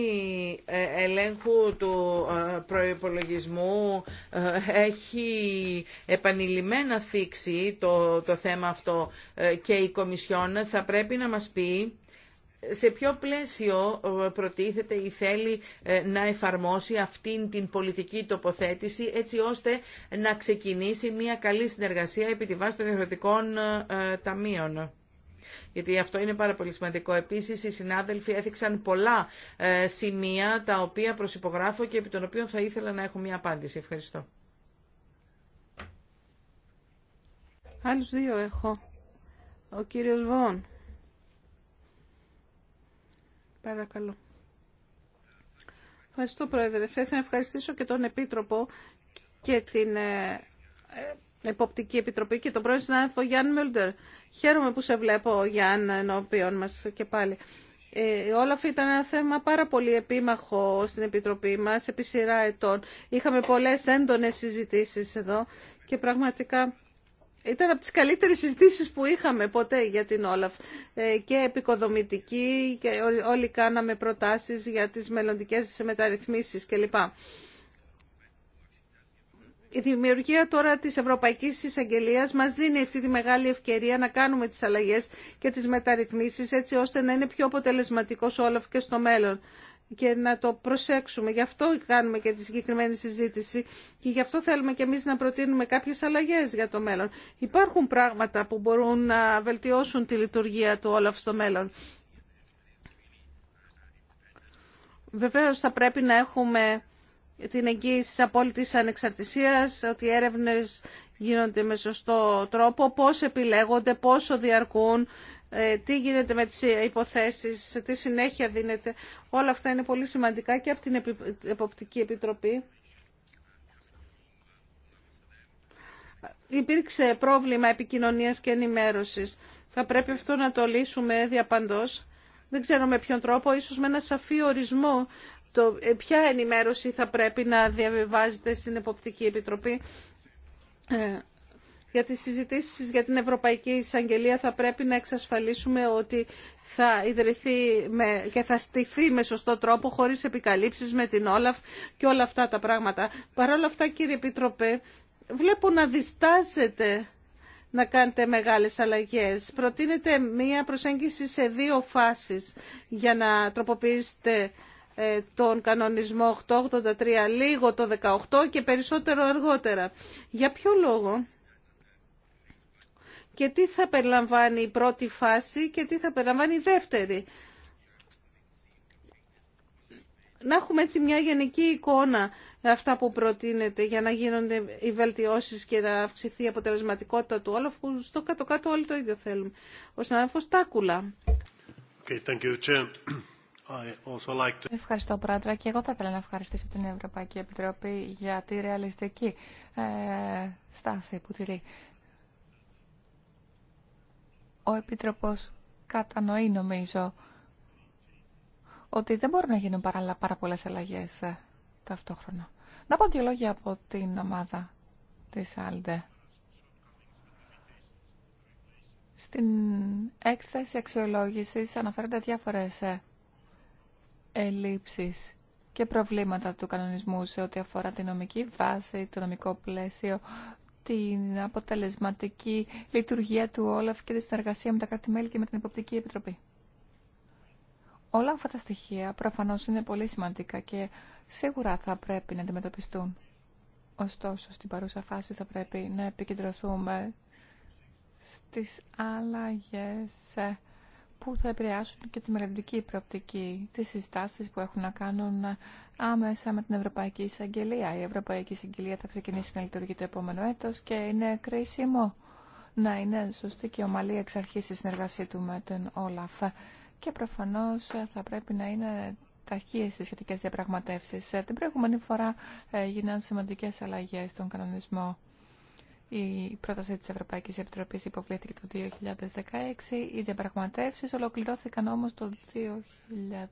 Speaker 3: ε, Ελέγχου του ε, Προϋπολογισμού ε, έχει επανειλημμένα θίξει το, το θέμα αυτό και η Κομισιόν θα πρέπει να μας πει σε ποιο πλαίσιο προτίθεται ή θέλει να εφαρμόσει αυτήν την πολιτική τοποθέτηση έτσι ώστε να ξεκινήσει μια καλή συνεργασία επί τη βάση των διαφορετικών ταμείων γιατί αυτό είναι πάρα πολύ σημαντικό. Επίσης, οι συνάδελφοι έθιξαν πολλά ε, σημεία τα οποία προσυπογράφω και επί των οποίων θα ήθελα να έχω μια απάντηση. Ευχαριστώ.
Speaker 1: Άλλους δύο έχω. Ο κύριος Βόν. Παρακαλώ. Ευχαριστώ, Πρόεδρε. Θα ήθελα να ευχαριστήσω και τον Επίτροπο και την ε, ε, Εποπτική Επιτροπή και τον πρώην συνάδελφο Γιάννη Μιλντερ. Χαίρομαι που σε βλέπω, Γιάννη, ενώπιον μας και πάλι. Ε, Όλαφ ήταν ένα θέμα πάρα πολύ επίμαχο στην Επιτροπή μας, επί σειρά ετών. Είχαμε πολλές έντονες συζητήσεις εδώ και πραγματικά ήταν από τις καλύτερες συζητήσεις που είχαμε ποτέ για την Όλαφ ε, και επικοδομητική και όλοι κάναμε προτάσεις για τις μελλοντικές μεταρρυθμίσεις κλπ. Η δημιουργία τώρα της Ευρωπαϊκής Εισαγγελίας μας δίνει αυτή τη μεγάλη ευκαιρία να κάνουμε τις αλλαγές και τις μεταρρυθμίσεις έτσι ώστε να είναι πιο αποτελεσματικός όλο και στο μέλλον και να το προσέξουμε. Γι' αυτό κάνουμε και τη συγκεκριμένη συζήτηση και γι' αυτό θέλουμε και εμείς να προτείνουμε κάποιες αλλαγές για το μέλλον. Υπάρχουν πράγματα που μπορούν να βελτιώσουν τη λειτουργία του Όλαφ στο μέλλον. Βεβαίως θα πρέπει να έχουμε την εγγύηση της απόλυτης ανεξαρτησίας, ότι οι έρευνες γίνονται με σωστό τρόπο, πώς επιλέγονται, πόσο διαρκούν, ε, τι γίνεται με τις υποθέσεις, τι συνέχεια δίνεται. Όλα αυτά είναι πολύ σημαντικά και από την Εποπτική Επιτροπή. Υπήρξε πρόβλημα επικοινωνίας και ενημέρωσης. Θα πρέπει αυτό να το λύσουμε διαπαντός. Δεν ξέρω με ποιον τρόπο, ίσως με ένα σαφή ορισμό το, ε, ποια ενημέρωση θα πρέπει να διαβιβάζεται στην Εποπτική Επιτροπή ε, για τις συζητήσεις για την Ευρωπαϊκή Εισαγγελία θα πρέπει να εξασφαλίσουμε ότι θα ιδρυθεί με, και θα στηθεί με σωστό τρόπο χωρίς επικαλύψεις με την Όλαφ και όλα αυτά τα πράγματα. Παρ' όλα αυτά κύριε Επιτροπέ βλέπω να διστάζετε να κάνετε μεγάλες αλλαγές. Προτείνετε μία προσέγγιση σε δύο φάσεις για να τροποποιήσετε ε, τον κανονισμό 883 λίγο το 18 και περισσότερο αργότερα. Για ποιο λόγο και τι θα περιλαμβάνει η πρώτη φάση και τι θα περιλαμβάνει η δεύτερη. Να έχουμε έτσι μια γενική εικόνα αυτά που προτείνεται για να γίνονται οι βελτιώσεις και να αυξηθεί η αποτελεσματικότητα του όλου, αφού στο κάτω-κάτω όλοι το ίδιο θέλουμε. Ο συνάδελφος Τάκουλα. Okay, thank Ευχαριστώ, Πρόεδρε. Και εγώ θα ήθελα να ευχαριστήσω την Ευρωπαϊκή Επιτροπή
Speaker 2: για τη ρεαλιστική ε, στάση που τηρεί. Ο Επίτροπος κατανοεί, νομίζω, ότι δεν μπορούν να γίνουν παράλληλα πάρα πολλές αλλαγές ε, ταυτόχρονα. Να πω δύο λόγια από την ομάδα της Άλντε. Στην έκθεση αξιολόγησης αναφέρονται διάφορες ε, ελλείψεις και προβλήματα του κανονισμού σε ό,τι αφορά την νομική βάση, το νομικό πλαίσιο, την αποτελεσματική λειτουργία του Όλαφ και τη συνεργασία με τα κράτη-μέλη και με την Υποπτική Επιτροπή. Όλα αυτά τα στοιχεία προφανώς είναι πολύ σημαντικά και σίγουρα θα πρέπει να αντιμετωπιστούν. Ωστόσο, στην παρούσα φάση θα πρέπει να επικεντρωθούμε στις άλλαγες ε, που θα επηρεάσουν και τη μελλοντική προοπτική, τις συστάσεις που έχουν να κάνουν άμεσα με την Ευρωπαϊκή Εισαγγελία. Η Ευρωπαϊκή Εισαγγελία θα ξεκινήσει να λειτουργεί το επόμενο έτος και είναι κρίσιμο να είναι σωστή και ομαλή εξ αρχής η συνεργασία του με τον Όλαφ. Και προφανώς θα πρέπει να είναι ταχύες οι σχετικές διαπραγματεύσεις. Την προηγούμενη φορά ε, γίναν σημαντικές αλλαγές στον κανονισμό. Η πρόταση της Ευρωπαϊκής Επιτροπής υποβλήθηκε το 2016. Οι διαπραγματεύσει ολοκληρώθηκαν όμως το 2000.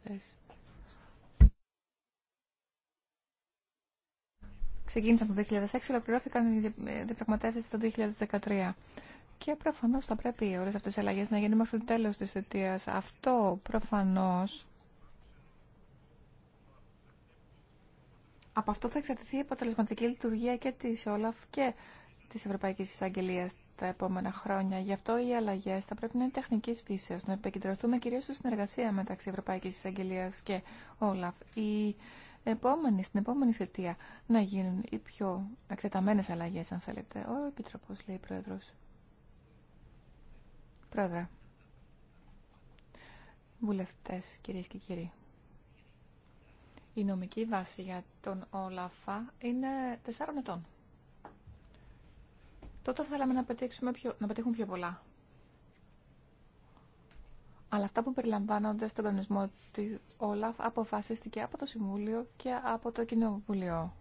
Speaker 2: Ξεκίνησαν το 2006, ολοκληρώθηκαν οι ε, διαπραγματεύσεις το 2013. Και προφανώς θα πρέπει όλες αυτές οι αλλαγές να γίνουν μέχρι το τέλος της θετίας. Αυτό προφανώς από αυτό θα εξαρτηθεί η αποτελεσματική λειτουργία και της Όλαφ και της Ευρωπαϊκής Εισαγγελίας τα επόμενα χρόνια. Γι' αυτό οι αλλαγέ θα πρέπει να είναι τεχνική φύσεω, να επικεντρωθούμε κυρίω στη συνεργασία μεταξύ Ευρωπαϊκή Εισαγγελία και Όλαφ. Η επόμενη, στην επόμενη θετία να γίνουν οι πιο εκτεταμένε αλλαγέ, αν θέλετε. Ο Επιτροπό, λέει η Πρόεδρο. Πρόεδρε. Βουλευτέ, κυρίε και κύριοι. Η νομική βάση για τον Όλαφα είναι 4 ετών τότε θέλαμε να, πιο, να πετύχουν πιο πολλά. Αλλά αυτά που περιλαμβάνονται στον κανονισμό τη Όλαφ αποφασίστηκε από το Συμβούλιο και από το Κοινοβουλίο.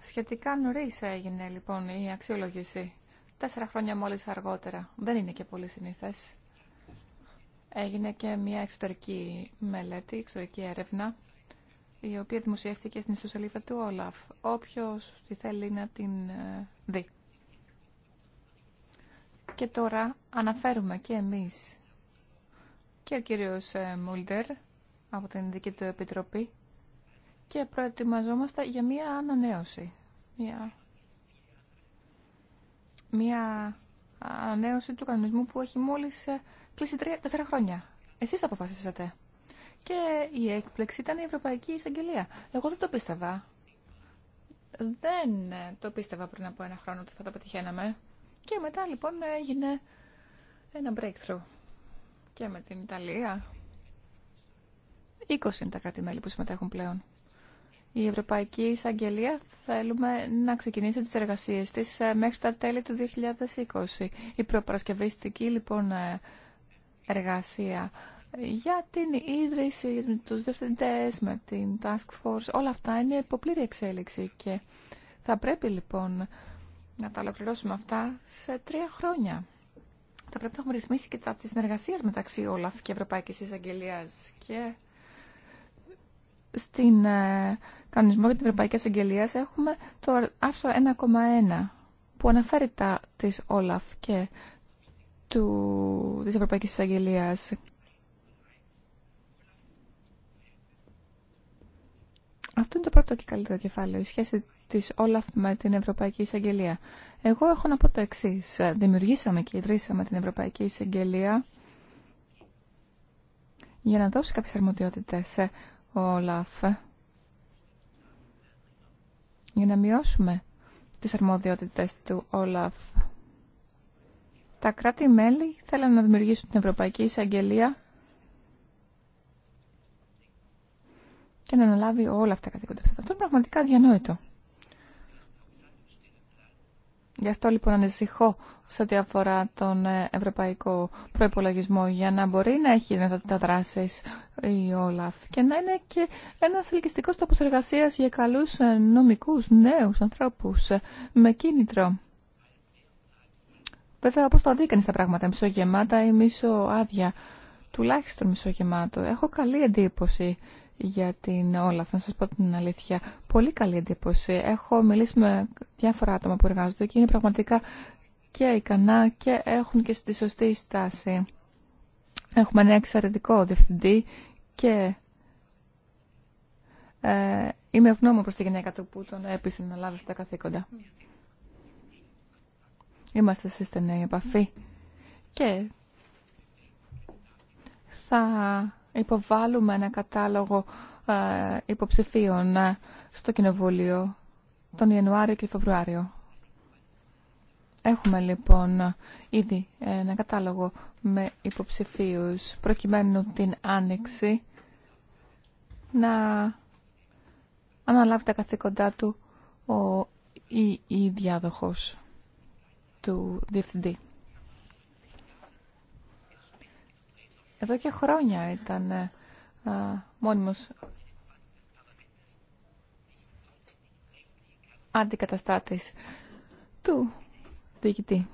Speaker 2: Σχετικά νωρί έγινε λοιπόν η αξιολόγηση. Τέσσερα χρόνια μόλι αργότερα. Δεν είναι και πολύ συνήθες. Έγινε και μια εξωτερική μελέτη, εξωτερική έρευνα η οποία δημοσιεύτηκε στην ιστοσελίδα του Όλαφ. Όποιος τη θέλει να την ε, δει. Και τώρα αναφέρουμε και εμείς και ο κύριος ε, Μούλτερ από την δική του επιτροπή και προετοιμαζόμαστε για μία ανανέωση. Μία, μία ανανέωση του κανονισμού που έχει μόλις ε, κλείσει τρία, τέσσερα χρόνια. Εσείς αποφασίσατε. Και η έκπληξη ήταν η Ευρωπαϊκή Εισαγγελία. Εγώ δεν το πίστευα. Δεν ε, το πίστευα πριν από ένα χρόνο ότι θα το πετυχαίναμε. Και μετά λοιπόν έγινε ένα breakthrough. Και με την Ιταλία. 20 είναι τα κράτη-μέλη που συμμετέχουν πλέον. Η Ευρωπαϊκή Εισαγγελία θέλουμε να ξεκινήσει τις εργασίες της ε, μέχρι τα τέλη του 2020. Η προπαρασκευαστική λοιπόν ε, εργασία για την ίδρυση, με τους διευθυντές, με την task force, όλα αυτά είναι υποπλήρη εξέλιξη και θα πρέπει λοιπόν να τα ολοκληρώσουμε αυτά σε τρία χρόνια. Θα πρέπει να έχουμε ρυθμίσει και τα συνεργασία μεταξύ ΟΛΑΦ και Ευρωπαϊκής Εισαγγελίας και στην ε, κανονισμό για την Ευρωπαϊκή Εισαγγελία έχουμε το άρθρο 1,1 που αναφέρει τα της ΟΛΑΦ και του, της Ευρωπαϊκής Εισαγγελίας Αυτό είναι το πρώτο και καλύτερο κεφάλαιο, η σχέση της Όλαφ με την Ευρωπαϊκή Εισαγγελία. Εγώ έχω να πω το εξή. Δημιουργήσαμε και ιδρύσαμε την Ευρωπαϊκή Εισαγγελία για να δώσει κάποιες αρμοδιότητες σε Όλαφ. Για να μειώσουμε τις αρμοδιότητες του Όλαφ. Τα κράτη-μέλη θέλουν να δημιουργήσουν την Ευρωπαϊκή Εισαγγελία και να αναλάβει όλα αυτά τα καθήκοντα Αυτό είναι πραγματικά διανόητο. Γι' αυτό λοιπόν ανησυχώ σε ό,τι αφορά τον ε, ευρωπαϊκό προπολογισμό για να μπορεί να έχει δυνατότητα δράση η Όλαφ και να είναι και ένα ελκυστικό τόπο εργασία για καλού ε, νομικού νέου ανθρώπου ε, με κίνητρο. Βέβαια, όπω τα δείκανε στα τα πράγματα, μισογεμάτα ή μισοάδια, τουλάχιστον μισογεμάτο. Έχω καλή εντύπωση για την όλα Να σας πω την αλήθεια. Πολύ καλή εντύπωση. Έχω μιλήσει με διάφορα άτομα που εργάζονται και είναι πραγματικά και ικανά και έχουν και στη σωστή στάση. Έχουμε ένα εξαιρετικό διευθυντή και ε, είμαι ευγνώμων προς τη γυναίκα του που τον έπεισε να λάβει αυτά τα καθήκοντα. Είμαστε σε στενή επαφή και θα Υποβάλλουμε ένα κατάλογο ε, υποψηφίων ε, στο Κοινοβούλιο τον Ιανουάριο και Φεβρουάριο. Έχουμε λοιπόν ήδη ένα κατάλογο με υποψηφίους προκειμένου την άνοιξη να αναλάβει τα καθήκοντά του ο ή η διάδοχος του διευθυντή. Εδώ και χρόνια ήταν ε, α, μόνιμος αντικαταστάτης του διοικητή.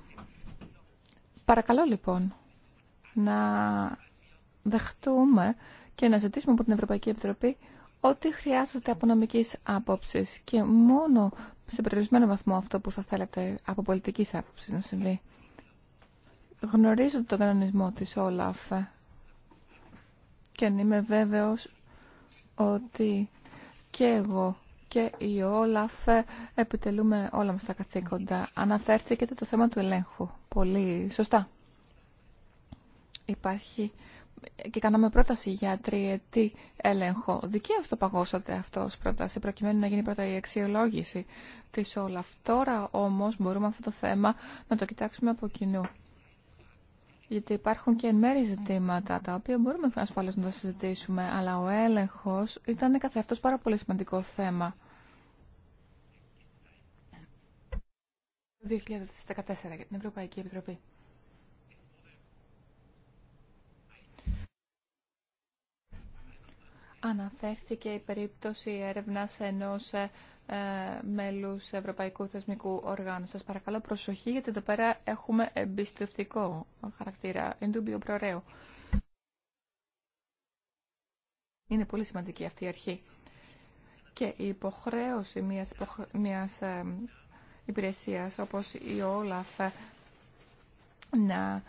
Speaker 2: Παρακαλώ λοιπόν να δεχτούμε και να ζητήσουμε από την Ευρωπαϊκή Επιτροπή ό,τι χρειάζεται από νομικής άποψης και μόνο σε περιορισμένο βαθμό αυτό που θα θέλατε από πολιτικής άποψης να συμβεί. Γνωρίζω τον κανονισμό της Όλαφ ε, και είμαι βέβαιος ότι και εγώ και η Όλαφ επιτελούμε όλα μας τα καθήκοντα. Αναφέρθηκε το θέμα του ελέγχου. Πολύ σωστά. Υπάρχει και κάναμε πρόταση για τριετή έλεγχο. Δικαίως το παγώσατε αυτό ως πρόταση, προκειμένου να γίνει πρώτα η αξιολόγηση της Όλαφ. Τώρα όμως μπορούμε αυτό το θέμα να το κοιτάξουμε από κοινού γιατί υπάρχουν και εν μέρη ζητήματα τα οποία μπορούμε ασφαλώς να τα συζητήσουμε, αλλά ο έλεγχος ήταν καθεαυτός πάρα πολύ σημαντικό θέμα. Το 2014 για την Ευρωπαϊκή Επιτροπή. Αναφέρθηκε η περίπτωση έρευνας ενός ε, ε, μέλους Ευρωπαϊκού Θεσμικού Οργάνου. Σας παρακαλώ προσοχή γιατί εδώ πέρα έχουμε εμπιστευτικό χαρακτήρα, πιο προραίο. Είναι πολύ σημαντική αυτή η αρχή. Και η υποχρέωση μιας, υποχρε... μιας ε, υπηρεσίας όπως η Όλαφ ε, να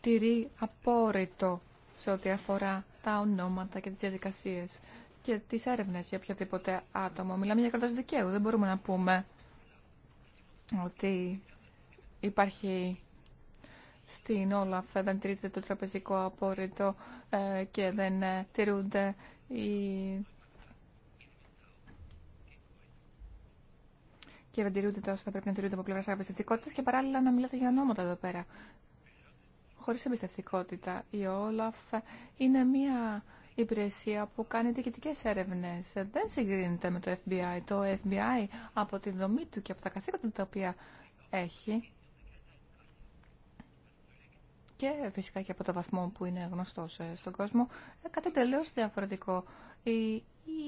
Speaker 2: τηρεί απόρριτο σε ό,τι αφορά τα ονόματα και τις διαδικασίες και τις έρευνες για οποιοδήποτε άτομο. Μιλάμε για κράτο δικαίου. Δεν μπορούμε να πούμε ότι υπάρχει στην Όλαφ δεν τηρείται το τραπεζικό απόρριτο ε, και δεν ε, τηρούνται οι... και δεν τηρούνται τόσο θα πρέπει να τηρούνται από πλευρά εμπιστευτικότητα και παράλληλα να μιλάτε για νόματα εδώ πέρα. Χωρίς εμπιστευτικότητα η Όλαφ είναι μια υπηρεσία που κάνει διοικητικέ έρευνε. Δεν συγκρίνεται με το FBI. Το FBI από τη δομή του και από τα καθήκοντα τα οποία έχει και φυσικά και από το βαθμό που είναι γνωστός στον κόσμο, ε, κάτι τελείω διαφορετικό. Οι, οι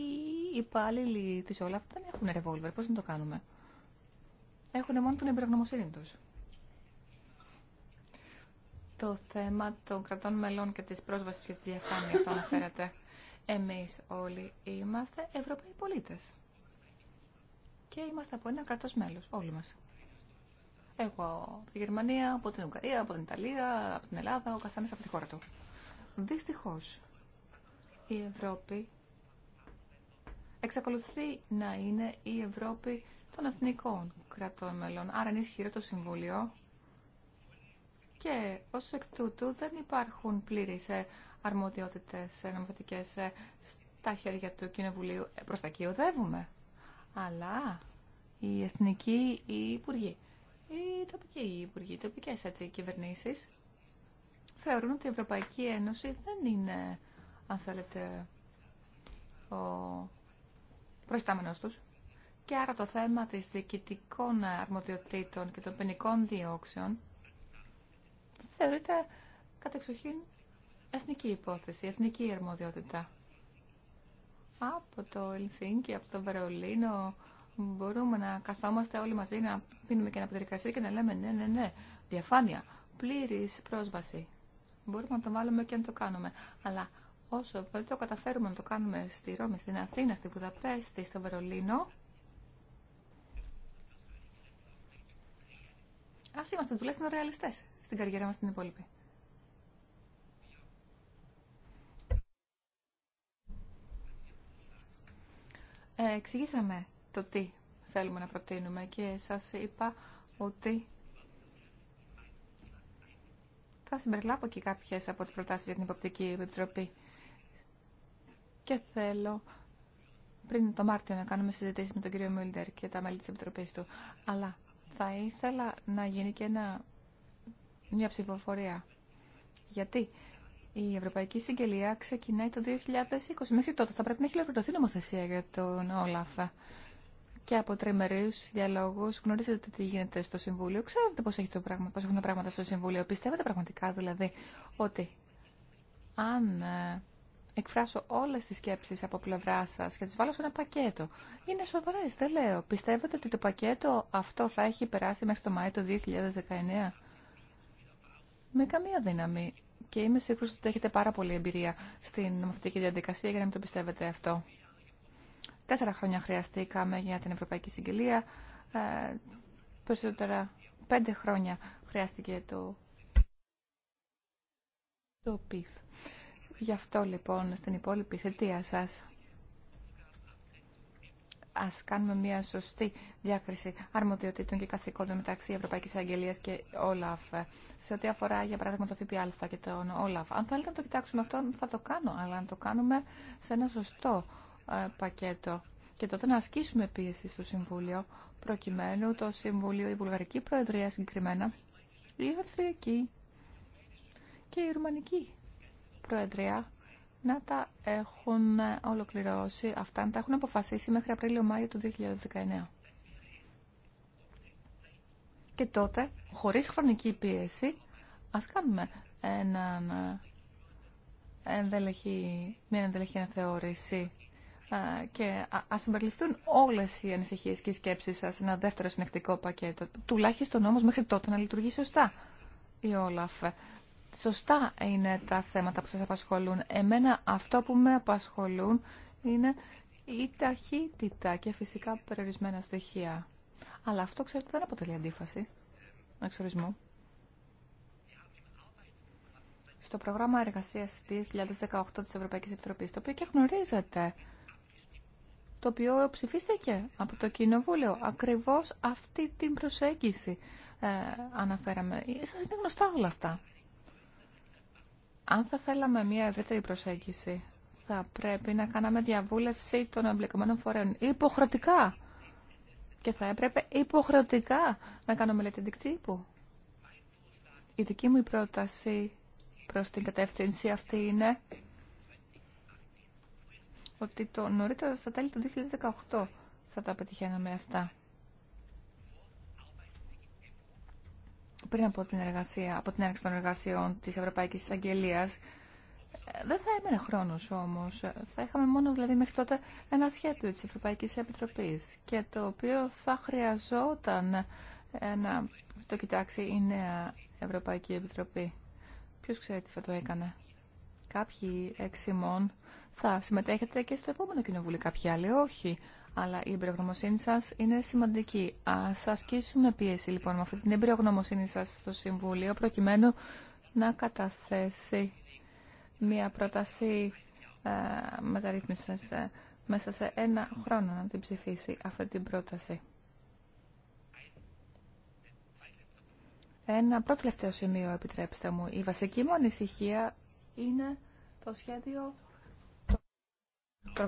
Speaker 2: υπάλληλοι της Όλαφ δεν έχουν ρεβόλβερ. Πώς να το κάνουμε. Έχουν μόνο την εμπειρογνωμοσύνη του το θέμα των κρατών μελών και της πρόσβασης και της διαφάνειας το αναφέρατε. Εμείς όλοι είμαστε Ευρωπαίοι πολίτες. Και είμαστε από ένα κρατός μέλος, όλοι μας. Εγώ από τη Γερμανία, από την Ουγγαρία, από την Ιταλία, από την Ελλάδα, ο καθένας από τη χώρα του. Δυστυχώς, η Ευρώπη εξακολουθεί να είναι η Ευρώπη των εθνικών κρατών μελών. Άρα είναι ισχυρό το Συμβούλιο και ως εκ τούτου δεν υπάρχουν πλήρεις ε, αρμοδιότητες ε, νομοθετικές ε, στα χέρια του Κοινοβουλίου. Προς τα κοιοδεύουμε Αλλά οι εθνικοί οι υπουργοί, οι τοπικοί υπουργοί, οι τοπικές έτσι, κυβερνήσεις θεωρούν ότι η Ευρωπαϊκή Ένωση δεν είναι, αν θέλετε, ο προϊστάμενος τους. Και άρα το θέμα της διοικητικών αρμοδιοτήτων και των πενικών διώξεων θεωρείται εξοχήν εθνική υπόθεση, εθνική αρμοδιότητα. Από το Ελσίνκι, από το Βερολίνο, μπορούμε να καθόμαστε όλοι μαζί, να πίνουμε και ένα πιτρικασί και να λέμε ναι, ναι, ναι, διαφάνεια, πλήρης πρόσβαση. Μπορούμε να το βάλουμε και να το κάνουμε. Αλλά όσο δεν το καταφέρουμε να το κάνουμε στη Ρώμη, στην Αθήνα, στη Βουδαπέστη, στο Βερολίνο, Α είμαστε τουλάχιστον ρεαλιστέ στην καριέρα μα την υπόλοιπη. Ε, εξηγήσαμε το τι θέλουμε να προτείνουμε και σας είπα ότι θα συμπεριλάβω και κάποιες από τις προτάσεις για την Υποπτική Επιτροπή και θέλω πριν το Μάρτιο να κάνουμε συζητήσεις με τον κύριο Μίλντερ και τα μέλη της Επιτροπής του. Αλλά θα ήθελα να γίνει και ένα, μια ψηφοφορία. Γιατί η Ευρωπαϊκή Συγγελία ξεκινάει το 2020. Μέχρι τότε θα πρέπει να έχει ολοκληρωθεί νομοθεσία για τον Όλαφ. Και από τριμερίου διαλόγου γνωρίζετε τι γίνεται στο Συμβούλιο. Ξέρετε πώ έχουν τα πράγματα στο Συμβούλιο. Πιστεύετε πραγματικά δηλαδή ότι αν ε, εκφράσω όλες τις σκέψεις από πλευρά σας και τις βάλω σε ένα πακέτο. Είναι σοβαρές, δεν λέω. Πιστεύετε ότι το πακέτο αυτό θα έχει περάσει μέχρι το Μάιο του 2019. Με καμία δύναμη. Και είμαι σίγουρος ότι έχετε πάρα πολλή εμπειρία στην νομοθετική διαδικασία για να μην το πιστεύετε αυτό. Τέσσερα χρόνια χρειαστήκαμε για την Ευρωπαϊκή Συγγελία. Ε, περισσότερα πέντε χρόνια χρειάστηκε το, το Γι' αυτό λοιπόν στην υπόλοιπη θετία σας ας κάνουμε μια σωστή διάκριση αρμοδιοτήτων και καθηκόντων μεταξύ Ευρωπαϊκής Αγγελίας και Όλαφ. Σε ό,τι αφορά για παράδειγμα το ΦΠΑ και τον Όλαφ. Αν θέλετε να το κοιτάξουμε αυτό θα το κάνω, αλλά να το κάνουμε σε ένα σωστό ε, πακέτο. Και τότε να ασκήσουμε πίεση στο Συμβούλιο, προκειμένου το Συμβούλιο, η Βουλγαρική Προεδρία συγκεκριμένα, η Αυστριακή και η Ρουμανική Προεδρία να τα έχουν ολοκληρώσει αυτά, να τα έχουν αποφασίσει μέχρι Απρίλιο-Μάιο του 2019. Και τότε, χωρίς χρονική πίεση, ας κάνουμε έναν ενδελεχή, μια ενδελεχή αναθεώρηση και α συμπεριληφθούν όλες οι ανησυχίε και οι σκέψεις σας σε ένα δεύτερο συνεκτικό πακέτο. Τουλάχιστον όμως μέχρι τότε να λειτουργεί σωστά η Όλαφ. Σωστά είναι τα θέματα που σας απασχολούν. Εμένα αυτό που με απασχολούν είναι η ταχύτητα και φυσικά περιορισμένα στοιχεία. Αλλά αυτό, ξέρετε, δεν αποτελεί αντίφαση Εξορισμό. Στο πρόγραμμα εργασίας 2018 της Ευρωπαϊκής Επιτροπής, το οποίο και γνωρίζετε, το οποίο ψηφίστηκε από το Κοινοβούλιο, ακριβώς αυτή την προσέγγιση ε, αναφέραμε. Σας είναι γνωστά όλα αυτά. Αν θα θέλαμε μια ευρύτερη προσέγγιση, θα πρέπει να κάναμε διαβούλευση των εμπλεκομένων φορέων υποχρεωτικά. Και θα έπρεπε υποχρεωτικά να κάνω μελέτη δικτύπου. Η δική μου πρόταση προς την κατεύθυνση αυτή είναι ότι το νωρίτερο στα τέλη του 2018 θα τα πετυχαίναμε αυτά. πριν από την, εργασία, από την έναρξη των εργασιών της Ευρωπαϊκής Εισαγγελίας. Ε, δεν θα έμενε χρόνος όμως. Ε, θα είχαμε μόνο δηλαδή μέχρι τότε ένα σχέδιο της Ευρωπαϊκής Επιτροπής και το οποίο θα χρειαζόταν ε, να το κοιτάξει η νέα Ευρωπαϊκή Επιτροπή. Ποιο ξέρει τι θα το έκανε. Κάποιοι εξημών θα συμμετέχετε και στο επόμενο κοινοβούλιο, κάποιοι άλλοι όχι αλλά η εμπειρογνωμοσύνη σας είναι σημαντική. Ας ασκήσουμε πίεση λοιπόν με αυτή την εμπειρογνωμοσύνη σας στο Συμβούλιο προκειμένου να καταθέσει μια πρόταση ε, μεταρρύθμισης ε, μέσα σε ένα χρόνο να την ψηφίσει αυτή την πρόταση. Ένα πρώτο τελευταίο σημείο, επιτρέψτε μου. Η βασική μου ανησυχία είναι το σχέδιο το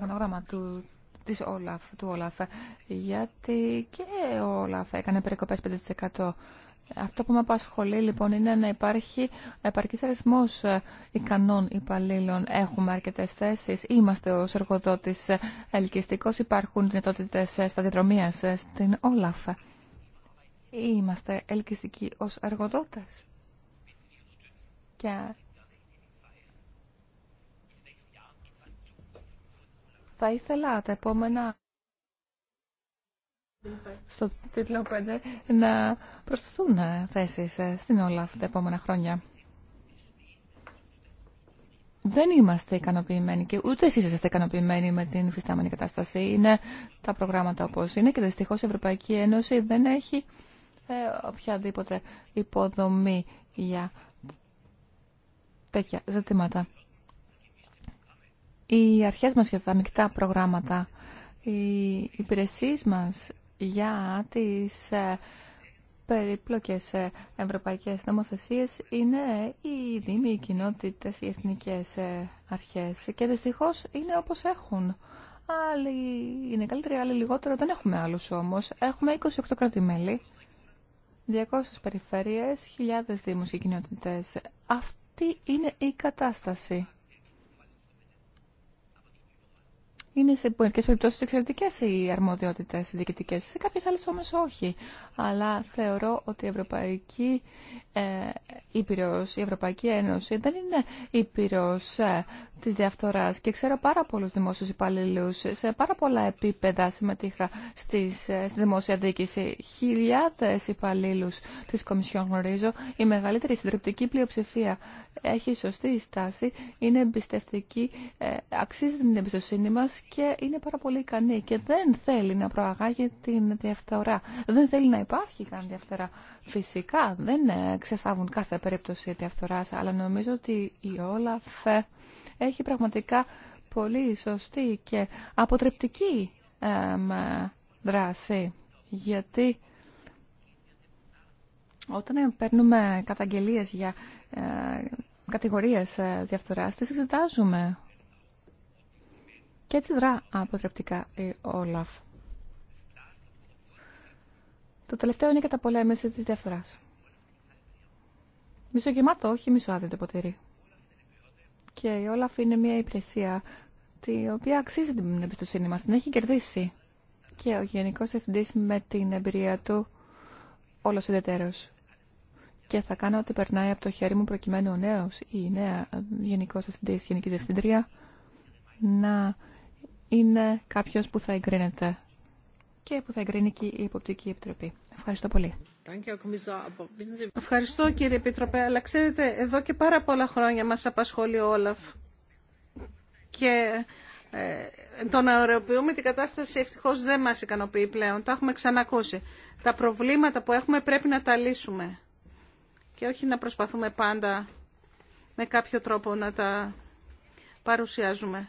Speaker 2: της Όλαφ, του Όλαφ, γιατί και ο Όλαφ έκανε περικοπές 5%. Αυτό που με απασχολεί λοιπόν είναι να υπάρχει επαρκή αριθμό ε, ικανών υπαλλήλων. Έχουμε αρκετέ θέσει. Είμαστε ω εργοδότη ε, ελκυστικό. Υπάρχουν δυνατότητε σταδιοδρομία ε, στην Όλαφ. Είμαστε ελκυστικοί ω εργοδότε. Και Θα ήθελα τα επόμενα στο τίτλο 5 να προσθεθούν ε, θέσεις ε, στην όλα αυτά τα επόμενα χρόνια. Δεν είμαστε ικανοποιημένοι και ούτε εσείς είστε ικανοποιημένοι με την φυστάμενη κατάσταση. Είναι τα προγράμματα όπως είναι και δυστυχώ η Ευρωπαϊκή Ένωση δεν έχει ε, οποιαδήποτε υποδομή για τέτοια ζητήματα οι αρχές μας για τα μεικτά προγράμματα, οι υπηρεσίες μας για τις ε, περίπλοκες ε, ευρωπαϊκές νομοθεσίες είναι οι δήμοι, οι κοινότητες, οι εθνικές ε, αρχές και δυστυχώς είναι όπως έχουν. Άλλοι είναι καλύτεροι, άλλοι λιγότερο. Δεν έχουμε άλλους όμως. Έχουμε 28 κράτη-μέλη, 200 περιφέρειες, χιλιάδες δήμους και κοινότητες. Αυτή είναι η κατάσταση. είναι σε μερικέ περιπτώσει εξαιρετικέ οι αρμοδιότητε διοικητικέ, σε κάποιε άλλε όμω όχι. Αλλά θεωρώ ότι η Ευρωπαϊκή ε, η Ευρωπαϊκή Ένωση δεν είναι ήπειρο ε, τη διαφθοράς και ξέρω πάρα πολλούς δημόσιους υπαλλήλους σε πάρα πολλά επίπεδα συμμετείχα ε, στη δημόσια διοίκηση χιλιάδες υπαλλήλους της Κομισιόν γνωρίζω η μεγαλύτερη συντριπτική πλειοψηφία έχει σωστή στάση είναι εμπιστευτική ε, αξίζει την εμπιστοσύνη μας και είναι πάρα πολύ ικανή και δεν θέλει να προαγάγει την διαφθορά δεν θέλει να υπάρχει καν διαφθορά φυσικά δεν ε, ξεφάβουν κάθε περίπτωση διαφθοράς αλλά νομίζω ότι η φε έχει πραγματικά πολύ σωστή και αποτρεπτική δράση. Γιατί όταν παίρνουμε καταγγελίες για ε, κατηγορίες ε, διαφθοράς, τις εξετάζουμε. Και έτσι δρά αποτρεπτικά η Όλαφ. Το τελευταίο είναι η καταπολέμηση της διαφθοράς. Μισογεμάτο, όχι μισοάδιο το ποτήρι. Και η Όλαφ είναι μια υπηρεσία η οποία αξίζει την εμπιστοσύνη μας, την έχει κερδίσει. Και ο Γενικός Διευθυντής με την εμπειρία του όλο ιδιαίτερος. Και θα κάνω ό,τι περνάει από το χέρι μου προκειμένου ο νέος ή η νέα Γενικός Διευθυντής, Γενική Διευθυντρία να είναι κάποιος που θα εγκρίνεται
Speaker 1: και που θα εγκρίνει και η Υποπτική Επιτροπή. Ευχαριστώ πολύ. Ευχαριστώ κύριε Επιτροπέ, αλλά ξέρετε, εδώ και πάρα πολλά χρόνια μας απασχολεί ο Όλαφ. Και ε, το να ωρεοποιούμε την κατάσταση ευτυχώς δεν μας ικανοποιεί πλέον. Τα έχουμε ξανακούσει. Τα προβλήματα που έχουμε πρέπει να τα λύσουμε. Και όχι να προσπαθούμε πάντα με κάποιο τρόπο να τα παρουσιάζουμε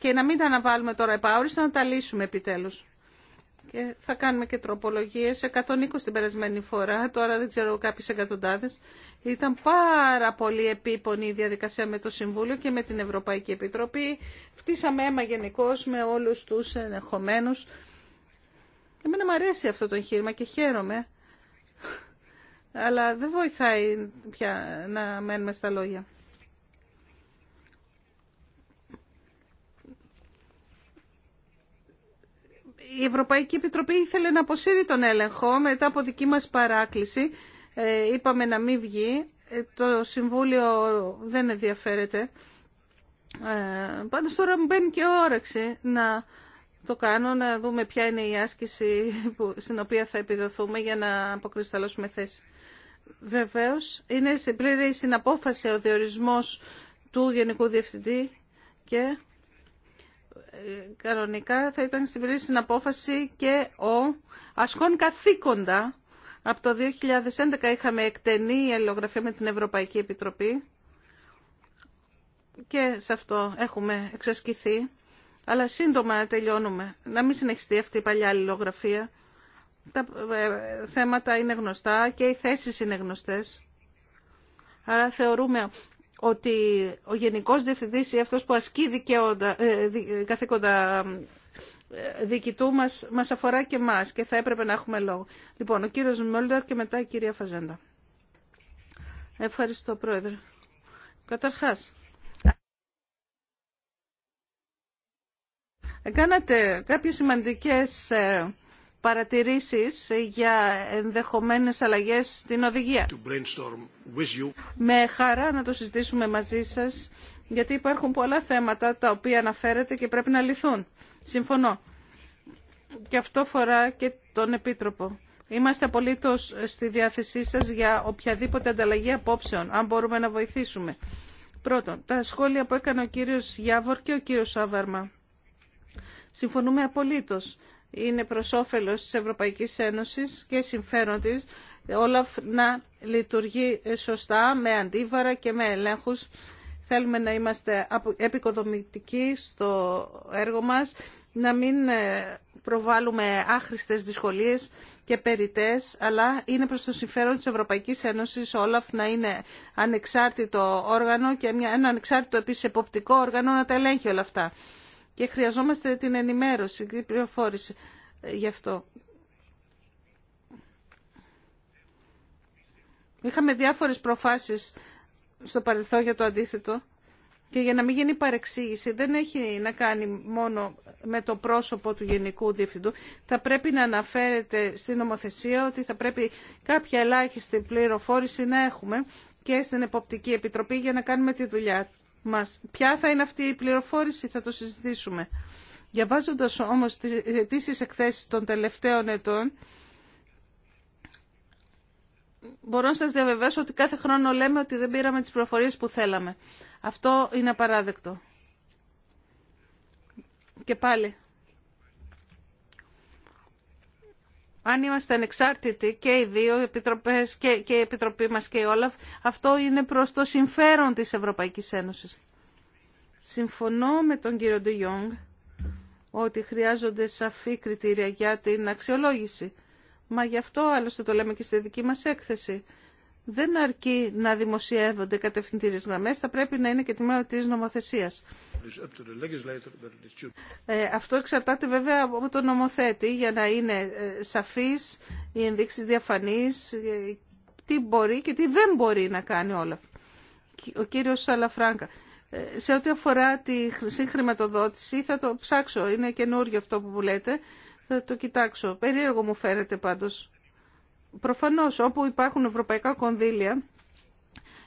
Speaker 1: και να μην τα αναβάλουμε τώρα επαόριστα, να τα λύσουμε επιτέλους. Και θα κάνουμε και τροπολογίες, 120 την περασμένη φορά, τώρα δεν ξέρω κάποιες εκατοντάδες. Ήταν πάρα πολύ επίπονη η διαδικασία με το Συμβούλιο και με την Ευρωπαϊκή Επιτροπή. Φτύσαμε αίμα γενικώ με όλους τους ενεχομένους. Εμένα μου αρέσει αυτό το εγχείρημα και χαίρομαι. Αλλά δεν βοηθάει πια να μένουμε στα λόγια. η Ευρωπαϊκή Επιτροπή ήθελε να αποσύρει τον έλεγχο μετά από δική μας παράκληση. Ε, είπαμε να μην βγει. Ε, το Συμβούλιο δεν ενδιαφέρεται. Ε, πάντως τώρα μου μπαίνει και όρεξη να το κάνω, να δούμε ποια είναι η άσκηση στην οποία θα επιδοθούμε για να αποκρισταλώσουμε θέση. Βεβαίως, είναι σε πλήρη συναπόφαση ο διορισμός του Γενικού Διευθυντή και κανονικά θα ήταν στην στην απόφαση και ο ασκών καθήκοντα. Από το 2011 είχαμε εκτενή αλληλογραφία με την Ευρωπαϊκή Επιτροπή και σε αυτό έχουμε εξασκηθεί. Αλλά σύντομα τελειώνουμε. Να μην συνεχιστεί αυτή η παλιά αλληλογραφία. Τα ε, θέματα είναι γνωστά και οι θέσεις είναι γνωστές. Άρα θεωρούμε ότι ο Γενικός Διευθυντής ή αυτός που ασκεί ε, καθήκοντα ε, διοικητού μας, μας αφορά και μας και θα έπρεπε να έχουμε λόγο. Λοιπόν, ο κύριος Μόλτερ και μετά η κυρία Φαζέντα. Ευχαριστώ, Πρόεδρε. Καταρχάς, κάνατε κάποιες σημαντικές ε, παρατηρήσεις για ενδεχομένες αλλαγές στην οδηγία. Με χαρά να το συζητήσουμε μαζί σας, γιατί υπάρχουν πολλά θέματα τα οποία αναφέρετε και πρέπει να λυθούν. Συμφωνώ. Και αυτό φορά και τον Επίτροπο. Είμαστε απολύτω στη διάθεσή σας για οποιαδήποτε ανταλλαγή απόψεων, αν μπορούμε να βοηθήσουμε. Πρώτον, τα σχόλια που έκανε ο κύριος Γιάβορ και ο κύριος Σάβαρμα. Συμφωνούμε απολύτως είναι προς όφελος της Ευρωπαϊκής Ένωσης και συμφέρον της όλα να λειτουργεί σωστά με αντίβαρα και με ελέγχους. Θέλουμε να είμαστε επικοδομητικοί στο έργο μας, να μην ε, προβάλλουμε άχρηστες δυσκολίες και περιτές, αλλά είναι προς το συμφέρον της Ευρωπαϊκής Ένωσης όλα να είναι ανεξάρτητο όργανο και ένα ανεξάρτητο επίσης εποπτικό όργανο να τα ελέγχει όλα αυτά και χρειαζόμαστε την ενημέρωση, την πληροφόρηση ε, γι' αυτό. Είχαμε διάφορες προφάσεις στο παρελθόν για το αντίθετο και για να μην γίνει παρεξήγηση δεν έχει να κάνει μόνο με το πρόσωπο του Γενικού Διευθυντού. Θα πρέπει να αναφέρεται στην νομοθεσία ότι θα πρέπει κάποια ελάχιστη πληροφόρηση να έχουμε και στην Εποπτική Επιτροπή για να κάνουμε τη δουλειά μας. Ποια θα είναι αυτή η πληροφόρηση, θα το συζητήσουμε. Διαβάζοντα όμως τις αιτήσεις εκθέσεις των τελευταίων ετών, μπορώ να σας διαβεβαιώσω ότι κάθε χρόνο λέμε ότι δεν πήραμε τις πληροφορίες που θέλαμε. Αυτό είναι απαράδεκτο. Και πάλι, αν είμαστε ανεξάρτητοι και οι δύο επιτροπές και, και η Επιτροπή μας και η Όλαφ, αυτό είναι προς το συμφέρον της Ευρωπαϊκής Ένωσης. Συμφωνώ με τον κύριο Ντι ότι χρειάζονται σαφή κριτήρια για την αξιολόγηση. Μα γι' αυτό άλλωστε το λέμε και στη δική μας έκθεση. Δεν αρκεί να δημοσιεύονται κατευθυντήριες γραμμές, θα πρέπει να είναι και τμήμα της νομοθεσίας. Ε, αυτό εξαρτάται βέβαια από τον νομοθέτη για να είναι ε, σαφής οι ενδείξεις διαφανής, ε, τι μπορεί και τι δεν μπορεί να κάνει όλα. Ο κύριος Σαλαφράγκα. Σε ό,τι αφορά τη συγχρηματοδότηση θα το ψάξω, είναι καινούριο αυτό που μου λέτε, θα το κοιτάξω. Περίεργο μου φαίνεται πάντως. Προφανώς όπου υπάρχουν ευρωπαϊκά κονδύλια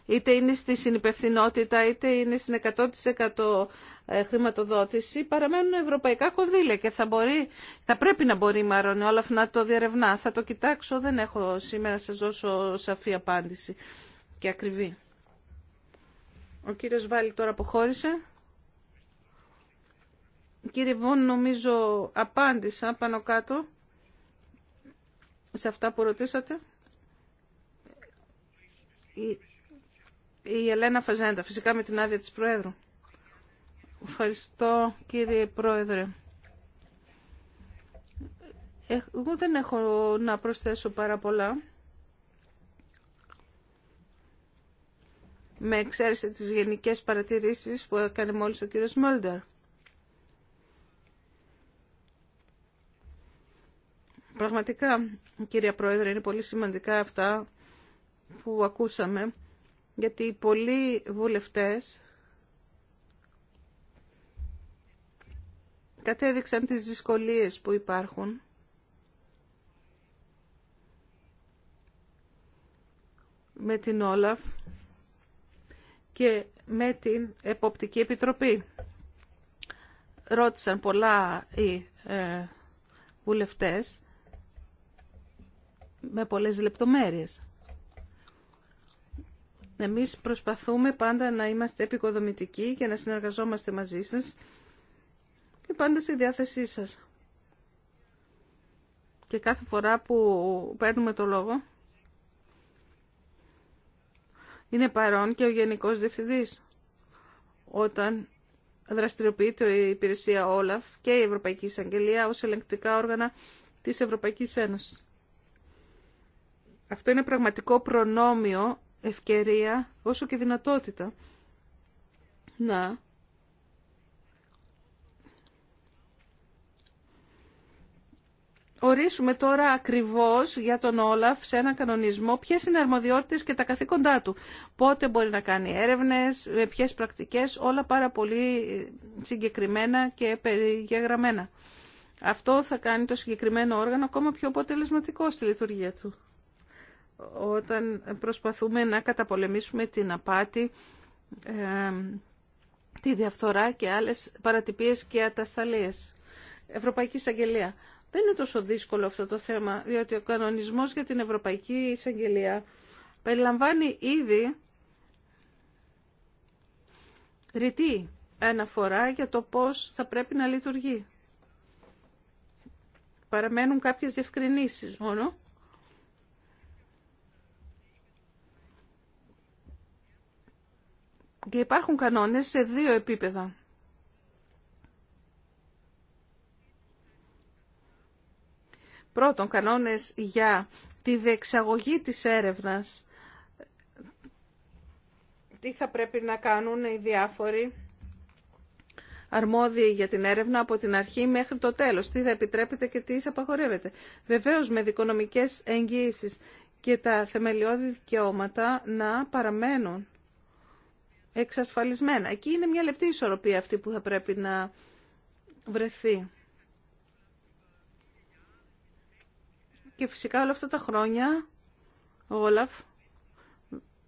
Speaker 1: είτε είναι στη συνυπευθυνότητα, είτε είναι στην 100% ε, χρηματοδότηση, παραμένουν ευρωπαϊκά κονδύλια και θα, μπορεί, θα πρέπει να μπορεί Μαρόνι όλα αυτά να το διαρευνά. Θα το κοιτάξω, δεν έχω σήμερα να σας δώσω σαφή απάντηση και ακριβή. Ο κύριος Βάλη τώρα αποχώρησε. Κύριε Βόν, νομίζω απάντησα πάνω κάτω σε αυτά που ρωτήσατε η Ελένα Φαζέντα, φυσικά με την άδεια της Προέδρου. Ευχαριστώ κύριε Πρόεδρε. Ε, εγώ δεν έχω να προσθέσω πάρα πολλά. Με εξαίρεση τις γενικές παρατηρήσεις που έκανε μόλις ο κύριος Μόλντερ. Πραγματικά, κύριε Πρόεδρε, είναι πολύ σημαντικά αυτά που ακούσαμε γιατί πολλοί βουλευτές κατέδειξαν τις δυσκολίες που υπάρχουν με την Όλαφ και με την Εποπτική Επιτροπή. Ρώτησαν πολλά οι ε, βουλευτές με πολλές λεπτομέρειες. Εμείς προσπαθούμε πάντα να είμαστε επικοδομητικοί και να συνεργαζόμαστε μαζί σας και πάντα στη διάθεσή σας. Και κάθε φορά που παίρνουμε το λόγο είναι παρόν και ο Γενικός Διευθυντής όταν δραστηριοποιείται η υπηρεσία Όλαφ και η Ευρωπαϊκή Εισαγγελία ως ελεγκτικά όργανα της Ευρωπαϊκής Ένωσης. Αυτό είναι πραγματικό προνόμιο ευκαιρία όσο και δυνατότητα να ορίσουμε τώρα ακριβώς για τον Όλαφ σε ένα κανονισμό ποιες είναι αρμοδιότητες και τα καθήκοντά του. Πότε μπορεί να κάνει έρευνες, με ποιες πρακτικές, όλα πάρα πολύ συγκεκριμένα και περιγεγραμμένα. Αυτό θα κάνει το συγκεκριμένο όργανο ακόμα πιο αποτελεσματικό στη λειτουργία του όταν προσπαθούμε να καταπολεμήσουμε την απάτη, τη διαφθορά και άλλες παρατυπίες και ατασταλίες. Ευρωπαϊκή Εισαγγελία. Δεν είναι τόσο δύσκολο αυτό το θέμα, διότι ο κανονισμός για την Ευρωπαϊκή Εισαγγελία περιλαμβάνει ήδη ρητή αναφορά για το πώς θα πρέπει να λειτουργεί. Παραμένουν κάποιες διευκρινήσεις μόνο Και υπάρχουν κανόνες σε δύο επίπεδα. Πρώτον, κανόνες για τη δεξαγωγή της έρευνας. Τι θα πρέπει να κάνουν οι διάφοροι αρμόδιοι για την έρευνα από την αρχή μέχρι το τέλος. Τι θα επιτρέπεται και τι θα απαγορεύεται. Βεβαίως με δικονομικές εγγύησεις και τα θεμελιώδη δικαιώματα να παραμένουν εξασφαλισμένα. Εκεί είναι μια λεπτή ισορροπία αυτή που θα πρέπει να βρεθεί. Και φυσικά όλα αυτά τα χρόνια ο Όλαφ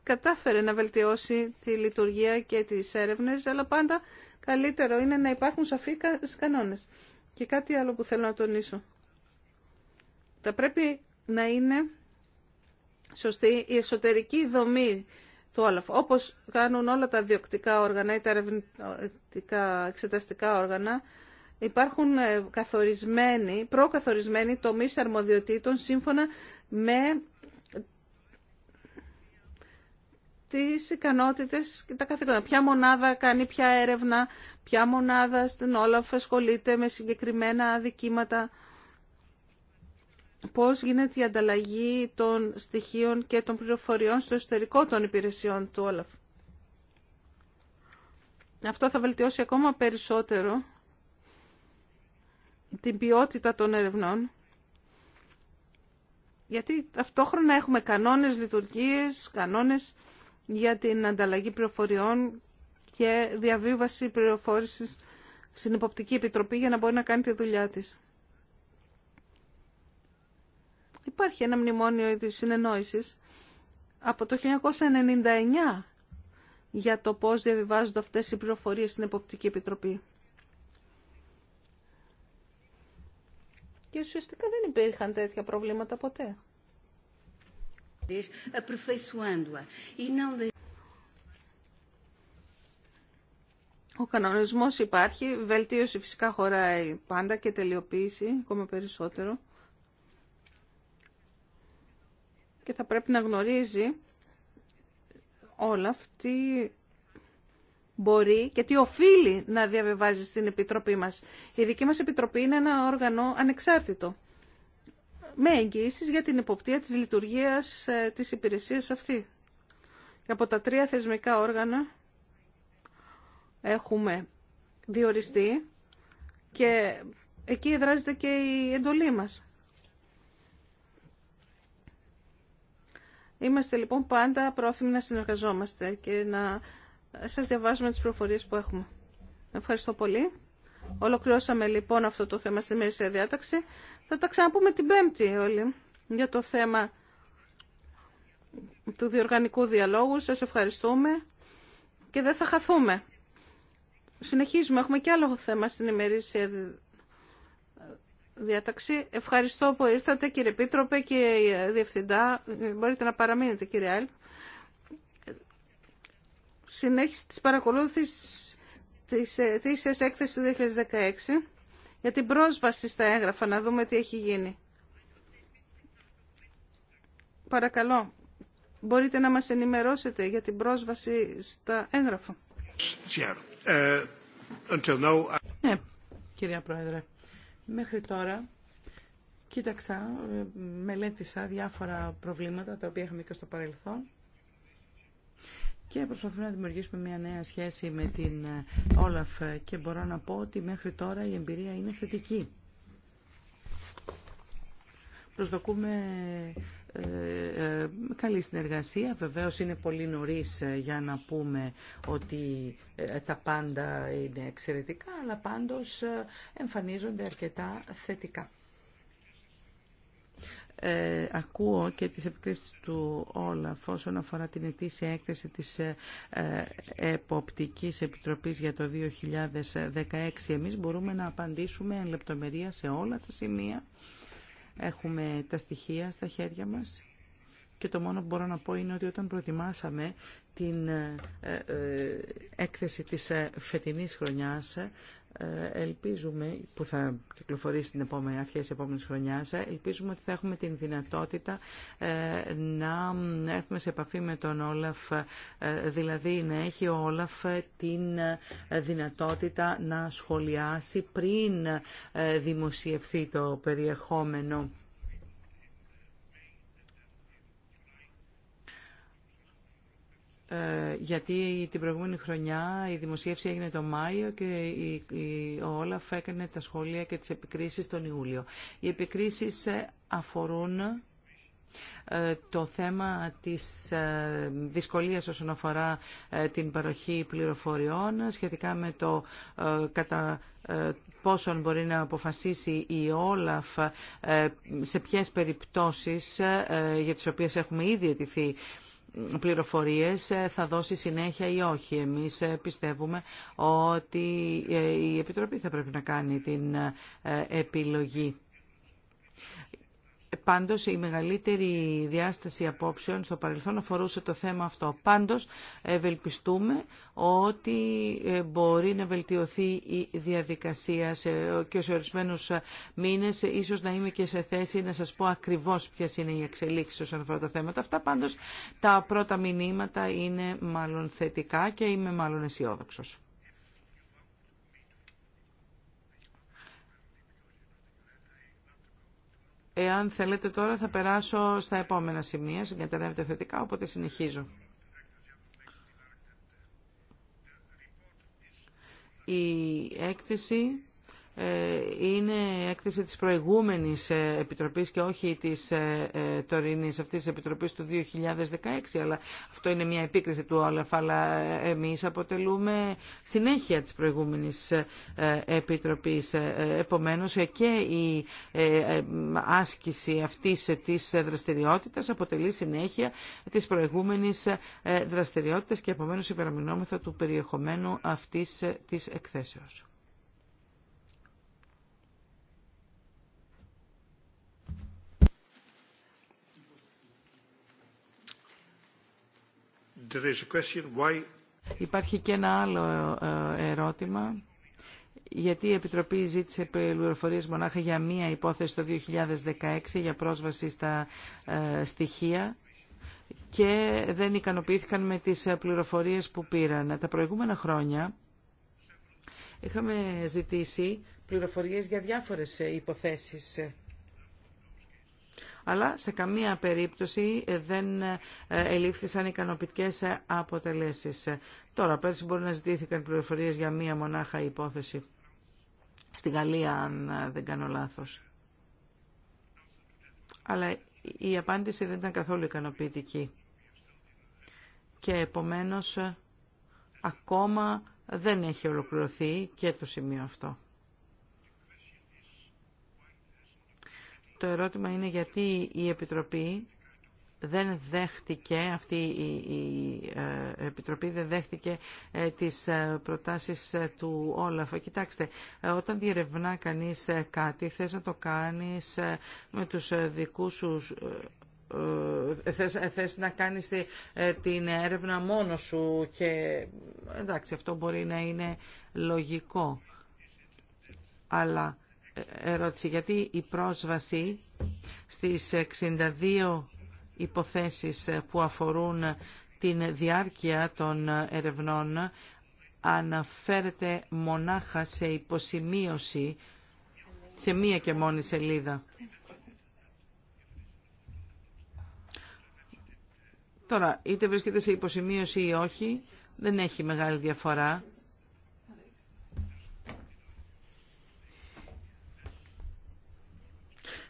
Speaker 1: κατάφερε να βελτιώσει τη λειτουργία και τις έρευνες, αλλά πάντα καλύτερο είναι να υπάρχουν σαφείς κανόνες. Και κάτι άλλο που θέλω να τονίσω. Θα πρέπει να είναι σωστή η εσωτερική δομή του Όλαφ. Όπως κάνουν όλα τα διοκτικά όργανα ή τα εξεταστικά όργανα, υπάρχουν ε, καθορισμένοι, προκαθορισμένοι τομείς αρμοδιοτήτων σύμφωνα με τις ικανότητες και τα καθήκοντα. Ποια μονάδα κάνει ποια έρευνα, ποια μονάδα στην Όλαφ ασχολείται με συγκεκριμένα αδικήματα πώς γίνεται η ανταλλαγή των στοιχείων και των πληροφοριών στο εσωτερικό των υπηρεσιών του Όλαφ. Αυτό θα βελτιώσει ακόμα περισσότερο την ποιότητα των ερευνών, γιατί ταυτόχρονα έχουμε κανόνες λειτουργίες, κανόνες για την ανταλλαγή πληροφοριών και διαβίβαση πληροφόρησης στην Υποπτική Επιτροπή για να μπορεί να κάνει τη δουλειά της. Υπάρχει ένα μνημόνιο της συνεννόησης από το 1999 για το πώς διαβιβάζονται αυτές οι πληροφορίες στην Εποπτική Επιτροπή. Και ουσιαστικά δεν υπήρχαν τέτοια προβλήματα ποτέ. Ο κανονισμός υπάρχει, βελτίωση φυσικά χωράει πάντα και τελειοποίηση ακόμα περισσότερο. και θα πρέπει να γνωρίζει όλα τι μπορεί και τι οφείλει να διαβεβάζει στην Επιτροπή μας. Η δική μας Επιτροπή είναι ένα όργανο ανεξάρτητο με εγγυήσει για την υποπτία της λειτουργίας ε, της υπηρεσίας αυτή. Και από τα τρία θεσμικά όργανα έχουμε διοριστεί και εκεί δράζεται και η εντολή μας. Είμαστε λοιπόν πάντα πρόθυμοι να συνεργαζόμαστε και να σας διαβάζουμε τις προφορίες που έχουμε. Ευχαριστώ πολύ. Ολοκληρώσαμε λοιπόν αυτό το θέμα στην μέση διάταξη. Θα τα ξαναπούμε την Πέμπτη όλοι για το θέμα του διοργανικού διαλόγου. Σας ευχαριστούμε και δεν θα χαθούμε. Συνεχίζουμε. Έχουμε και άλλο θέμα στην ημερήσια διάταξη. Ευχαριστώ που ήρθατε κύριε Πίτροπε, και Διευθυντά. Μπορείτε να παραμείνετε κύριε Άλπ. Συνέχιση της παρακολούθησης της αιτήσιας έκθεσης του 2016 για την πρόσβαση στα έγγραφα, να δούμε τι έχει γίνει. Παρακαλώ, μπορείτε να μας ενημερώσετε για την πρόσβαση στα έγγραφα. Uh, until now... Ναι,
Speaker 3: κυρία Πρόεδρε.
Speaker 1: Μέχρι τώρα
Speaker 3: κοίταξα, μελέτησα διάφορα προβλήματα τα οποία είχαμε και στο παρελθόν και προσπαθούμε να δημιουργήσουμε μια νέα σχέση με την ε, Όλαφ και μπορώ να πω ότι μέχρι τώρα η εμπειρία είναι θετική. Προσδοκούμε ε, ε, καλή συνεργασία. Βεβαίως είναι πολύ νωρίς ε, για να πούμε ότι τα πάντα είναι εξαιρετικά, αλλά πάντως εμφανίζονται αρκετά θετικά. ακούω και τις επικρίσεις του όλα. όσον αφορά την ετήσια έκθεση της ε, Εποπτικής Επιτροπής για το 2016. Εμείς μπορούμε να απαντήσουμε εν λεπτομερία σε όλα τα σημεία Έχουμε τα στοιχεία στα χέρια μας και το μόνο που μπορώ να πω είναι ότι όταν προετοιμάσαμε την ε, ε, ε, έκθεση της φετινής χρονιάς ε, ελπίζουμε, που θα κυκλοφορήσει την επόμενη αρχή της επόμενης χρονιάς, ε, ελπίζουμε ότι θα έχουμε την δυνατότητα ε, να έρθουμε σε επαφή με τον Όλαφ, δηλαδή να έχει ο Όλαφ την δυνατότητα να σχολιάσει πριν δημοσιευθεί το περιεχόμενο Ε, γιατί την προηγούμενη χρονιά η δημοσίευση έγινε το Μάιο και ο Όλαφ έκανε τα σχόλια και τις επικρίσεις τον Ιούλιο. Οι επικρίσεις ε, αφορούν ε, το θέμα της δυσκολίας όσον αφορά την παροχή πληροφοριών σχετικά με το κατά πόσον μπορεί να αποφασίσει η Όλαφ σε ποιες περιπτώσεις για τις οποίες έχουμε ήδη αιτηθεί πληροφορίες ε, θα δώσει συνέχεια ή όχι. Εμείς ε, πιστεύουμε ότι ε, η Επιτροπή θα πρέπει να κάνει την επιλογή. Πάντως η μεγαλύτερη διάσταση απόψεων στο παρελθόν αφορούσε το θέμα αυτό. Πάντως ευελπιστούμε ότι ε, μπορεί να βελτιωθεί η διαδικασία και σε ορισμένους ε, μήνες ίσως να είμαι και σε θέση να σας πω ακριβώς ποιε είναι οι εξελίξεις όσον αφορά τα θέματα αυτά. Πάντως τα πρώτα μηνύματα είναι μάλλον θετικά και είμαι μάλλον αισιόδοξο. Εάν θέλετε τώρα θα περάσω στα επόμενα σημεία, συγκαταλέγετε θετικά, οπότε συνεχίζω. Η έκθεση είναι έκθεση της προηγούμενης ε, επιτροπής και όχι της ε, ε, τωρινής αυτής της επιτροπής του 2016 αλλά αυτό είναι μια επίκριση του Όλαφ αλλά εμείς αποτελούμε συνέχεια της προηγούμενης επιτροπής επομένως και η άσκηση αυτής της δραστηριότητας αποτελεί συνέχεια της προηγούμενης δραστηριότητας και επομένως υπεραμεινόμεθα του περιεχομένου αυτής της εκθέσεως. Υπάρχει και ένα άλλο ε, ερώτημα. Γιατί η Επιτροπή ζήτησε πληροφορίες μονάχα για μία υπόθεση το 2016 για πρόσβαση στα ε, στοιχεία και δεν ικανοποιήθηκαν με τις ε, πληροφορίες που πήραν. Τα προηγούμενα χρόνια είχαμε ζητήσει πληροφορίες για διάφορες υποθέσεις αλλά σε καμία περίπτωση δεν ε, ελήφθησαν ικανοποιητικές αποτελέσεις. Τώρα, πέρσι μπορεί να ζητήθηκαν πληροφορίες για μία μονάχα υπόθεση στη Γαλλία, αν ε, δεν κάνω λάθος. Αλλά η απάντηση δεν ήταν καθόλου ικανοποιητική. Και επομένως, ακόμα δεν έχει ολοκληρωθεί και το σημείο αυτό. Το ερώτημα είναι γιατί η Επιτροπή δεν δέχτηκε, αυτή η ε, Επιτροπή δεν δέχτηκε ε, τις ε, προτάσεις του Όλαφ. Κοιτάξτε, όταν διερευνά κανείς κάτι, θες να το κάνεις με τους δικούς σου Θες, να κάνεις την έρευνα μόνο σου και εντάξει αυτό μπορεί να είναι λογικό αλλά ερώτηση. Γιατί η πρόσβαση στις 62 υποθέσεις που αφορούν την διάρκεια των ερευνών αναφέρεται μονάχα σε υποσημείωση σε μία και μόνη σελίδα. Τώρα, είτε βρίσκεται σε υποσημείωση ή όχι, δεν έχει μεγάλη διαφορά.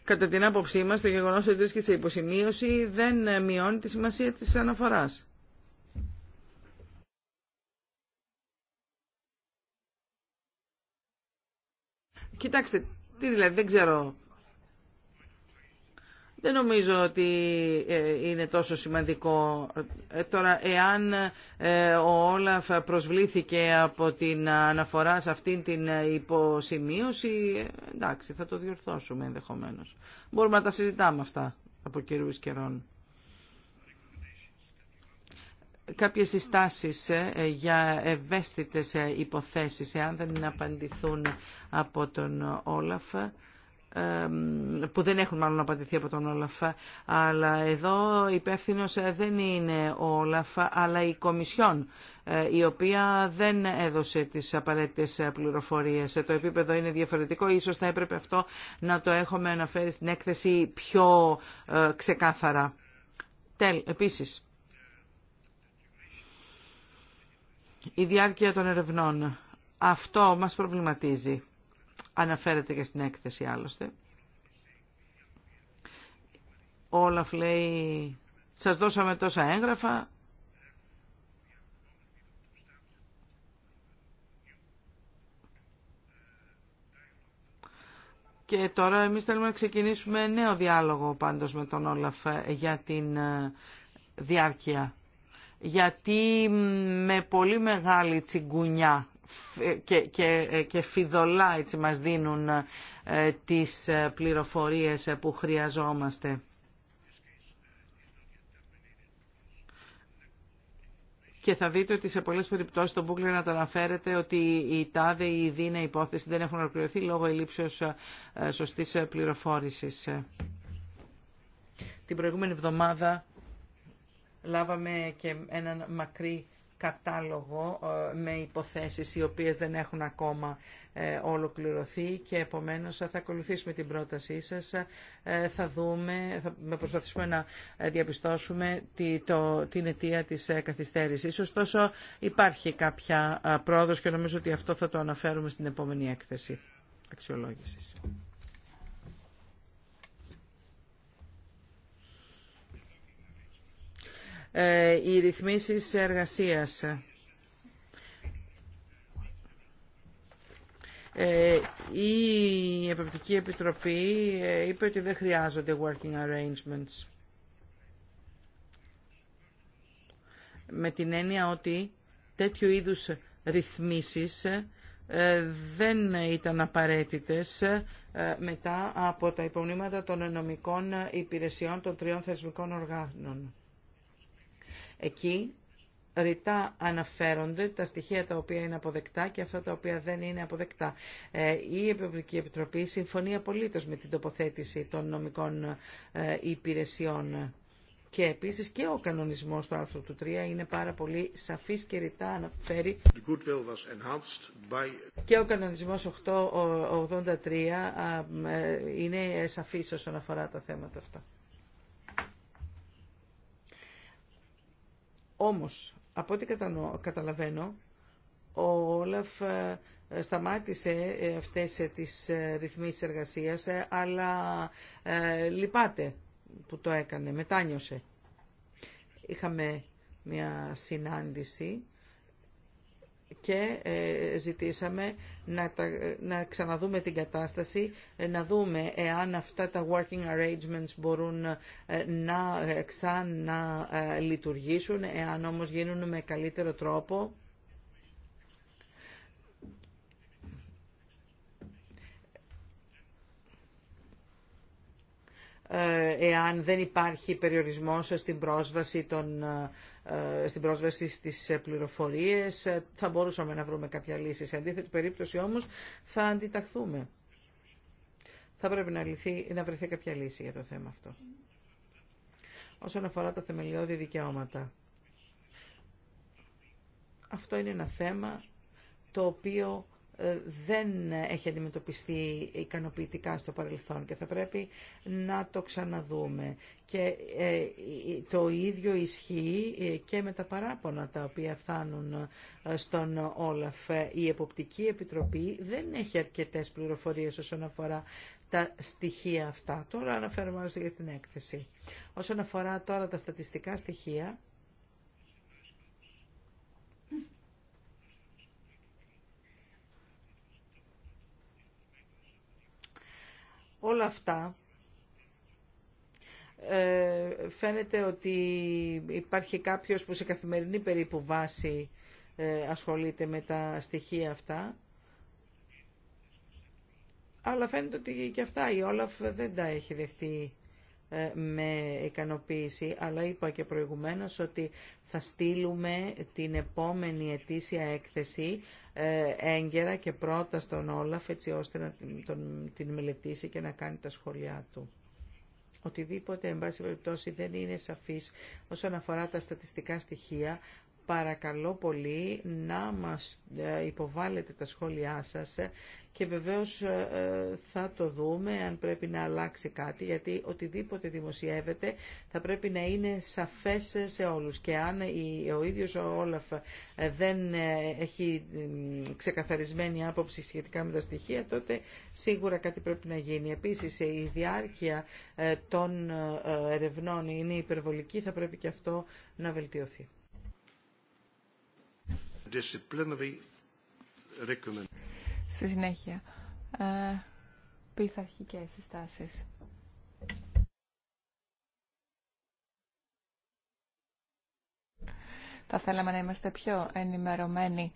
Speaker 3: Κατά την άποψή μας, το γεγονός ότι βρίσκεται σε υποσημείωση δεν ε, μειώνει τη σημασία της αναφοράς. Κοιτάξτε, τι δηλαδή, δεν ξέρω δεν νομίζω ότι ε, είναι τόσο σημαντικό. Ε, τώρα, εάν ε, ο Όλαφ προσβλήθηκε από την αναφορά σε αυτήν την υποσημείωση, εντάξει, θα το διορθώσουμε ενδεχομένως. Μπορούμε να τα συζητάμε αυτά από καιρούς καιρών. Κάποιες συστάσεις για ευαίσθητες υποθέσεις, εάν δεν απαντηθούν από τον Όλαφ, που δεν έχουν μάλλον απαντηθεί από τον Όλαφ. Αλλά εδώ υπεύθυνο ε, δεν είναι ο Όλαφ, αλλά η Κομισιόν, ε, η οποία δεν έδωσε τις απαραίτητες ε, πληροφορίες. Το επίπεδο είναι διαφορετικό. Ίσως θα έπρεπε αυτό να το έχουμε αναφέρει στην έκθεση πιο ξεκάθαρα. Τέλ, επίσης. Η διάρκεια των ερευνών. Αυτό μας προβληματίζει αναφέρεται και στην έκθεση άλλωστε. Όλαφ λέει, σας δώσαμε τόσα έγγραφα, Και τώρα εμείς θέλουμε να ξεκινήσουμε νέο διάλογο πάντως με τον Όλαφ για την ε, διάρκεια. Γιατί με πολύ μεγάλη τσιγκουνιά και, και, και φιδωλά έτσι μας δίνουν ε, τις ε, πληροφορίες που χρειαζόμαστε. Και θα δείτε ότι σε πολλές περιπτώσεις το Google να το αναφέρεται ότι η τάδε ή η η δίνε υπόθεση δεν έχουν ολοκληρωθεί λόγω ελλείψεως ε, σωστής πληροφόρησης. Την προηγούμενη εβδομάδα λάβαμε και έναν μακρύ κατάλογο ε, με υποθέσεις οι οποίες δεν έχουν ακόμα ε, ολοκληρωθεί και επομένως θα ακολουθήσουμε την πρότασή σας. Ε, θα δούμε, θα προσπαθήσουμε να διαπιστώσουμε το, την αιτία της καθυστέρησης. Ωστόσο υπάρχει κάποια πρόοδος και νομίζω ότι αυτό θα το αναφέρουμε στην επόμενη έκθεση αξιολόγησης. Ε, οι ρυθμίσεις εργασίας. Ε, η Επιπτική Επιτροπή ε, είπε ότι δεν χρειάζονται working arrangements. Με την έννοια ότι τέτοιου είδους ρυθμίσεις δεν ήταν απαραίτητες μετά από τα υπομνήματα των νομικών υπηρεσιών των τριών θεσμικών οργάνων. Εκεί ρητά αναφέρονται τα στοιχεία τα οποία είναι αποδεκτά και αυτά τα οποία δεν είναι αποδεκτά. Ε, η Ευρωπαϊκή Επιτροπή συμφωνεί απολύτως με την τοποθέτηση των νομικών ε, υπηρεσιών. Και επίσης και ο κανονισμός του άρθρου του 3 είναι πάρα πολύ σαφής και ρητά αναφέρει. Και ο κανονισμός 883 ε, είναι σαφής όσον αφορά τα θέματα αυτά. Όμως, από ό,τι καταλαβαίνω, ο Όλαφ ε, σταμάτησε ε, αυτές ε, τις ρυθμίσεις εργασίας, αλλά λυπάται που το έκανε, μετάνιωσε. Είχαμε μια συνάντηση και ε, ζητήσαμε να, να ξαναδούμε την κατάσταση, ε, να δούμε εάν αυτά τα working arrangements μπορούν ε, να λειτουργήσουν, εάν όμως γίνουν με καλύτερο τρόπο. εάν δεν υπάρχει περιορισμός στην πρόσβαση των ε, στην πρόσβαση στις ε, πληροφορίες. Ε, θα μπορούσαμε να βρούμε κάποια λύση. Σε αντίθετη περίπτωση όμως θα αντιταχθούμε. Θα πρέπει να, να βρεθεί κάποια λύση για το θέμα αυτό. Όσον αφορά τα θεμελιώδη δικαιώματα. Αυτό είναι ένα θέμα το οποίο δεν έχει αντιμετωπιστεί ικανοποιητικά στο παρελθόν και θα πρέπει να το ξαναδούμε. Και ε, το ίδιο ισχύει ε, και με τα παράπονα τα οποία φτάνουν ε, στον Όλαφ. Η Εποπτική Επιτροπή δεν έχει αρκετές πληροφορίες όσον αφορά τα στοιχεία αυτά. Τώρα αναφέρομαι για την έκθεση. Όσον αφορά τώρα τα στατιστικά στοιχεία, Όλα αυτά ε, φαίνεται ότι υπάρχει κάποιος που σε καθημερινή περίπου βάση ε, ασχολείται με τα στοιχεία αυτά. Αλλά φαίνεται ότι και αυτά η Όλαφ δεν τα έχει δεχτεί ε, με ικανοποίηση, αλλά είπα και προηγουμένως ότι θα στείλουμε την επόμενη ετήσια έκθεση ε, έγκαιρα και πρώτα στον Όλαφ, έτσι ώστε να τον, την μελετήσει και να κάνει τα σχόλιά του. Οτιδήποτε, εν πάση περιπτώσει, δεν είναι σαφής όσον αφορά τα στατιστικά στοιχεία, παρακαλώ πολύ να μας ε, υποβάλλετε τα σχόλιά σας και βεβαίως ε, ε, θα το δούμε αν πρέπει να αλλάξει κάτι γιατί οτιδήποτε δημοσιεύεται θα πρέπει να είναι σαφές σε όλους και αν ο ίδιος ο Όλαφ δεν έχει ξεκαθαρισμένη άποψη σχετικά με τα στοιχεία τότε σίγουρα κάτι πρέπει να γίνει. Επίσης η διάρκεια των ερευνών είναι υπερβολική θα πρέπει και αυτό να βελτιωθεί.
Speaker 2: Στη συνέχεια, ε, πειθαρχικές συστάσεις. Θα θέλαμε να είμαστε πιο ενημερωμένοι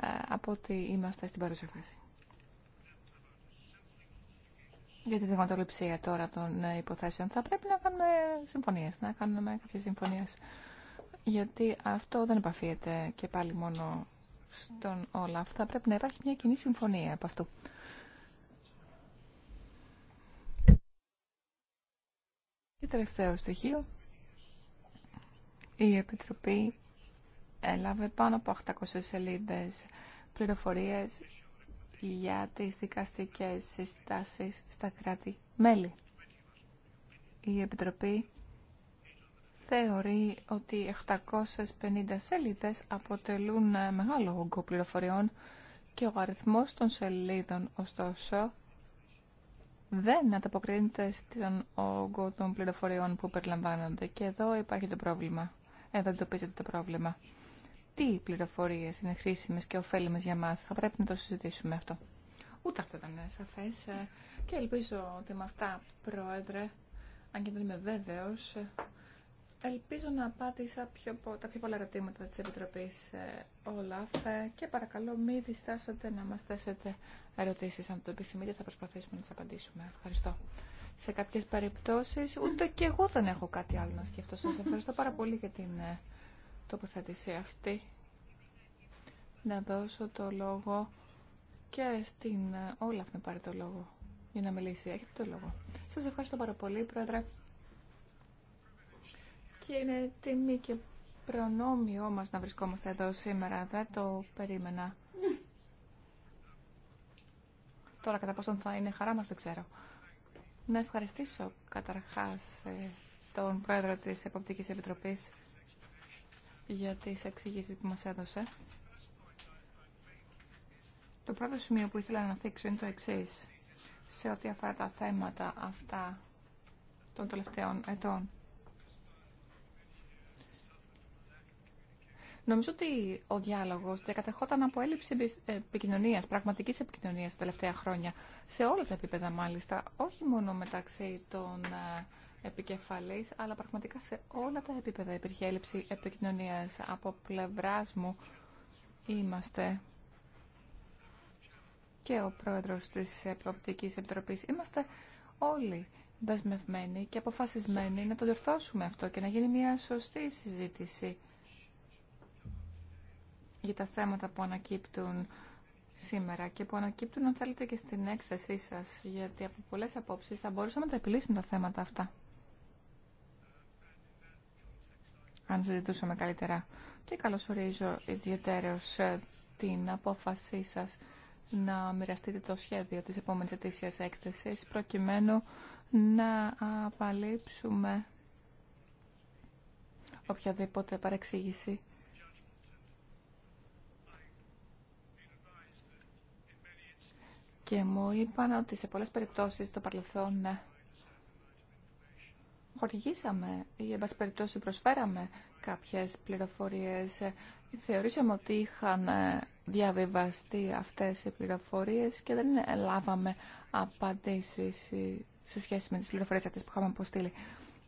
Speaker 2: ε, από ότι είμαστε στην παρούσα φάση. Για τη δειγματοληψία τώρα των ε, υποθέσεων θα πρέπει να κάνουμε συμφωνίες, να κάνουμε κάποιες συμφωνίες γιατί αυτό δεν επαφίεται και πάλι μόνο στον Όλαφ. Θα πρέπει να υπάρχει μια κοινή συμφωνία από αυτού. Και τελευταίο στοιχείο. Η Επιτροπή έλαβε πάνω από 800 σελίδες πληροφορίες για τις δικαστικές συστάσεις στα κράτη-μέλη. Η Επιτροπή θεωρεί ότι 850 σελίδες αποτελούν ε, μεγάλο όγκο πληροφοριών και ο αριθμός των σελίδων, ωστόσο, δεν ανταποκρίνεται στον όγκο των πληροφοριών που περιλαμβάνονται. Και εδώ υπάρχει το πρόβλημα. Εδώ εντοπίζεται το πρόβλημα. Τι πληροφορίες είναι χρήσιμες και ωφέλιμες για μας. Θα πρέπει να το συζητήσουμε αυτό. Ούτε αυτό ήταν ε, σαφές. Ε, και ελπίζω ότι με αυτά, Πρόεδρε, αν και δεν είμαι βέβαιος, Ελπίζω να απάντησα πιο, τα πιο πολλά ερωτήματα της Επιτροπής ΟΛΑΦ ε, ε, και παρακαλώ μην διστάσετε να μας θέσετε ερωτήσεις. Αν το επιθυμείτε θα προσπαθήσουμε να τις απαντήσουμε. Ευχαριστώ. Σε κάποιες περιπτώσεις ούτε και εγώ δεν έχω κάτι άλλο να σκεφτώ. Σας ευχαριστώ πάρα πολύ για την ε, τοποθέτηση αυτή. Να δώσω το λόγο και στην Όλαφ να πάρει το λόγο για να μιλήσει. Έχετε το λόγο. Σας ευχαριστώ πάρα πολύ, Πρόεδρε και είναι τιμή και προνόμιό μας να βρισκόμαστε εδώ σήμερα. Δεν το περίμενα. Τώρα κατά πόσον θα είναι χαρά μας δεν ξέρω. Να ευχαριστήσω καταρχάς ε, τον πρόεδρο της Εποπτικής Επιτροπής για τις εξηγήσεις που μας έδωσε. Το πρώτο σημείο που ήθελα να θίξω είναι το εξή σε ό,τι αφορά τα θέματα αυτά των τελευταίων ετών. Νομίζω ότι ο διάλογο διακατεχόταν από έλλειψη επικοινωνία, πραγματική επικοινωνία τα τελευταία χρόνια, σε όλα τα επίπεδα μάλιστα, όχι μόνο μεταξύ των ε, επικεφαλής, αλλά πραγματικά σε όλα τα επίπεδα υπήρχε έλλειψη επικοινωνία. Από πλευρά μου είμαστε και ο πρόεδρος της Εποπτικής Επιτροπής. Είμαστε όλοι δεσμευμένοι και αποφασισμένοι να το διορθώσουμε αυτό και να γίνει μια σωστή συζήτηση για τα θέματα που ανακύπτουν σήμερα και που ανακύπτουν αν θέλετε και στην έκθεσή σας γιατί από πολλές απόψεις θα μπορούσαμε να τα επιλύσουμε τα θέματα αυτά αν συζητούσαμε καλύτερα και καλωσορίζω ιδιαίτερως ε, την απόφασή σας να μοιραστείτε το σχέδιο της επόμενης ετήσιας έκθεσης προκειμένου να απαλείψουμε οποιαδήποτε παρεξήγηση και μου είπαν ότι σε πολλές περιπτώσεις το παρελθόν ναι, χορηγήσαμε ή εν πάση περιπτώσει προσφέραμε κάποιες πληροφορίες. Θεωρήσαμε ότι είχαν ε, διαβιβαστεί αυτές οι πληροφορίες και δεν ε, λάβαμε απαντήσεις σε σχέση με τις πληροφορίες αυτές που είχαμε αποστείλει.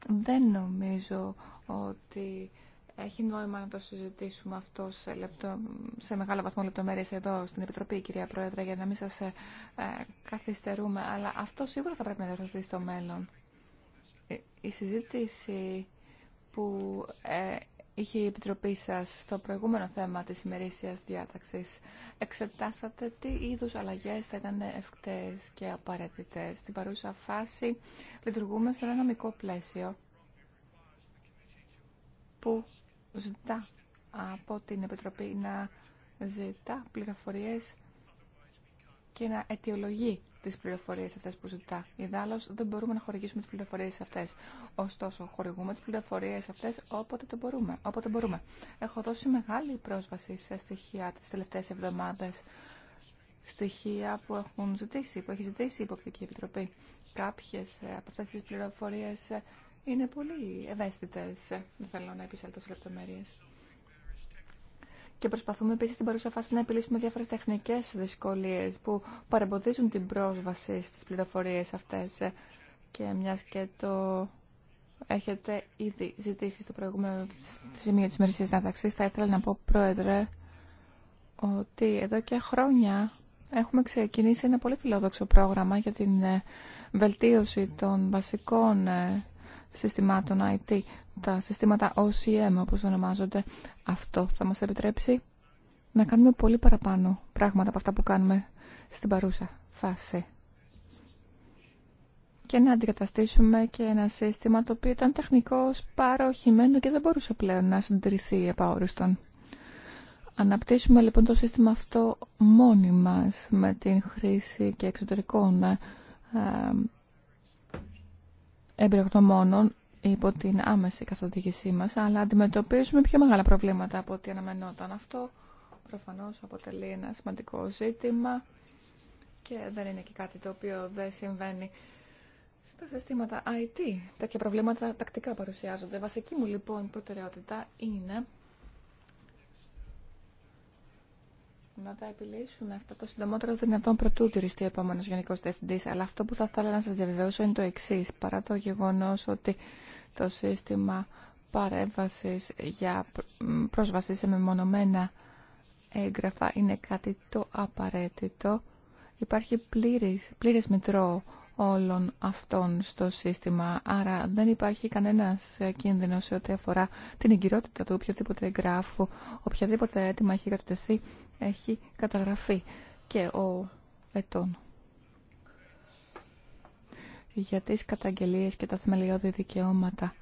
Speaker 2: Δεν νομίζω ότι έχει νόημα να το συζητήσουμε αυτό σε, σε μεγάλο βαθμό λεπτομέρειες εδώ στην Επιτροπή, κυρία Πρόεδρε, για να μην σας ε, ε καθυστερούμε. Αλλά αυτό σίγουρα θα πρέπει να διορθωθεί στο μέλλον. Ε, η συζήτηση που ε, είχε η Επιτροπή σας στο προηγούμενο θέμα της ημερήσιας διάταξης, εξετάσατε τι είδους αλλαγές θα ήταν ευκτές και απαραίτητες. Στην παρούσα φάση λειτουργούμε σε ένα νομικό πλαίσιο που ζητά από την Επιτροπή να ζητά πληροφορίες και να αιτιολογεί τις πληροφορίες αυτές που ζητά. Ιδάλλως δεν μπορούμε να χορηγήσουμε τις πληροφορίες αυτές. Ωστόσο, χορηγούμε τις πληροφορίες αυτές όποτε το μπορούμε. Όποτε μπορούμε. Έχω δώσει μεγάλη πρόσβαση σε στοιχεία τις τελευταίες εβδομάδες. Στοιχεία που έχουν ζητήσει, που έχει ζητήσει η Υποπτική Επιτροπή. Κάποιες ε, από αυτές τις πληροφορίες ε, είναι πολύ ευαίσθητες. Δεν θέλω να επισέλθω σε λεπτομέρειες. Και προσπαθούμε επίσης στην παρούσα φάση να επιλύσουμε διάφορες τεχνικές δυσκολίες που παρεμποδίζουν την πρόσβαση στις πληροφορίες αυτές. Και μιας και το έχετε ήδη ζητήσει στο προηγούμενο σημείο της Μερικής διάταξης, θα ήθελα να πω, Πρόεδρε, ότι εδώ και χρόνια έχουμε ξεκινήσει ένα πολύ φιλόδοξο πρόγραμμα για την ε, βελτίωση των βασικών ε, συστημάτων IT, τα συστήματα OCM όπως ονομάζονται. Αυτό θα μας επιτρέψει να κάνουμε πολύ παραπάνω πράγματα από αυτά που κάνουμε στην παρούσα φάση. Και να αντικαταστήσουμε και ένα σύστημα το οποίο ήταν τεχνικώς παροχημένο και δεν μπορούσε πλέον να συντηρηθεί επαόριστον. Αναπτύσσουμε λοιπόν το σύστημα αυτό μόνοι μας με την χρήση και εξωτερικών ε, εμπειρογνωμόνων υπό την άμεση καθοδήγησή μας, αλλά αντιμετωπίζουμε πιο μεγάλα προβλήματα από ό,τι αναμενόταν. Αυτό προφανώς αποτελεί ένα σημαντικό ζήτημα και δεν είναι και κάτι το οποίο δεν συμβαίνει στα συστήματα IT. Τέτοια προβλήματα τακτικά παρουσιάζονται. Βασική μου λοιπόν προτεραιότητα είναι να τα επιλύσουμε αυτά το συντομότερο δυνατόν πρωτού τουριστεί ο επόμενο Γενικό Διευθυντή. Αλλά αυτό που θα ήθελα να σα διαβεβαιώσω είναι το εξή. Παρά το γεγονό ότι το σύστημα παρέμβαση για πρόσβαση σε μεμονωμένα έγγραφα είναι κάτι το απαραίτητο, υπάρχει πλήρης, μητρό όλων αυτών στο σύστημα. Άρα δεν υπάρχει κανένας κίνδυνο σε ό,τι αφορά την εγκυρότητα του οποιοδήποτε εγγράφου, οποιαδήποτε αίτημα έχει κατατεθεί έχει καταγραφεί και ο ετών για τις καταγγελίες και τα θεμελιώδη δικαιώματα.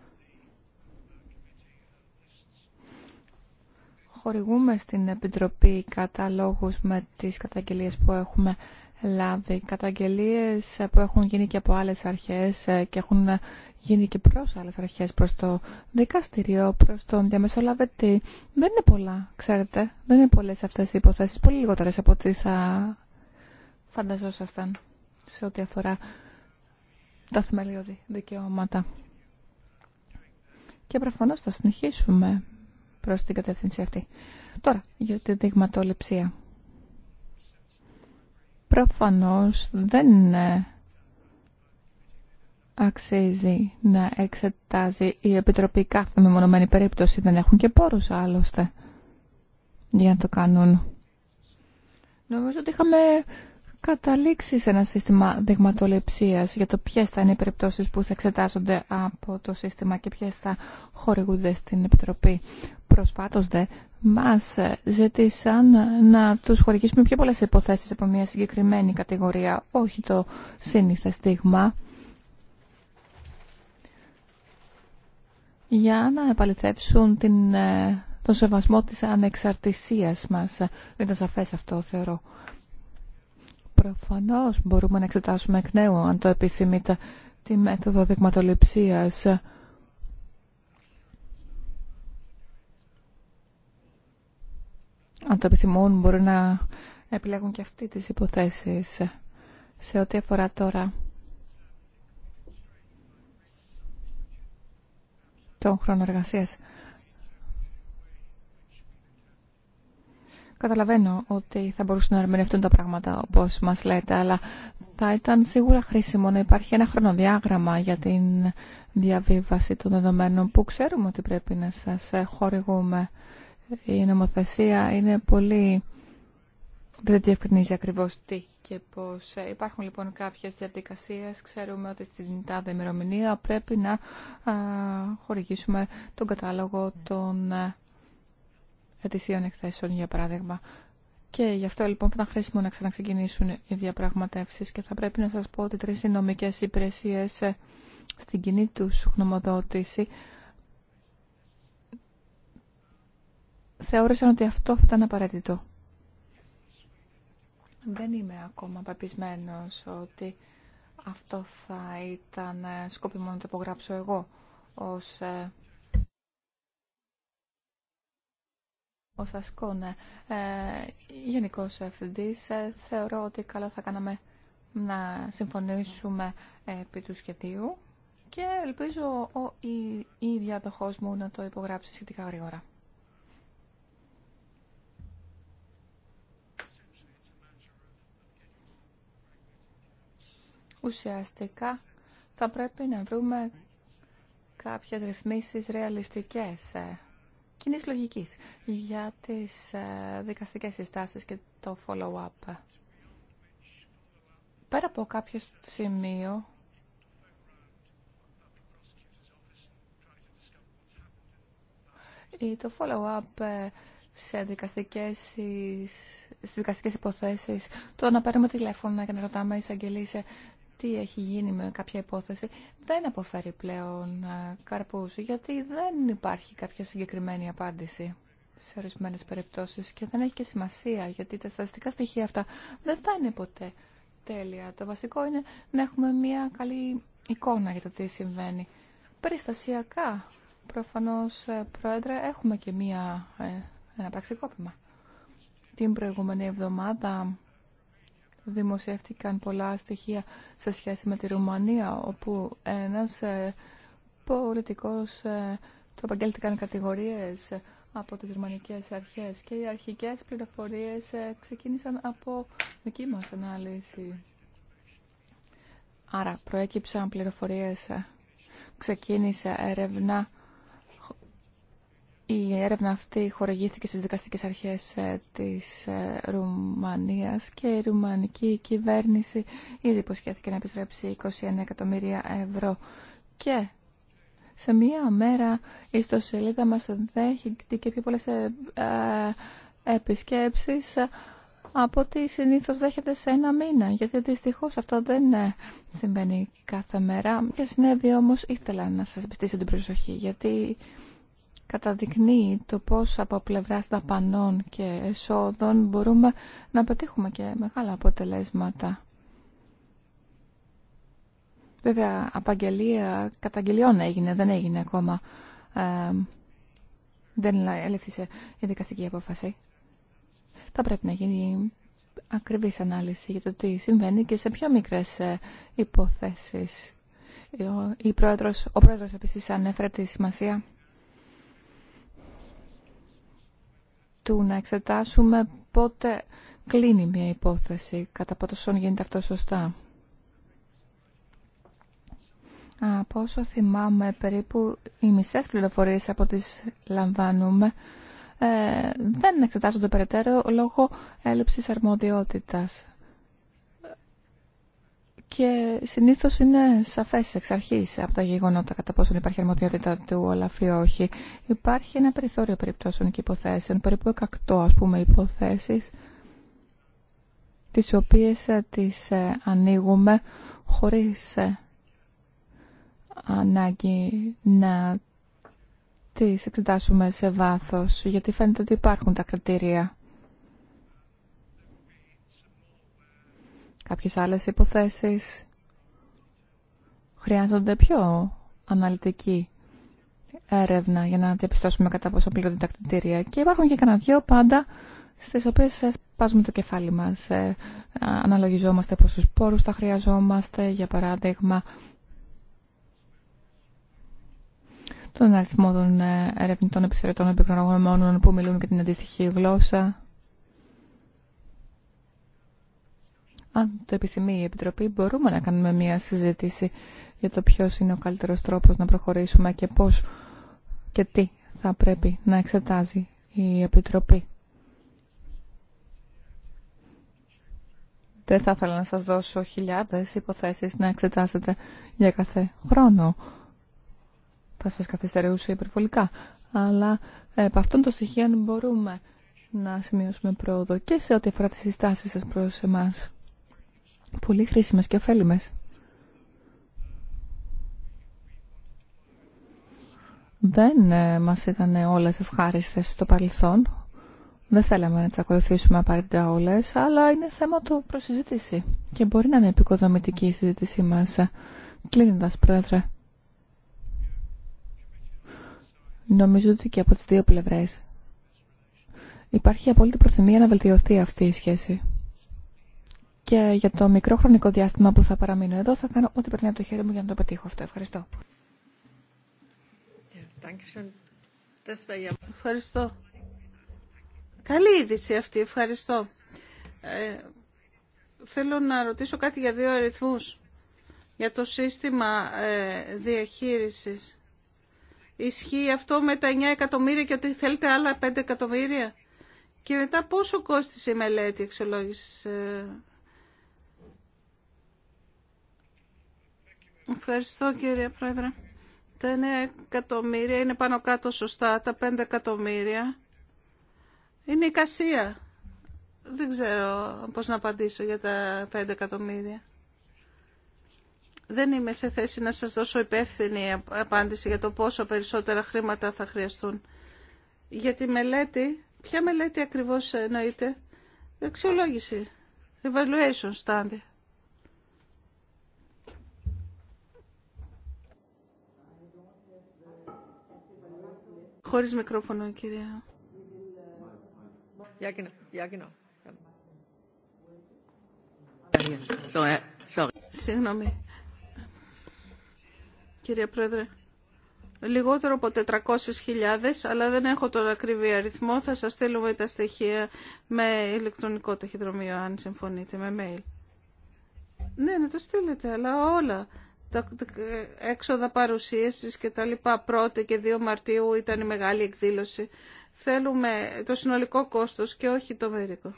Speaker 2: Χορηγούμε στην Επιτροπή καταλόγους με τις καταγγελίες που έχουμε λάβει καταγγελίες που έχουν γίνει και από άλλες αρχές ε, και έχουν γίνει και προς άλλες αρχές, προς το δικαστήριο, προς τον διαμεσολαβητή. Δεν είναι πολλά, ξέρετε. Δεν είναι πολλές αυτές οι υποθέσεις, πολύ λιγότερες από ό,τι θα φανταζόσασταν σε ό,τι αφορά τα θεμελιώδη δικαιώματα. Και προφανώς θα συνεχίσουμε προς την κατεύθυνση αυτή. Τώρα, για τη δειγματοληψία προφανώς δεν ε, αξίζει να εξετάζει η Επιτροπή κάθε μεμονωμένη περίπτωση. Δεν έχουν και πόρους άλλωστε για να το κάνουν. Νομίζω ότι είχαμε καταλήξει σε ένα σύστημα δειγματοληψίας για το ποιες θα είναι οι περιπτώσεις που θα εξετάζονται από το σύστημα και ποιες θα χορηγούνται στην Επιτροπή. Προσφάτως δε Μα ζήτησαν να τους χορηγήσουμε πιο πολλέ υποθέσει από μια συγκεκριμένη κατηγορία, όχι το σύνηθε στίγμα. για να επαληθεύσουν την, ε, τον σεβασμό της ανεξαρτησίας μας. Είναι σαφές αυτό, θεωρώ. Προφανώς μπορούμε να εξετάσουμε εκ νέου, αν το επιθυμείτε, τη μέθοδο δειγματοληψίας αν το επιθυμούν, μπορούν να επιλέγουν και αυτοί τις υποθέσεις σε ό,τι αφορά τώρα τον χρόνο εργασίας. Καταλαβαίνω ότι θα μπορούσαν να ερμηνευτούν τα πράγματα όπως μας λέτε, αλλά θα ήταν σίγουρα χρήσιμο να υπάρχει ένα χρονοδιάγραμμα για την διαβίβαση των δεδομένων που ξέρουμε ότι πρέπει να σας χορηγούμε η νομοθεσία είναι πολύ... Δεν διευκρινίζει ακριβώς τι και πώς. Ε, υπάρχουν λοιπόν κάποιες διαδικασίες. Ξέρουμε ότι στην τάδε ημερομηνία πρέπει να α, χορηγήσουμε τον κατάλογο των ε, ετησίων εκθέσεων, για παράδειγμα. Και γι' αυτό λοιπόν θα ήταν χρήσιμο να ξαναξεκινήσουν οι διαπραγματεύσεις και θα πρέπει να σας πω ότι τρεις νομικές υπηρεσίες ε, στην κοινή του γνωμοδότηση θεώρησαν ότι αυτό θα ήταν απαραίτητο. Δεν είμαι ακόμα πεπισμένος ότι αυτό θα ήταν ε, σκόπιμο να το υπογράψω εγώ ως, ε, ως Ναι. ε, γενικός ευθυντής. Ε, θεωρώ ότι καλά θα κάναμε να συμφωνήσουμε επί του σχεδίου και ελπίζω ο, η, η διαδοχός μου να το υπογράψει σχετικά γρήγορα. ουσιαστικά θα πρέπει να βρούμε κάποιες ρυθμίσεις ρεαλιστικές, ε, κοινή λογική για τις ε, δικαστικέ συστάσεις και το follow-up. Πέρα από κάποιο σημείο το follow-up ε, σε δικαστικές, στις δικαστικές υποθέσεις, το να παίρνουμε τηλέφωνα και να ρωτάμε εισαγγελείς τι έχει γίνει με κάποια υπόθεση δεν αποφέρει πλέον ε, καρπούς γιατί δεν υπάρχει κάποια συγκεκριμένη απάντηση σε ορισμένε περιπτώσεις και δεν έχει και σημασία γιατί τα στατιστικά στοιχεία αυτά δεν θα είναι ποτέ τέλεια. Το βασικό είναι να έχουμε μια καλή εικόνα για το τι συμβαίνει. Περιστασιακά, προφανώς, ε, Πρόεδρε, έχουμε και μια, ε, ένα πραξικόπημα. Την προηγούμενη εβδομάδα δημοσιεύτηκαν πολλά στοιχεία σε σχέση με τη Ρουμανία, όπου ένας ε, πολιτικός ε, του επαγγέλθηκαν κατηγορίες από τις ρουμανικές αρχές και οι αρχικές πληροφορίες ε, ξεκίνησαν από δική μας ανάλυση. Άρα προέκυψαν πληροφορίες, ξεκίνησε έρευνα η έρευνα αυτή χορηγήθηκε στις δικαστικές αρχές ε, της ε, Ρουμανίας και η ρουμανική κυβέρνηση ήδη υποσχέθηκε να επιστρέψει 21 εκατομμύρια ευρώ. Και σε μία μέρα η ιστοσελίδα μας δέχεται και πιο πολλές ε, επισκέψεις από ό,τι συνήθως δέχεται σε ένα μήνα, γιατί δυστυχώς αυτό δεν συμβαίνει κάθε μέρα. Και συνέβη όμως ήθελα να σας επιστήσω την προσοχή, γιατί καταδεικνύει το πώς από πλευράς δαπανών και εσόδων μπορούμε να πετύχουμε και μεγάλα αποτελέσματα. Βέβαια, απαγγελία καταγγελιών έγινε, δεν έγινε ακόμα. Ε, δεν έλευθησε η δικαστική απόφαση. Θα πρέπει να γίνει ακριβής ανάλυση για το τι συμβαίνει και σε πιο μικρές ε, υποθέσεις. Ο, η πρόεδρος, ο πρόεδρος επίσης ανέφερε τη σημασία του να εξετάσουμε πότε κλείνει μια υπόθεση, κατά πόσο γίνεται αυτό σωστά. Από όσο θυμάμαι, περίπου οι μισές πληροφορίες από τις λαμβάνουμε ε, δεν εξετάζονται περαιτέρω λόγω έλλειψης αρμοδιότητας και συνήθως είναι σαφές εξ αρχής από τα γεγονότα κατά πόσον υπάρχει αρμοδιότητα του Όλαφ ή όχι. Υπάρχει ένα περιθώριο περιπτώσεων και υποθέσεων, περίπου 100 ας πούμε υποθέσεις, τις οποίες ε, τις ε, ανοίγουμε χωρίς ε, ανάγκη να τις εξετάσουμε σε βάθος, γιατί φαίνεται ότι υπάρχουν τα κριτήρια Κάποιες άλλες υποθέσεις χρειάζονται πιο αναλυτική έρευνα για να διαπιστώσουμε κατά πόσο πληρώνται τα τακτητήρια. Και υπάρχουν και κανένα δυο πάντα στις οποίες σπάζουμε το κεφάλι μας. Ε, αναλογιζόμαστε πόσους πόρους θα χρειαζόμαστε, για παράδειγμα, τον αριθμό των ε, ερευνητών επιστηρετών επικοινωνιών που μιλούν και την αντίστοιχη γλώσσα. Αν το επιθυμεί η Επιτροπή, μπορούμε να κάνουμε μια συζήτηση για το ποιο είναι ο καλύτερος τρόπος να προχωρήσουμε και πώς και τι θα πρέπει να εξετάζει η Επιτροπή. Δεν θα ήθελα να σας δώσω χιλιάδες υποθέσεις να εξετάσετε για κάθε χρόνο. Θα σας καθυστερούσε υπερβολικά. Αλλά ε, από αυτόν των στοιχείων μπορούμε να σημειώσουμε πρόοδο και σε ό,τι αφορά τις συστάσεις σας προς εμάς πολύ χρήσιμες και ωφέλιμες. Δεν ε, μας ήταν όλες ευχάριστες στο παρελθόν. Δεν θέλαμε να τι ακολουθήσουμε απαραίτητα όλε, αλλά είναι θέμα του προσυζήτηση και μπορεί να είναι επικοδομητική η συζήτησή μα. Ε, κλείνοντας, Πρόεδρε. Νομίζω ότι και από τι δύο πλευρέ. υπάρχει απόλυτη προθυμία να βελτιωθεί αυτή η σχέση και για το μικρό χρονικό διάστημα που θα παραμείνω εδώ θα κάνω ό,τι περνάει από το χέρι μου για να το πετύχω αυτό. Ευχαριστώ.
Speaker 1: Ευχαριστώ. Καλή είδηση αυτή. Ευχαριστώ. Ε, θέλω να ρωτήσω κάτι για δύο αριθμούς. Για το σύστημα ε, διαχείρισης. Ισχύει αυτό με τα 9 εκατομμύρια και ότι θέλετε άλλα 5 εκατομμύρια. Και μετά πόσο κόστησε η μελέτη εξολόγηση ε, Ευχαριστώ κύριε Πρόεδρε. Τα 9 εκατομμύρια είναι πάνω κάτω σωστά, τα 5 εκατομμύρια. Είναι η κασία. Δεν ξέρω πώς να απαντήσω για τα 5 εκατομμύρια. Δεν είμαι σε θέση να σας δώσω υπεύθυνη απάντηση για το πόσο περισσότερα χρήματα θα χρειαστούν. Για τη μελέτη, ποια μελέτη ακριβώς εννοείται, αξιολόγηση, evaluation standard. Χωρίς μικρόφωνο, κυρία. Συγγνώμη. Κύριε Πρόεδρε, λιγότερο από 400.000, αλλά δεν έχω τον ακριβή αριθμό. Θα σας στείλουμε τα στοιχεία με ηλεκτρονικό ταχυδρομείο, αν συμφωνείτε, με mail. Ναι, να το στείλετε, αλλά όλα τα έξοδα παρουσίασης και τα λοιπα πρώτη και 2 Μαρτίου ήταν η μεγάλη εκδήλωση. Θέλουμε το συνολικό κόστος και όχι το μερικό.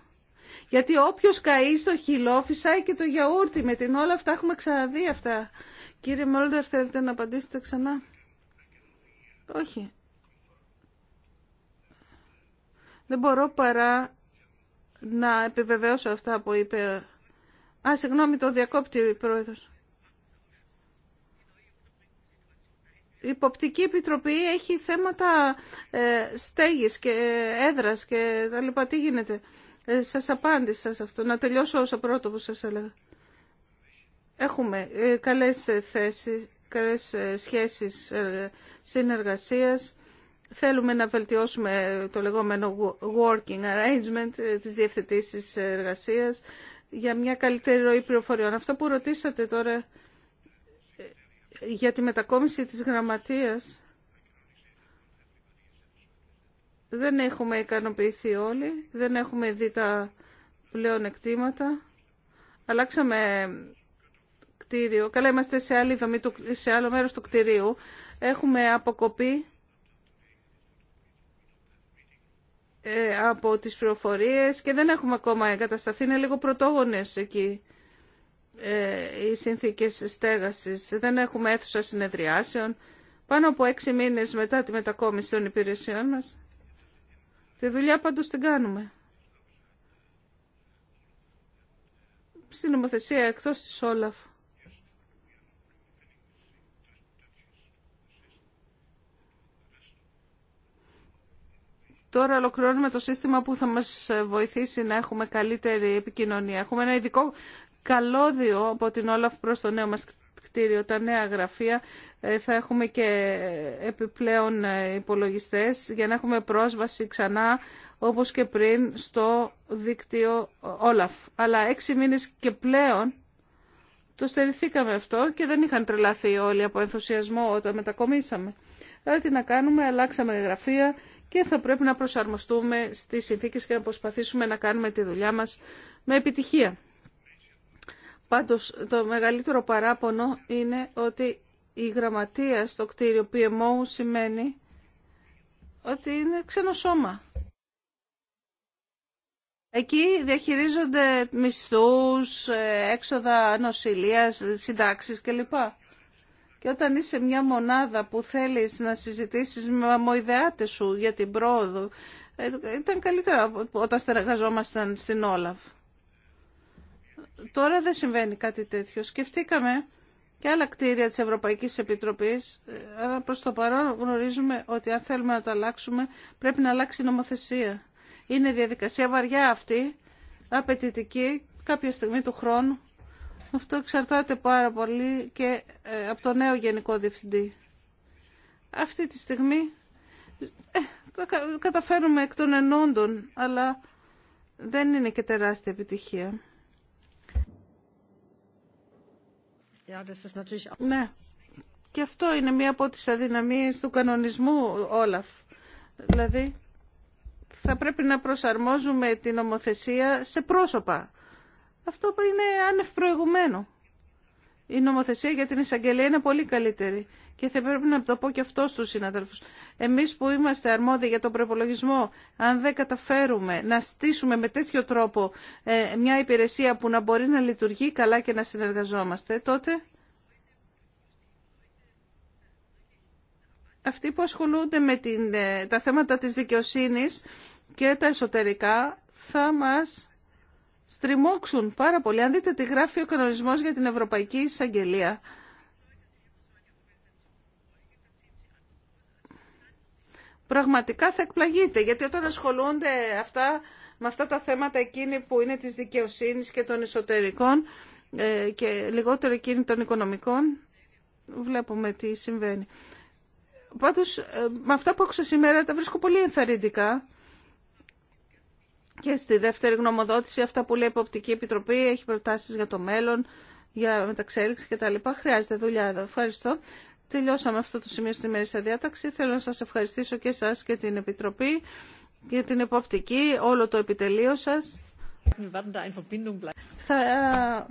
Speaker 1: Γιατί όποιος καεί στο χυλό φυσάει και το γιαούρτι. Με την όλα αυτά έχουμε ξαναδεί αυτά. Κύριε Μόλτερ θέλετε να απαντήσετε ξανά. Όχι. Δεν μπορώ παρά να επιβεβαιώσω αυτά που είπε. Α, συγγνώμη, το διακόπτη, Πρόεδρος. η Υποπτική Επιτροπή έχει θέματα ε, στέγης και ε, έδρας και τα λοιπά. Τι γίνεται. Ε, σας απάντησα σε αυτό. Να τελειώσω όσο πρώτο που σας έλεγα. Έχουμε καλές θέσεις, καλές σχέσεις συνεργασίας. Θέλουμε να βελτιώσουμε το λεγόμενο working arrangement της διευθετήσεις εργασίας για μια καλύτερη ροή πληροφοριών. Αυτό που ρωτήσατε τώρα για τη μετακόμιση της γραμματείας δεν έχουμε ικανοποιηθεί όλοι, δεν έχουμε δει τα πλέον εκτήματα. Αλλάξαμε κτίριο, καλά είμαστε σε, άλλη δομή, σε άλλο μέρος του κτιρίου. Έχουμε αποκοπή ε, από τις πληροφορίες και δεν έχουμε ακόμα εγκατασταθεί, είναι λίγο πρωτόγονες εκεί ε, οι συνθήκες στέγασης. Δεν έχουμε αίθουσα συνεδριάσεων. Πάνω από έξι μήνες μετά τη μετακόμιση των υπηρεσιών μας, τη δουλειά πάντως την κάνουμε. Στην νομοθεσία εκτός της Όλαφ. Τώρα ολοκληρώνουμε το σύστημα που θα μας βοηθήσει να έχουμε καλύτερη επικοινωνία. Έχουμε ένα ειδικό καλώδιο από την Όλαφ προς το νέο μας κτίριο, τα νέα γραφεία. Ε, θα έχουμε και επιπλέον ε, υπολογιστές για να έχουμε πρόσβαση ξανά όπως και πριν στο δίκτυο Όλαφ. Αλλά έξι μήνες και πλέον το στερηθήκαμε αυτό και δεν είχαν τρελαθεί όλοι από ενθουσιασμό όταν μετακομίσαμε. Άρα τι να κάνουμε, αλλάξαμε γραφεία και θα πρέπει να προσαρμοστούμε στις συνθήκες και να προσπαθήσουμε να κάνουμε τη δουλειά μας με επιτυχία. Πάντως το μεγαλύτερο παράπονο είναι ότι η γραμματεία στο κτίριο PMO σημαίνει ότι είναι ξένο σώμα. Εκεί διαχειρίζονται μισθούς, ε, έξοδα νοσηλείας, συντάξεις κλπ. Και όταν είσαι μια μονάδα που θέλεις να συζητήσεις με αμοιδεάτες σου για την πρόοδο, ε, ήταν καλύτερα όταν στεργαζόμασταν στην Όλαφ. Τώρα δεν συμβαίνει κάτι τέτοιο. Σκεφτήκαμε και άλλα κτίρια της Ευρωπαϊκής Επιτροπής, ε, αλλά προς το παρόν γνωρίζουμε ότι αν θέλουμε να τα αλλάξουμε πρέπει να αλλάξει η νομοθεσία. Είναι διαδικασία βαριά αυτή, απαιτητική, κάποια στιγμή του χρόνου. Αυτό εξαρτάται πάρα πολύ και ε, από το νέο Γενικό Διευθυντή. Αυτή τη στιγμή ε, τα καταφέρουμε εκ των ενόντων, αλλά δεν είναι και τεράστια επιτυχία. Ναι. Και αυτό είναι μία από τις αδυναμίες του κανονισμού, Όλαφ. Δηλαδή, θα πρέπει να προσαρμόζουμε την νομοθεσία σε πρόσωπα. Αυτό είναι άνευ προηγουμένου η νομοθεσία για την εισαγγελία είναι πολύ καλύτερη. Και θα πρέπει να το πω και αυτό στους συναδέλφους. Εμείς που είμαστε αρμόδιοι για τον προπολογισμό, αν δεν καταφέρουμε να στήσουμε με τέτοιο τρόπο ε, μια υπηρεσία που να μπορεί να λειτουργεί καλά και να συνεργαζόμαστε, τότε αυτοί που ασχολούνται με την, ε, τα θέματα της δικαιοσύνης και τα εσωτερικά θα μας στριμώξουν πάρα πολύ. Αν δείτε τι γράφει ο κανονισμός για την Ευρωπαϊκή Εισαγγελία, πραγματικά θα εκπλαγείτε, γιατί όταν ασχολούνται αυτά, με αυτά τα θέματα εκείνη που είναι της δικαιοσύνης και των εσωτερικών ε, και λιγότερο εκείνη των οικονομικών, βλέπουμε τι συμβαίνει. Πάντως, ε, με αυτά που άκουσα σήμερα τα βρίσκω πολύ ενθαρρυντικά και στη δεύτερη γνωμοδότηση, αυτά που λέει η Εποπτική Επιτροπή, έχει προτάσεις για το μέλλον, για μεταξέλιξη κτλ. Χρειάζεται δουλειά εδώ. Ευχαριστώ. Τελειώσαμε αυτό το σημείο στην ημερήσια διάταξη. Θέλω να σα ευχαριστήσω και εσάς και την Επιτροπή και την Εποπτική, όλο το επιτελείο σας. Θα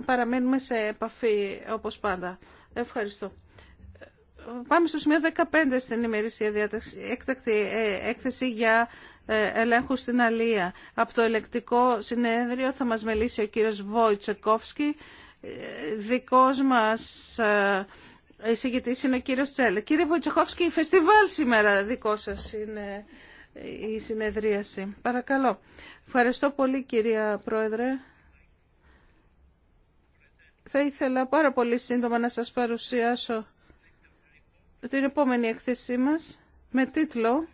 Speaker 1: παραμένουμε σε επαφή όπως πάντα. Ευχαριστώ. Πάμε στο σημείο 15 στην ημερήσια διάταξη. Έκτακτη ε, έκθεση για ε, ελέγχου στην Αλία. Από το ελεκτικό συνέδριο θα μας μιλήσει ο κύριος Βόιτσεκόφσκι, ε, δικός μας ε, εισηγητής είναι ο κύριος Τσέλε. Κύριε η φεστιβάλ σήμερα δικό σας είναι η συνεδρίαση. Παρακαλώ. Ευχαριστώ πολύ κυρία Πρόεδρε. Θα ήθελα πάρα πολύ σύντομα να σας παρουσιάσω την επόμενη εκθεσή μας με τίτλο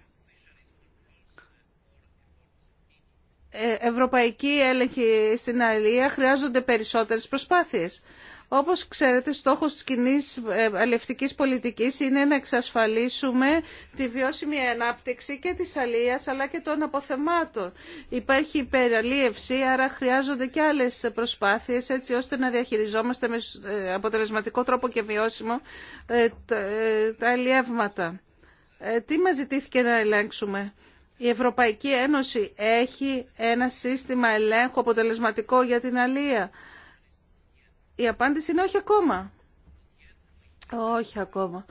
Speaker 1: Ευρωπαϊκή έλεγχοι στην αλληλεία χρειάζονται περισσότερες προσπάθειες. Όπως ξέρετε, στόχος της κοινή ε, αλληλευτικής πολιτικής είναι να εξασφαλίσουμε τη βιώσιμη ανάπτυξη και της αλληλείας αλλά και των αποθεμάτων. Υπάρχει υπεραλίευση, άρα χρειάζονται και άλλες προσπάθειες έτσι ώστε να διαχειριζόμαστε με ε, αποτελεσματικό τρόπο και βιώσιμο ε, τα αλληλεύματα. Τι μας ζητήθηκε να ελέγξουμε. Η Ευρωπαϊκή Ένωση έχει ένα σύστημα ελέγχου αποτελεσματικό για την αλεία. Η απάντηση είναι όχι ακόμα. Όχι ακόμα.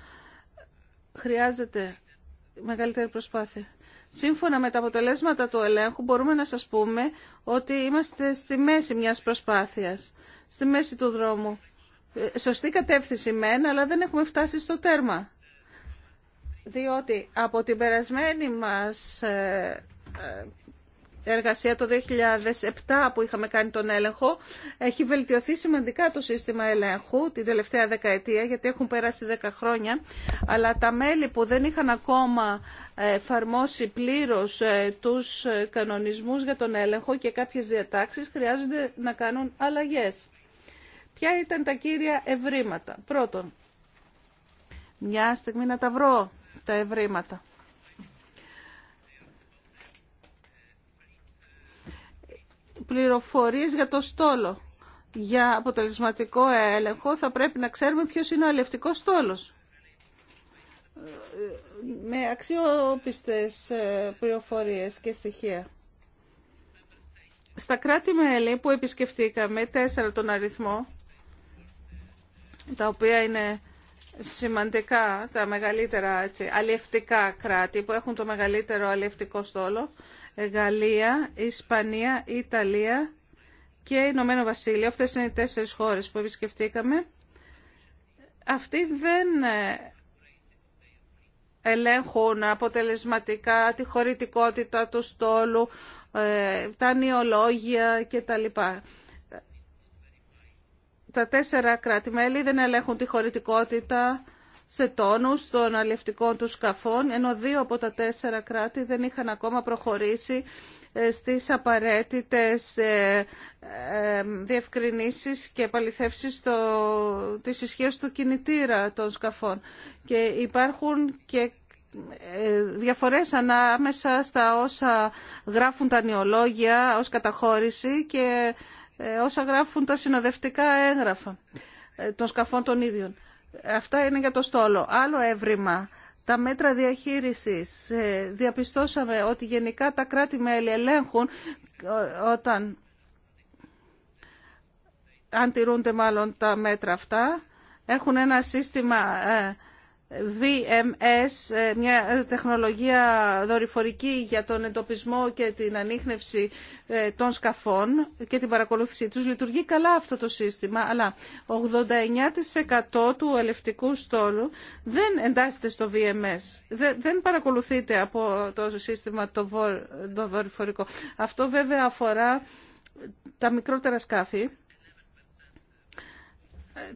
Speaker 1: Χρειάζεται μεγαλύτερη προσπάθεια. Σύμφωνα με τα αποτελέσματα του ελέγχου μπορούμε να σας πούμε ότι είμαστε στη μέση μιας προσπάθειας, στη μέση του δρόμου. Ε, σωστή κατεύθυνση μεν, αλλά δεν έχουμε φτάσει στο τέρμα διότι από την περασμένη μας ε, ε, εργασία το 2007 που είχαμε κάνει τον έλεγχο, έχει βελτιωθεί σημαντικά το σύστημα ελέγχου την τελευταία δεκαετία, γιατί έχουν περάσει 10 χρόνια, αλλά τα μέλη που δεν είχαν ακόμα εφαρμόσει πλήρως ε, τους κανονισμούς για τον έλεγχο και κάποιες διατάξεις χρειάζονται να κάνουν αλλαγές. Ποια ήταν τα κύρια ευρήματα. Πρώτον, μια στιγμή να τα βρω τα ευρήματα. Πληροφορίες για το στόλο. Για αποτελεσματικό έλεγχο θα πρέπει να ξέρουμε ποιος είναι ο αλευτικός στόλος. Με αξιόπιστες ε, πληροφορίες και στοιχεία. Στα κράτη-μέλη που επισκεφτήκαμε, τέσσερα τον αριθμό, τα οποία είναι σημαντικά τα μεγαλύτερα έτσι, αλλιευτικά κράτη που έχουν το μεγαλύτερο αλλιευτικό στόλο. Ε, Γαλλία, Ισπανία, Ιταλία και Ηνωμένο Βασίλειο. Αυτές είναι οι τέσσερις χώρες που επισκεφτήκαμε. Αυτοί δεν ε, ελέγχουν αποτελεσματικά τη χωρητικότητα του στόλου, ε, τα νεολόγια κτλ τα τέσσερα κράτη-μέλη δεν ελέγχουν τη χωρητικότητα σε τόνους των αλληλευτικών του σκαφών, ενώ δύο από τα τέσσερα κράτη δεν είχαν ακόμα προχωρήσει ε, στις απαραίτητες ε, ε, διευκρινήσεις και επαληθεύσεις το, της ισχύω του κινητήρα των σκαφών. Και υπάρχουν και διαφορές ανάμεσα στα όσα γράφουν τα νεολόγια ως καταχώρηση και ε, όσα γράφουν τα συνοδευτικά έγγραφα ε, των σκαφών των ίδιων. Αυτά είναι για το στόλο. Άλλο έβριμα. Τα μέτρα διαχείρισης. Ε, διαπιστώσαμε ότι γενικά τα κράτη-μέλη ελέγχουν όταν αντιρούνται μάλλον τα μέτρα αυτά. Έχουν ένα σύστημα VMS, ε, μια τεχνολογία δορυφορική για τον εντοπισμό και την ανείχνευση ε, των σκαφών και την παρακολούθησή τους. Λειτουργεί καλά αυτό το σύστημα, αλλά 89% του ελευτικού στόλου δεν εντάσσεται στο VMS. Δεν παρακολουθείται από το σύστημα το δορυφορικό. Αυτό βέβαια αφορά τα μικρότερα σκάφη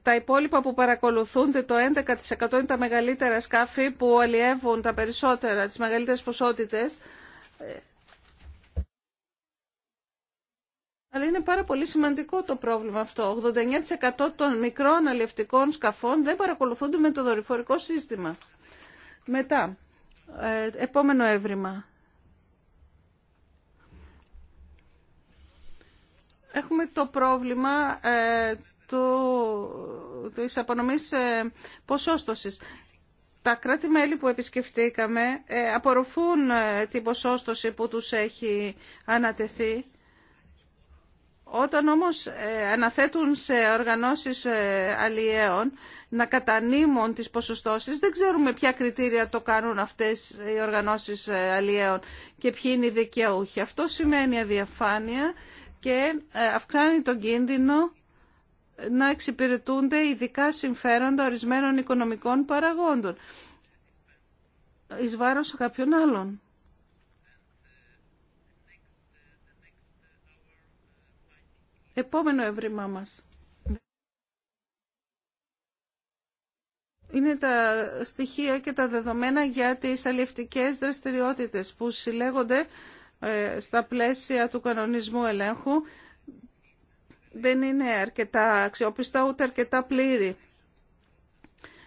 Speaker 1: τα υπόλοιπα που παρακολουθούνται, το 11% είναι τα μεγαλύτερα σκάφη που αλλιεύουν τα περισσότερα, τις μεγαλύτερες ποσότητες. Αλλά είναι πάρα πολύ σημαντικό το πρόβλημα αυτό. 89% των μικρών αλλιευτικών σκαφών δεν παρακολουθούνται με το δορυφορικό σύστημα. Μετά, ε, επόμενο έβριμα. Έχουμε το πρόβλημα ε, του, της απονομής ε, ποσόστοσης. Τα κράτη-μέλη που επισκεφτήκαμε ε, απορροφούν ε, την ποσόστοση που τους έχει ανατεθεί. Όταν όμως αναθέτουν σε οργανώσεις αλλιέων να κατανείμουν τις ποσοστώσεις, δεν ξέρουμε ποια κριτήρια το κάνουν αυτές οι οργανώσεις αλλιέων και ποιοι είναι οι δικαιούχοι. Αυτό σημαίνει αδιαφάνεια και αυξάνει τον κίνδυνο να εξυπηρετούνται ειδικά συμφέροντα ορισμένων οικονομικών παραγόντων εις βάρος κάποιων άλλων. Επόμενο εύρημά μας. είναι τα στοιχεία και τα δεδομένα για τις αλληλευτικές δραστηριότητες που συλλέγονται ε, στα πλαίσια του κανονισμού ελέγχου δεν είναι αρκετά αξιόπιστα ούτε αρκετά πλήρη.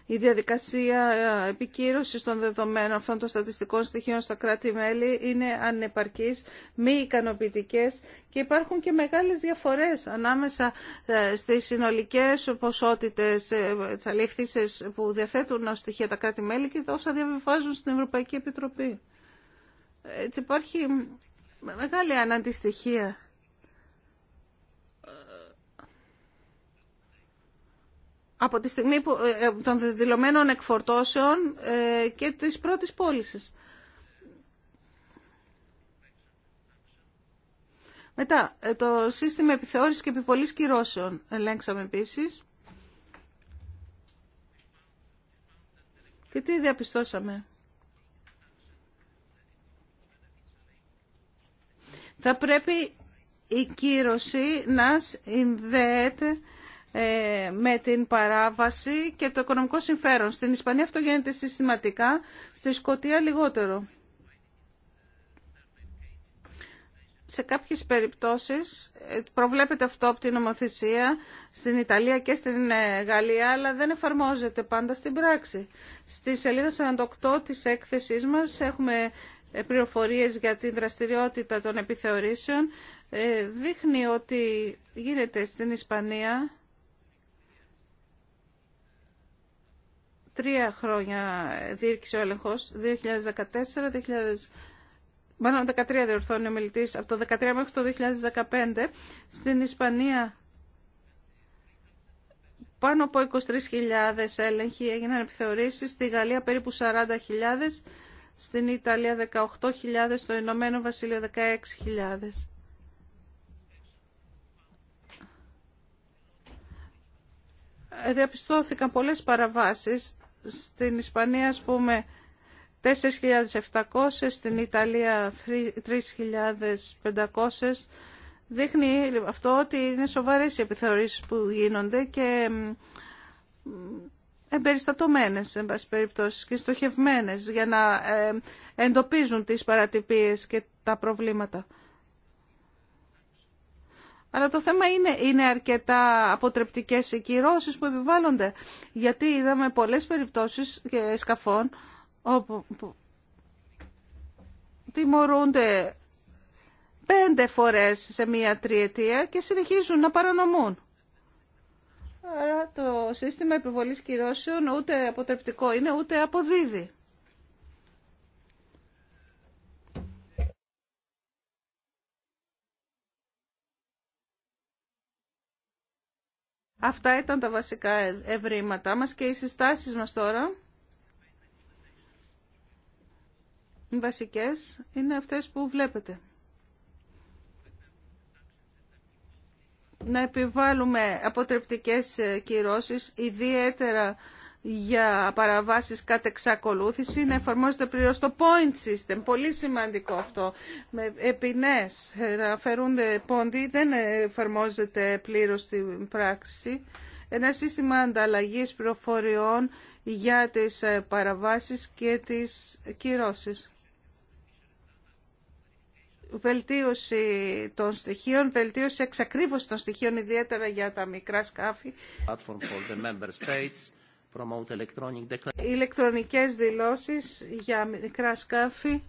Speaker 1: Η διαδικασία ε, επικύρωσης των δεδομένων αυτών των στατιστικών στοιχείων στα κράτη-μέλη είναι ανεπαρκής, μη ικανοποιητικές και υπάρχουν και μεγάλες διαφορές ανάμεσα ε, στις συνολικές ποσότητες ε, της αλήφθησης που διαθέτουν ως στοιχεία τα κράτη-μέλη και όσα διαβιβάζουν στην Ευρωπαϊκή Επιτροπή. Έτσι υπάρχει μεγάλη αναντιστοιχία από τη στιγμή ε, ε, των δηλωμένων εκφορτώσεων ε, και της πρώτης πώληση. Μετά, το σύστημα επιθεώρησης και επιβολής κυρώσεων ελέγξαμε επίσης. Και τι διαπιστώσαμε. Θα πρέπει η κύρωση να συνδέεται ε, με την παράβαση και το οικονομικό συμφέρον. Στην Ισπανία αυτό γίνεται συστηματικά, στη Σκωτία λιγότερο. σε κάποιες περιπτώσεις ε, προβλέπεται αυτό από την νομοθεσία στην Ιταλία και στην ε, Γαλλία, αλλά δεν εφαρμόζεται πάντα στην πράξη. Στη σελίδα 48 της έκθεσής μας έχουμε πληροφορίες για την δραστηριότητα των επιθεωρήσεων. Δείχνει ότι γίνεται στην Ισπανία τρία χρόνια διήρκησε ο έλεγχο. 2014, μάλλον 13 διορθώνει ο μιλητή, από το 2013 μέχρι το 2015, στην Ισπανία πάνω από 23.000 έλεγχοι έγιναν επιθεωρήσεις, στη Γαλλία περίπου 40.000, στην Ιταλία 18.000, στο Ηνωμένο Βασίλειο 16.000. Ε, διαπιστώθηκαν πολλές παραβάσεις στην Ισπανία, ας πούμε, 4.700, στην Ιταλία 3.500. Δείχνει αυτό ότι είναι σοβαρές οι επιθεωρήσεις που γίνονται και εμπεριστατωμένες, εν πάση περιπτώσει, και στοχευμένες για να ε, εντοπίζουν τις παρατυπίες και τα προβλήματα. Αλλά το θέμα είναι, είναι αρκετά αποτρεπτικές οι που επιβάλλονται. Γιατί είδαμε πολλές περιπτώσεις και σκαφών όπου τιμωρούνται πέντε φορές σε μία τριετία και συνεχίζουν να παρανομούν. Άρα το σύστημα επιβολής κυρώσεων ούτε αποτρεπτικό είναι ούτε αποδίδει. Αυτά ήταν τα βασικά ευρήματά μας και οι συστάσεις μας τώρα οι βασικές είναι αυτές που βλέπετε. Να επιβάλλουμε αποτρεπτικές ε, κυρώσεις ιδιαίτερα για παραβάσεις κατ' εξακολούθηση να εφαρμόζεται πλήρω το point system. Πολύ σημαντικό αυτό. Με επινές ε, να αφαιρούνται πόντι, δεν εφαρμόζεται πλήρω στην πράξη. Ένα σύστημα ανταλλαγής προφοριών για τις ε, παραβάσεις και τις κυρώσεις. Βελτίωση των στοιχείων, βελτίωση εξακρίβωση των στοιχείων, ιδιαίτερα για τα μικρά σκάφη promote electronic Ηλεκτρονικές δηλώσεις για μικρά σκάφη.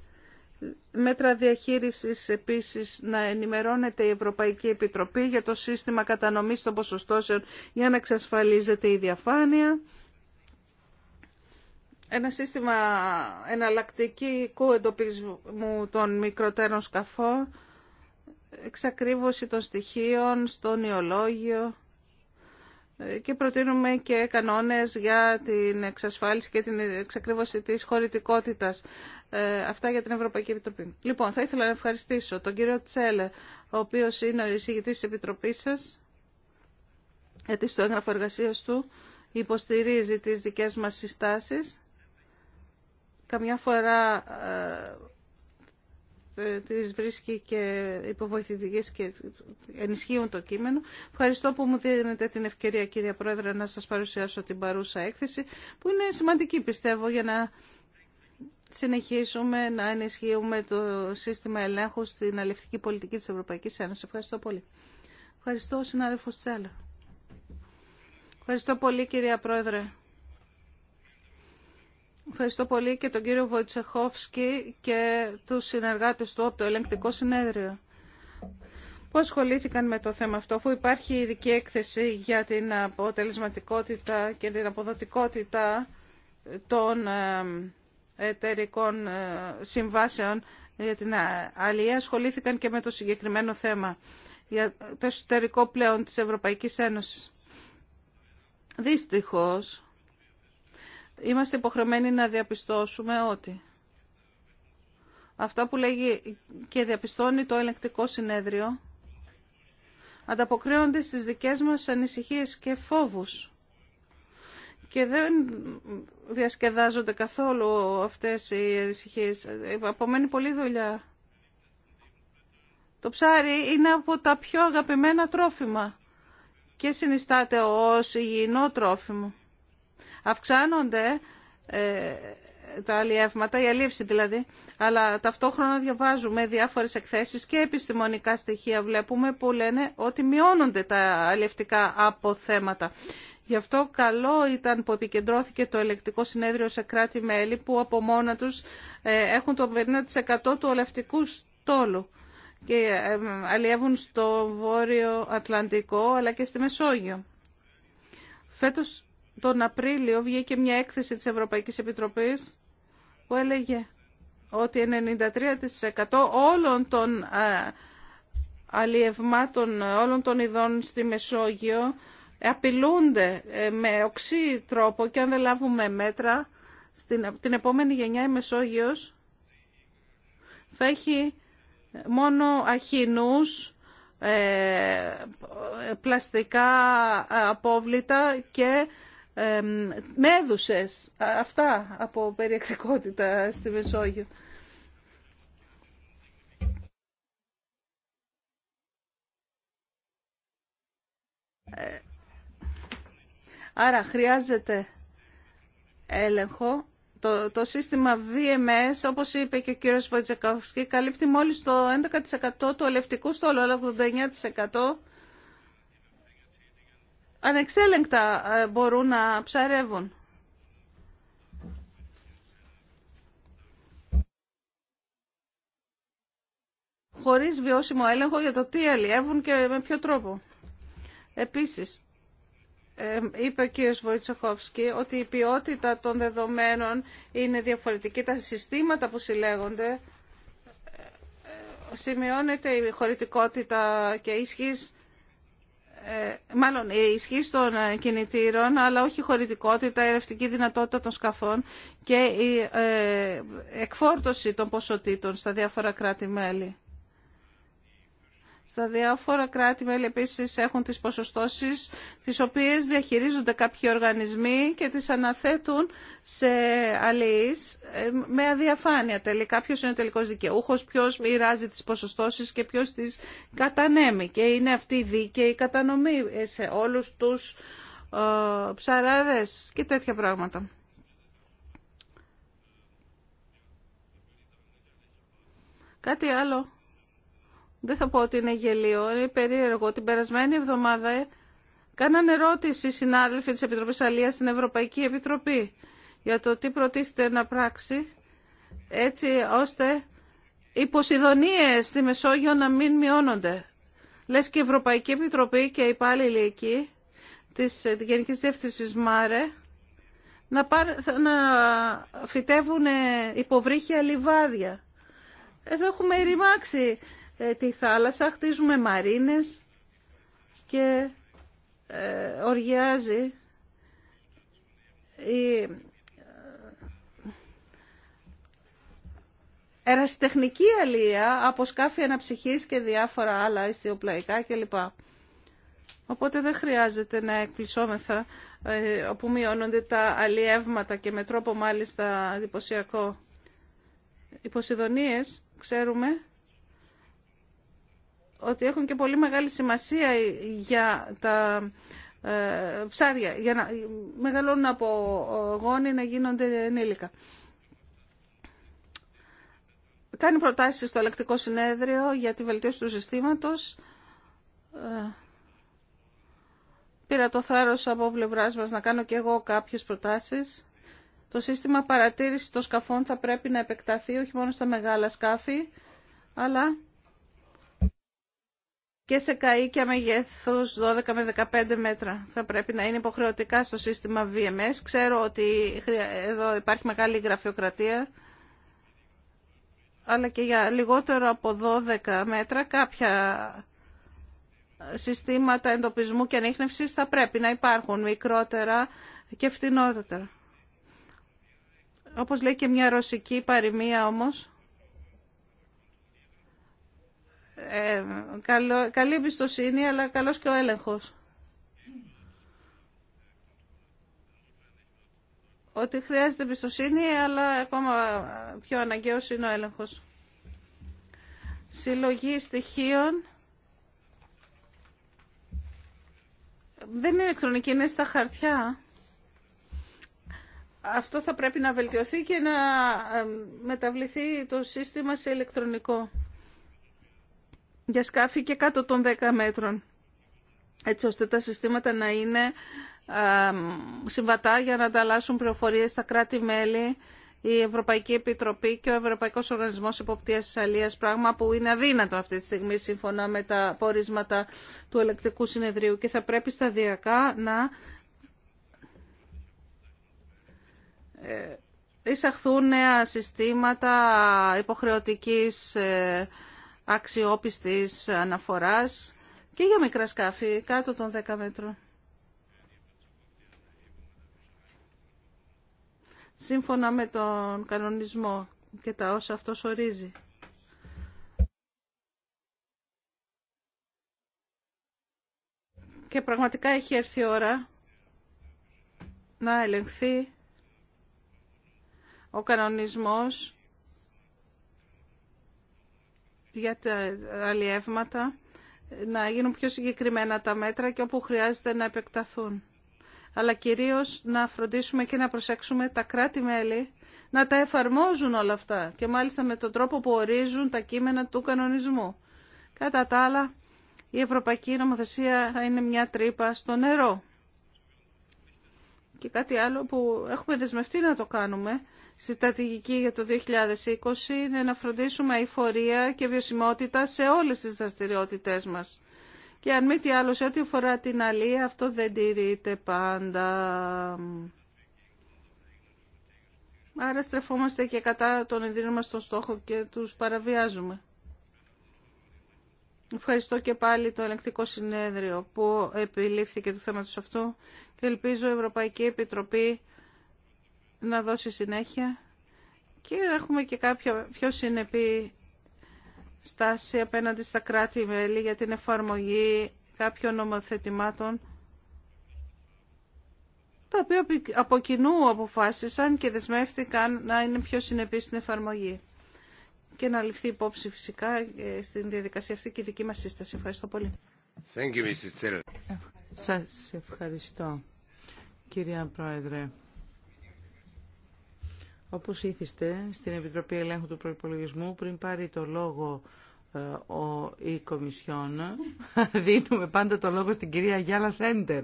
Speaker 1: Μέτρα διαχείρισης επίσης να ενημερώνεται η Ευρωπαϊκή Επιτροπή για το σύστημα κατανομής των ποσοστώσεων για να εξασφαλίζεται η διαφάνεια. Ένα σύστημα εναλλακτική εντοπισμού των μικροτέρων σκαφών, εξακρίβωση των στοιχείων στον ιολόγιο και προτείνουμε και κανόνες για την εξασφάλιση και την εξακρίβωση της χωρητικότητας. Ε, αυτά για την Ευρωπαϊκή Επιτροπή. Λοιπόν, θα ήθελα να ευχαριστήσω τον κύριο Τσέλε, ο οποίος είναι ο εισηγητής της Επιτροπής σας, γιατί στο έγγραφο εργασίας του υποστηρίζει τις δικές μας συστάσεις. Καμιά φορά ε, ε, τις βρίσκει και υποβοηθητικές και ενισχύουν το κείμενο. Ευχαριστώ που μου δίνετε την ευκαιρία κυρία Πρόεδρε να σας παρουσιάσω την παρούσα έκθεση που είναι σημαντική πιστεύω για να συνεχίσουμε να ενισχύουμε το σύστημα ελέγχου στην αλευτική πολιτική της Ευρωπαϊκής Ένωσης. Ευχαριστώ πολύ. Ευχαριστώ συνάδελφος Τσέλα. Ευχαριστώ πολύ κυρία Πρόεδρε. Ευχαριστώ πολύ και τον κύριο Βοητσεχόφσκι και τους συνεργάτες του από το ελεγκτικό συνέδριο. Πώς ασχολήθηκαν με το θέμα αυτό, αφού υπάρχει ειδική έκθεση για την αποτελεσματικότητα και την αποδοτικότητα των ε, εταιρικών ε, συμβάσεων για την αλληλεία, ασχολήθηκαν και με το συγκεκριμένο θέμα για το εσωτερικό πλέον της Ευρωπαϊκής Ένωσης. Δυστυχώς, είμαστε υποχρεωμένοι να διαπιστώσουμε ότι αυτά που λέγει και διαπιστώνει το ελεκτικό συνέδριο ανταποκρίνονται στις δικές μας ανησυχίες και φόβους και δεν διασκεδάζονται καθόλου αυτές οι ανησυχίες. Απομένει πολλή δουλειά. Το ψάρι είναι από τα πιο αγαπημένα τρόφιμα και συνιστάται ως υγιεινό τρόφιμο. Αυξάνονται ε, τα αλλιεύματα, η αλήψη δηλαδή, αλλά ταυτόχρονα διαβάζουμε διάφορες εκθέσεις και επιστημονικά στοιχεία βλέπουμε που λένε ότι μειώνονται τα αλλιευτικά αποθέματα. Γι' αυτό καλό ήταν που επικεντρώθηκε το ελεκτικό συνέδριο σε κράτη-μέλη που από μόνα τους ε, έχουν το 50% του αλλιευτικού στόλου και ε, αλλιεύουν στο Βόρειο Ατλαντικό αλλά και στη Μεσόγειο. Φέτος τον Απρίλιο βγήκε μια έκθεση της Ευρωπαϊκής Επιτροπής που έλεγε ότι 93% όλων των ε, αλλιευμάτων, όλων των ειδών στη Μεσόγειο απειλούνται ε, με οξύ τρόπο και αν δεν λάβουμε μέτρα στην, ε, την επόμενη γενιά η Μεσόγειος θα έχει μόνο αχινούς, πλαστικά απόβλητα και ε, έδουσε αυτά από περιεκτικότητα στη Μεσόγειο. Ε, άρα χρειάζεται έλεγχο. Το, το σύστημα VMS, όπως είπε και ο κύριος Βοτζεκαυσκή, καλύπτει μόλις το 11% του ελευτικού στόλου, αλλά 89% ανεξέλεγκτα ε, μπορούν να ψαρεύουν. χωρίς βιώσιμο έλεγχο για το τι αλλιεύουν και με ποιο τρόπο. Επίσης, ε, είπε ο κ. Βοητσοχόφσκι ότι η ποιότητα των δεδομένων είναι διαφορετική. Τα συστήματα που συλλέγονται ε, σημειώνεται η χωρητικότητα και ισχύς ε, μάλλον η ισχύ των ε, κινητήρων, αλλά όχι η χωρητικότητα, η ερευτική δυνατότητα των σκαφών και η ε, εκφόρτωση των ποσοτήτων στα διάφορα κράτη-μέλη. Στα διάφορα κράτη-μέλη επίσης έχουν τις ποσοστώσεις τις οποίες διαχειρίζονται κάποιοι οργανισμοί και τις αναθέτουν σε αλληλείς ε, με αδιαφάνεια τελικά. Ποιος είναι ο τελικός δικαιούχος, ποιος μοιράζει τις ποσοστώσεις και ποιος τις κατανέμει. Και είναι αυτή η δίκαιη κατανομή σε όλους τους ε, ψαράδες και τέτοια πράγματα. Κάτι άλλο δεν θα πω ότι είναι γελίο, είναι περίεργο. Την περασμένη εβδομάδα κάνανε ερώτηση οι συνάδελφοι της Επιτροπής Αλίας στην Ευρωπαϊκή Επιτροπή για το τι προτίθεται να πράξει έτσι ώστε οι Ποσειδονίες στη Μεσόγειο να μην μειώνονται. Λες και η Ευρωπαϊκή Επιτροπή και οι υπάλληλοι εκεί της Γενικής Διεύθυνσης ΜΑΡΕ να, φυτεύουν υποβρύχια λιβάδια. Εδώ έχουμε ρημάξει ε, τη θάλασσα, χτίζουμε μαρίνες και ε, οργιάζει η ε, ερασιτεχνική αλία από σκάφη αναψυχής και διάφορα άλλα ιστιοπλαϊκά κλπ. Οπότε δεν χρειάζεται να εκπλησώμεθα όπου μειώνονται τα αλλιεύματα και με τρόπο μάλιστα εντυπωσιακό. Οι Ποσειδονίες, ξέρουμε, ότι έχουν και πολύ μεγάλη σημασία για τα ε, ψάρια, για να μεγαλώνουν από ε, γόνοι, να γίνονται ενήλικα. Κάνει προτάσεις στο ελεκτικό συνέδριο για τη βελτίωση του συστήματος. Ε, πήρα το θάρρος από πλευράς μας να κάνω και εγώ κάποιες προτάσεις. Το σύστημα παρατήρησης των σκαφών θα πρέπει να επεκταθεί όχι μόνο στα μεγάλα σκάφη, αλλά και σε καΐκια μεγέθους 12 με 15 μέτρα. Θα πρέπει να είναι υποχρεωτικά στο σύστημα VMS. Ξέρω ότι εδώ υπάρχει μεγάλη γραφειοκρατία, αλλά και για λιγότερο από 12 μέτρα κάποια συστήματα εντοπισμού και ανείχνευσης θα πρέπει να υπάρχουν μικρότερα και φτηνότερα. Όπως λέει και μια ρωσική παροιμία όμως, ε, καλή εμπιστοσύνη, αλλά καλός και ο έλεγχος. Ότι χρειάζεται εμπιστοσύνη, αλλά ακόμα πιο αναγκαίος είναι ο έλεγχος. Συλλογή στοιχείων. Δεν είναι ηλεκτρονική, είναι στα χαρτιά. Αυτό θα πρέπει να βελτιωθεί και να ε, μεταβληθεί το σύστημα σε ηλεκτρονικό για σκάφη και κάτω των 10 μέτρων, έτσι ώστε τα συστήματα να είναι συμβατά για να ανταλλάσσουν πληροφορίες στα κράτη-μέλη, η Ευρωπαϊκή Επιτροπή και ο Ευρωπαϊκός Οργανισμός Υποπτίας της πράγμα που είναι αδύνατο αυτή τη στιγμή σύμφωνα με τα πόρισματα του ελεκτικού συνεδρίου και θα πρέπει σταδιακά να ε, εισαχθούν νέα συστήματα υποχρεωτικής ε, αξιόπιστης αναφοράς και για μικρά σκάφη κάτω των 10 μέτρων. Σύμφωνα με τον κανονισμό και τα όσα αυτός ορίζει. Και πραγματικά έχει έρθει η ώρα να ελεγχθεί ο κανονισμός για τα αλλιεύματα, να γίνουν πιο συγκεκριμένα τα μέτρα και όπου χρειάζεται να επεκταθούν. Αλλά κυρίως να φροντίσουμε και να προσέξουμε τα κράτη-μέλη να τα εφαρμόζουν όλα αυτά και μάλιστα με τον τρόπο που ορίζουν τα κείμενα του κανονισμού. Κατά τα άλλα, η Ευρωπαϊκή Νομοθεσία θα είναι μια τρύπα στο νερό. Και κάτι άλλο που έχουμε δεσμευτεί να το κάνουμε στη στρατηγική για το 2020 είναι να φροντίσουμε φορεία και βιωσιμότητα σε όλες τις δραστηριότητές μας. Και αν μη τι άλλο, σε ό,τι αφορά την αλία, αυτό δεν τηρείται πάντα. Άρα στρεφόμαστε και κατά τον ιδρύμα μας τον στόχο και τους παραβιάζουμε. Ευχαριστώ και πάλι το ελεγκτικό συνέδριο που επιλήφθηκε του θέματος αυτού και ελπίζω η Ευρωπαϊκή Επιτροπή να δώσει συνέχεια και έχουμε και κάποια πιο συνεπή στάση απέναντι στα κράτη-μέλη για την εφαρμογή κάποιων νομοθετημάτων τα οποία από κοινού αποφάσισαν και δεσμεύτηκαν να είναι πιο συνεπείς στην εφαρμογή και να ληφθεί υπόψη φυσικά στην διαδικασία αυτή και η δική μας σύσταση. Ευχαριστώ πολύ. Thank you, Mr. Σας ευχαριστώ, κυρία Πρόεδρε.
Speaker 3: Όπως ήθιστε, στην Επιτροπή Ελέγχου του Προϋπολογισμού, πριν πάρει το λόγο ε, ο, η Κομισιόν, δίνουμε πάντα το λόγο στην κυρία Γιάλα Σέντερ.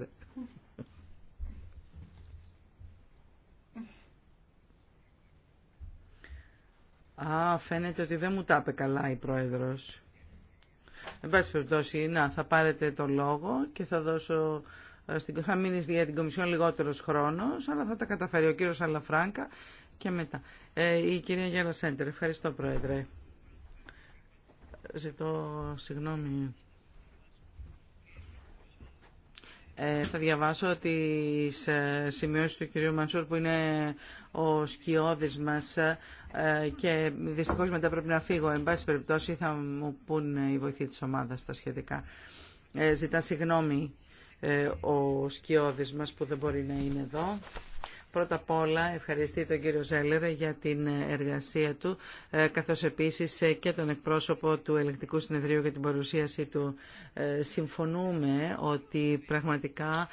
Speaker 3: Α, φαίνεται ότι δεν μου τα είπε καλά η Πρόεδρος. Εν πάση περιπτώσει, να, θα πάρετε το λόγο και θα δώσω... Ε, στην, θα μείνει για την Κομισιόν λιγότερος χρόνος, αλλά θα τα καταφέρει ο κύριος Αλαφράγκα και μετά. Ε, η κυρία Γιάννα Σέντερ, ευχαριστώ Πρόεδρε. Ζητώ συγγνώμη. Ε, θα διαβάσω τις ε, σημειώσεις του κυρίου Μανσούρ που είναι ο σκιώδης μας και δυστυχώς μετά πρέπει να φύγω. Εν πάση περιπτώσει θα μου πούν οι βοηθοί της ομάδας τα σχετικά. Ε, ζητά συγγνώμη ο σκιώδης μας που δεν μπορεί να είναι εδώ. Πρώτα απ' όλα ευχαριστεί τον κύριο Ζέλερ για την εργασία του, ε, καθώς επίσης ε, και τον εκπρόσωπο του Ελεκτικού Συνεδρίου για την παρουσίαση του. Ε, συμφωνούμε ότι πραγματικά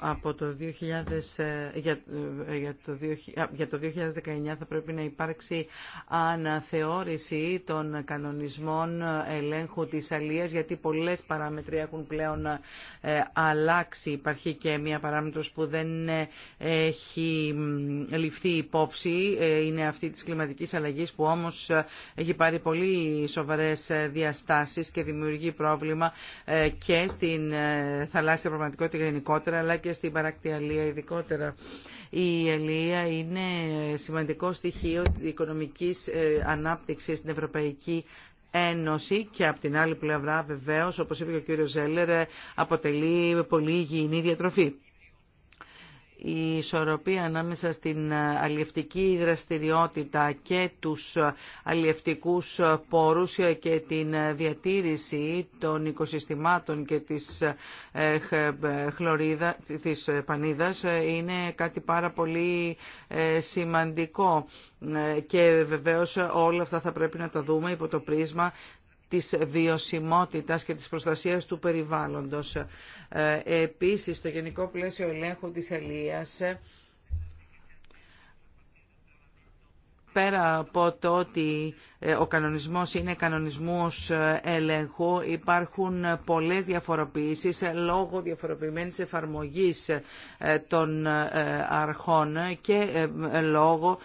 Speaker 3: από το 2000, για, για, το, το 2019 θα πρέπει να υπάρξει αναθεώρηση των κανονισμών ελέγχου της αλίας, γιατί πολλές παράμετροι έχουν πλέον αλλάξει. Υπάρχει και μία παράμετρος που δεν είναι έχει ληφθεί υπόψη ε, είναι αυτή της κλιματικής αλλαγής που όμως ε, έχει πάρει πολύ σοβαρές ε, διαστάσεις και δημιουργεί πρόβλημα και στην θαλάσσια πραγματικότητα γενικότερα αλλά και στην παράκτη ειδικότερα. Η ελεία είναι σημαντικό στοιχείο οικονομικής ανάπτυξης στην Ευρωπαϊκή Ένωση και από την άλλη πλευρά βεβαίως όπως είπε και ο κύριος Ζέλερ αποτελεί πολύ υγιεινή διατροφή η ισορροπία ανάμεσα στην αλλιευτική δραστηριότητα και τους αλλιευτικούς πόρους και την διατήρηση των οικοσυστημάτων και της ε, χλωρίδα, της πανίδας είναι κάτι πάρα πολύ ε, σημαντικό ε, και βεβαίως όλα αυτά θα πρέπει να τα δούμε υπό το πρίσμα της βιωσιμότητας και της προστασίας του περιβάλλοντος. Ε, επίσης, το γενικό πλαίσιο ελέγχου της αλίας πέρα από το ότι ε, ο κανονισμός είναι κανονισμός ε, ελέγχου, υπάρχουν πολλές διαφοροποιήσεις ε, λόγω διαφοροποιημένης εφαρμογής των αρχών και λόγω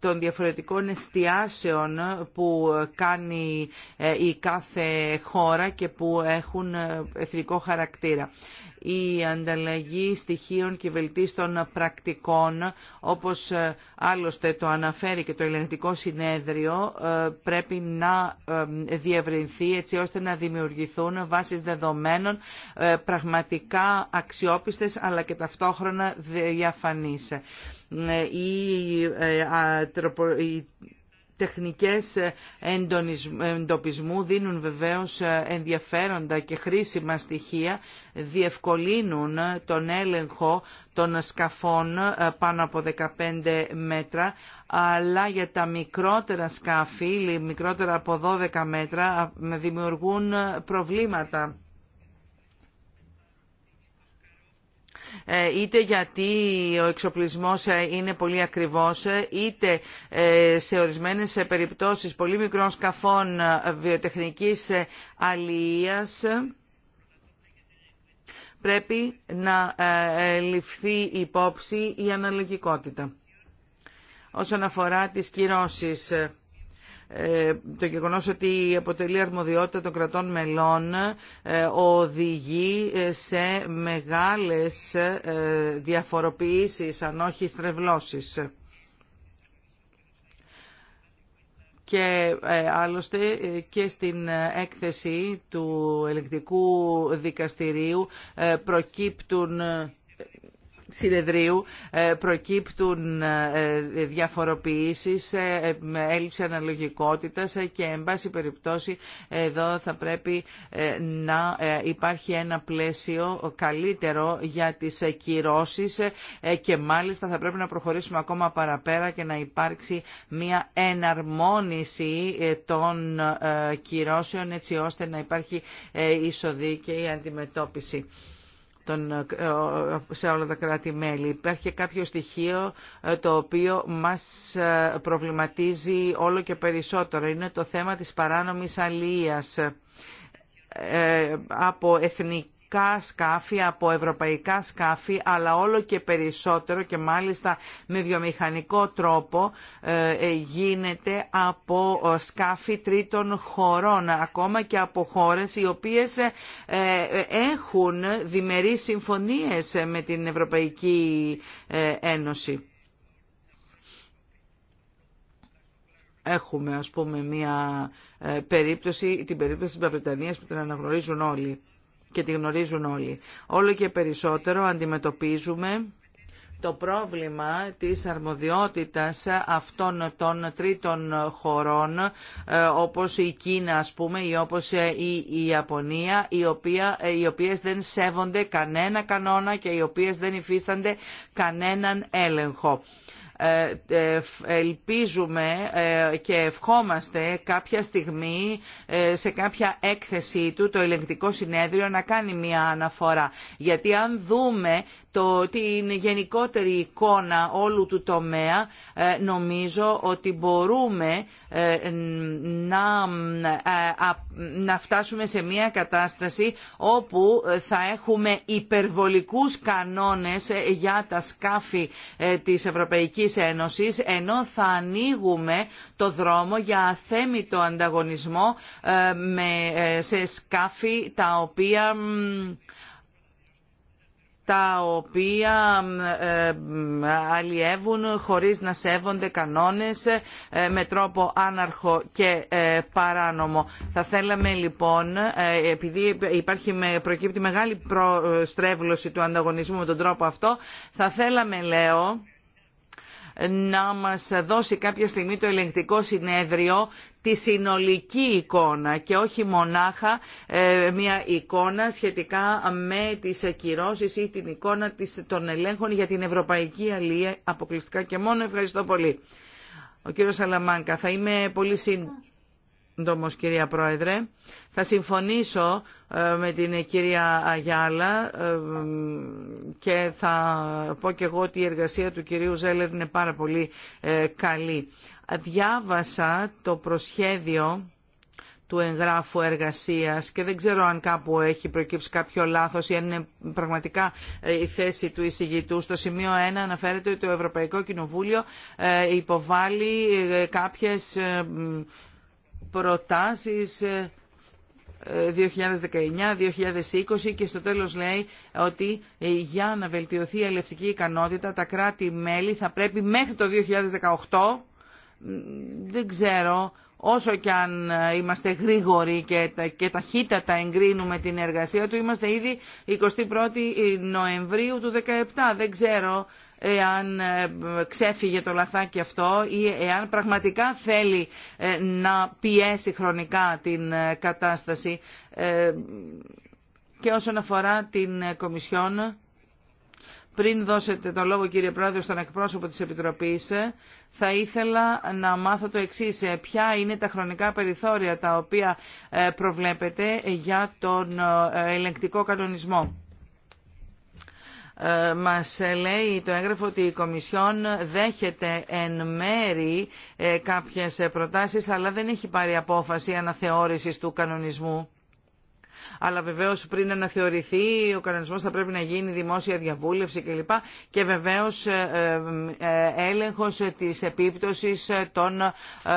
Speaker 3: των διαφορετικών εστιάσεων που κάνει η κάθε χώρα και που έχουν εθνικό χαρακτήρα η ανταλλαγή στοιχείων και βελτίστων πρακτικών, όπως ε, άλλωστε το αναφέρει και το Ελληνικό Συνέδριο, ε, πρέπει να ε, διευρυνθεί έτσι ώστε να δημιουργηθούν βάσεις δεδομένων πραγματικά αξιόπιστες αλλά και ταυτόχρονα διαφανείς. Η τεχνικές ε, εντοπισμού δίνουν βεβαίως ε, ενδιαφέροντα και χρήσιμα στοιχεία, διευκολύνουν ε, τον έλεγχο των σκαφών πάνω από 15 μέτρα, αλλά για τα μικρότερα σκάφη, μικρότερα από 12 μέτρα, δημιουργούν προβλήματα Ε, είτε γιατί ο εξοπλισμός ε, είναι πολύ ακριβός, ε, είτε σε ορισμένες περιπτώσεις πολύ μικρών σκαφών βιοτεχνικής αλληλείας πρέπει να ληφθεί υπόψη η αναλογικότητα. Όσον αφορά τις κυρώσεις, ε, το γεγονός ότι αποτελεί αρμοδιότητα των κρατών μελών ε, οδηγεί ε, σε μεγάλες διαφοροποιήσεις, αν όχι στρεβλώσεις. και ε, άλλωστε και στην έκθεση του ελεκτικού δικαστηρίου προκύπτουν συνεδρίου ε, προκύπτουν ε, ε, διαφοροποιήσεις, έλλειψη αναλογικότητας και εν πάση περιπτώσει εδώ θα πρέπει να υπάρχει ένα πλαίσιο καλύτερο για τις κυρώσεις και μάλιστα θα πρέπει να προχωρήσουμε ακόμα παραπέρα και να υπάρξει μια εναρμόνιση των κυρώσεων έτσι ώστε να υπάρχει ή αντιμετώπιση. Ε, σε όλα τα κράτη-μέλη. Υπάρχει κάποιο στοιχείο ε, το οποίο μας ε, προβληματίζει όλο και περισσότερο. Είναι το θέμα της παράνομης αλίας από εθνική σκάφη, από ευρωπαϊκά σκάφη, αλλά όλο και περισσότερο και μάλιστα με βιομηχανικό τρόπο ε, ε, γίνεται από ε, σκάφη τρίτων χωρών, ακόμα και από χώρες οι οποίες έχουν διμερείς συμφωνίες με την Ευρωπαϊκή Ένωση. Έχουμε, ας πούμε, μια περίπτωση, την περίπτωση της Παπρετανίας που την αναγνωρίζουν όλοι και τη γνωρίζουν όλοι. Όλο και περισσότερο αντιμετωπίζουμε το πρόβλημα της αρμοδιότητας αυτών των τρίτων χωρών ε, όπως η Κίνα ας πούμε ή όπως ε, η Ιαπωνία οι, οποία, ε, οι οποίες δεν σέβονται κανένα κανόνα και οι οποίες δεν υφίστανται κανέναν έλεγχο. Ε, ε, ελπίζουμε ε, και ευχόμαστε κάποια στιγμή σε κάποια έκθεση του το ελεγκτικό συνέδριο να κάνει μια αναφορά. Γιατί αν δούμε το, την γενικότερη εικόνα όλου του τομέα ε, νομίζω ότι μπορούμε ε, να, ε, να φτάσουμε σε μια κατάσταση όπου θα έχουμε υπερβολικούς κανόνες για τα σκάφη της Ευρωπαϊκής Ένωσης ενώ θα ανοίγουμε το δρόμο για αθέμητο ανταγωνισμό με, σε σκάφη τα οποία τα οποία ε, αλλιεύουν χωρίς να σέβονται κανόνες ε, με τρόπο άναρχο και ε, παράνομο. Θα θέλαμε λοιπόν, επειδή υπάρχει, προκύπτει μεγάλη στρέβλωση του ανταγωνισμού με τον τρόπο αυτό, θα θέλαμε λέω να μας δώσει κάποια στιγμή το ελεγκτικό συνέδριο τη συνολική εικόνα και όχι μονάχα ε, μια εικόνα σχετικά με τις ακυρώσεις ή την εικόνα των ελέγχων για την ευρωπαϊκή Αλία αποκλειστικά και μόνο. Ευχαριστώ πολύ. Ο κύριος Σαλαμάνκα, θα είμαι πολύ σύντομος κυρία Πρόεδρε. Θα συμφωνήσω ε, με την κυρία Αγιάλα ε, και θα πω και εγώ ότι η εργασία του κυρίου Ζέλερ είναι πάρα πολύ καλή. Διάβασα το προσχέδιο του εγγράφου εργασίας και δεν ξέρω αν κάπου έχει προκύψει κάποιο λάθος ή αν είναι πραγματικά ε, η θέση του εισηγητού. Στο σημείο 1 αναφέρεται ότι το Ευρωπαϊκό Κοινοβούλιο ε, υποβάλλει ε, κάποιες προτάσεις 2019-2020 και στο τέλος λέει ότι για να βελτιωθεί η ελευτική ικανότητα τα κράτη-μέλη θα πρέπει μέχρι το 2018 δεν ξέρω, όσο κι αν ε, είμαστε γρήγοροι και, τα, και ταχύτατα εγκρίνουμε την εργασία του, είμαστε ήδη 21η Νοεμβρίου του 2017. Δεν ξέρω εάν ε, ξέφυγε το λαθάκι αυτό ή εάν πραγματικά θέλει ε, να πιέσει χρονικά την κατάσταση. Και όσον αφορά την Κομισιόν, πριν δώσετε το λόγο κύριε Πρόεδρε στον εκπρόσωπο της Επιτροπής, θα ήθελα να μάθω το εξής. Ποια είναι τα χρονικά περιθώρια τα οποία ε, προβλέπετε για τον ε, ελεγκτικό κανονισμό. Μα ε, μας λέει το έγγραφο ότι η Κομισιόν δέχεται εν μέρη ε, κάποιες προτάσεις αλλά δεν έχει πάρει απόφαση αναθεώρησης του κανονισμού. Αλλά βεβαίως πριν αναθεωρηθεί ο κανονισμός θα πρέπει να γίνει δημόσια διαβούλευση κλπ. Και βεβαίως ε, ε, ε, έλεγχος τη επίπτωση των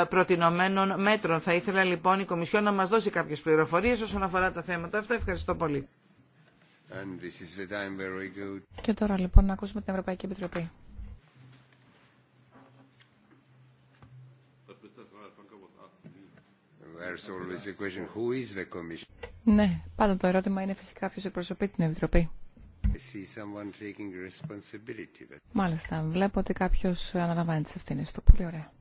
Speaker 3: προτινομένων μέτρων. Θα ήθελα λοιπόν η Κομισιόν να μας δώσει κάποιες πληροφορίες όσον αφορά τα θέματα αυτά. Ευχαριστώ πολύ.
Speaker 2: Και τώρα λοιπόν να ακούσουμε την Ευρωπαϊκή Επιτροπή. Ναι, πάντα το ερώτημα είναι φυσικά ποιος εκπροσωπεί την Επιτροπή. Μάλιστα, βλέπω ότι κάποιος αναλαμβάνει τις ευθύνες του. Πολύ
Speaker 3: ωραία.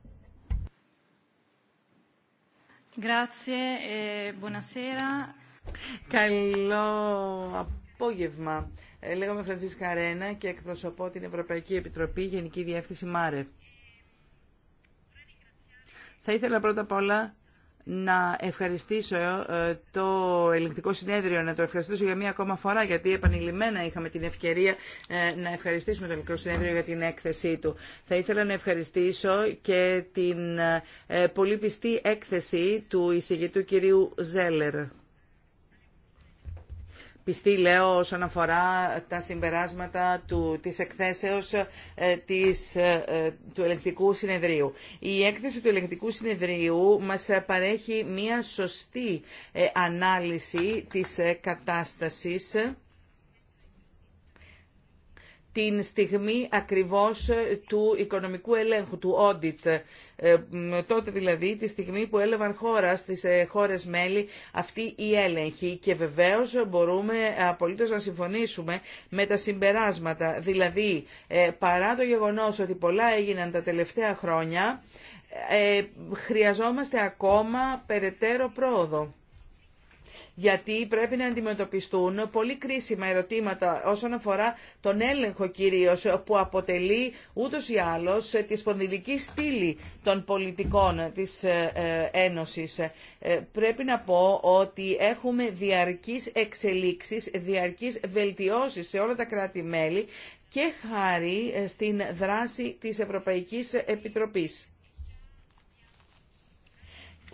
Speaker 1: Ε,
Speaker 3: Καλό απόγευμα. Ε, λέγομαι Φρανσίσκα Ρένα και εκπροσωπώ την Ευρωπαϊκή Επιτροπή Γενική Διεύθυνση ΜΑΡΕ. Θα ήθελα πρώτα απ' όλα να ευχαριστήσω ε, ε, το Ελληνικό συνέδριο, να το ευχαριστήσω για μία ακόμα φορά, γιατί επανειλημμένα είχαμε την ευκαιρία ε, να ευχαριστήσουμε το ελληνικό συνέδριο για την έκθεσή του. Θα ήθελα να ευχαριστήσω και την πολύ πιστή έκθεση του εισηγητού κυρίου Ζέλερ πιστή λέω όσον αφορά τα συμπεράσματα του, της εκθέσεως ε, της, ε, του ελεγκτικού συνεδρίου. Η έκθεση του ελεγκτικού συνεδρίου μας παρέχει μια σωστή ε, ανάλυση της κατάστασης την στιγμή ακριβώς του οικονομικού ελέγχου, του audit. Ε, τότε δηλαδή, τη στιγμή που έλαβαν χώρα στις ε, χώρες μέλη αυτή η έλεγχη και βεβαίως μπορούμε απολύτως να συμφωνήσουμε με τα συμπεράσματα. Δηλαδή, ε, παρά το γεγονός ότι πολλά έγιναν τα τελευταία χρόνια, χρειαζόμαστε ακόμα περαιτέρω πρόοδο γιατί πρέπει να αντιμετωπιστούν πολύ κρίσιμα ερωτήματα όσον αφορά τον έλεγχο κυρίω, που αποτελεί ούτως ή άλλως τη σπονδυλική στήλη των πολιτικών της ε, ε, Ένωσης. Ε, πρέπει να πω ότι έχουμε διαρκείς εξελίξεις, διαρκείς βελτιώσεις σε όλα τα κράτη-μέλη και χάρη στην δράση της Ευρωπαϊκής Επιτροπής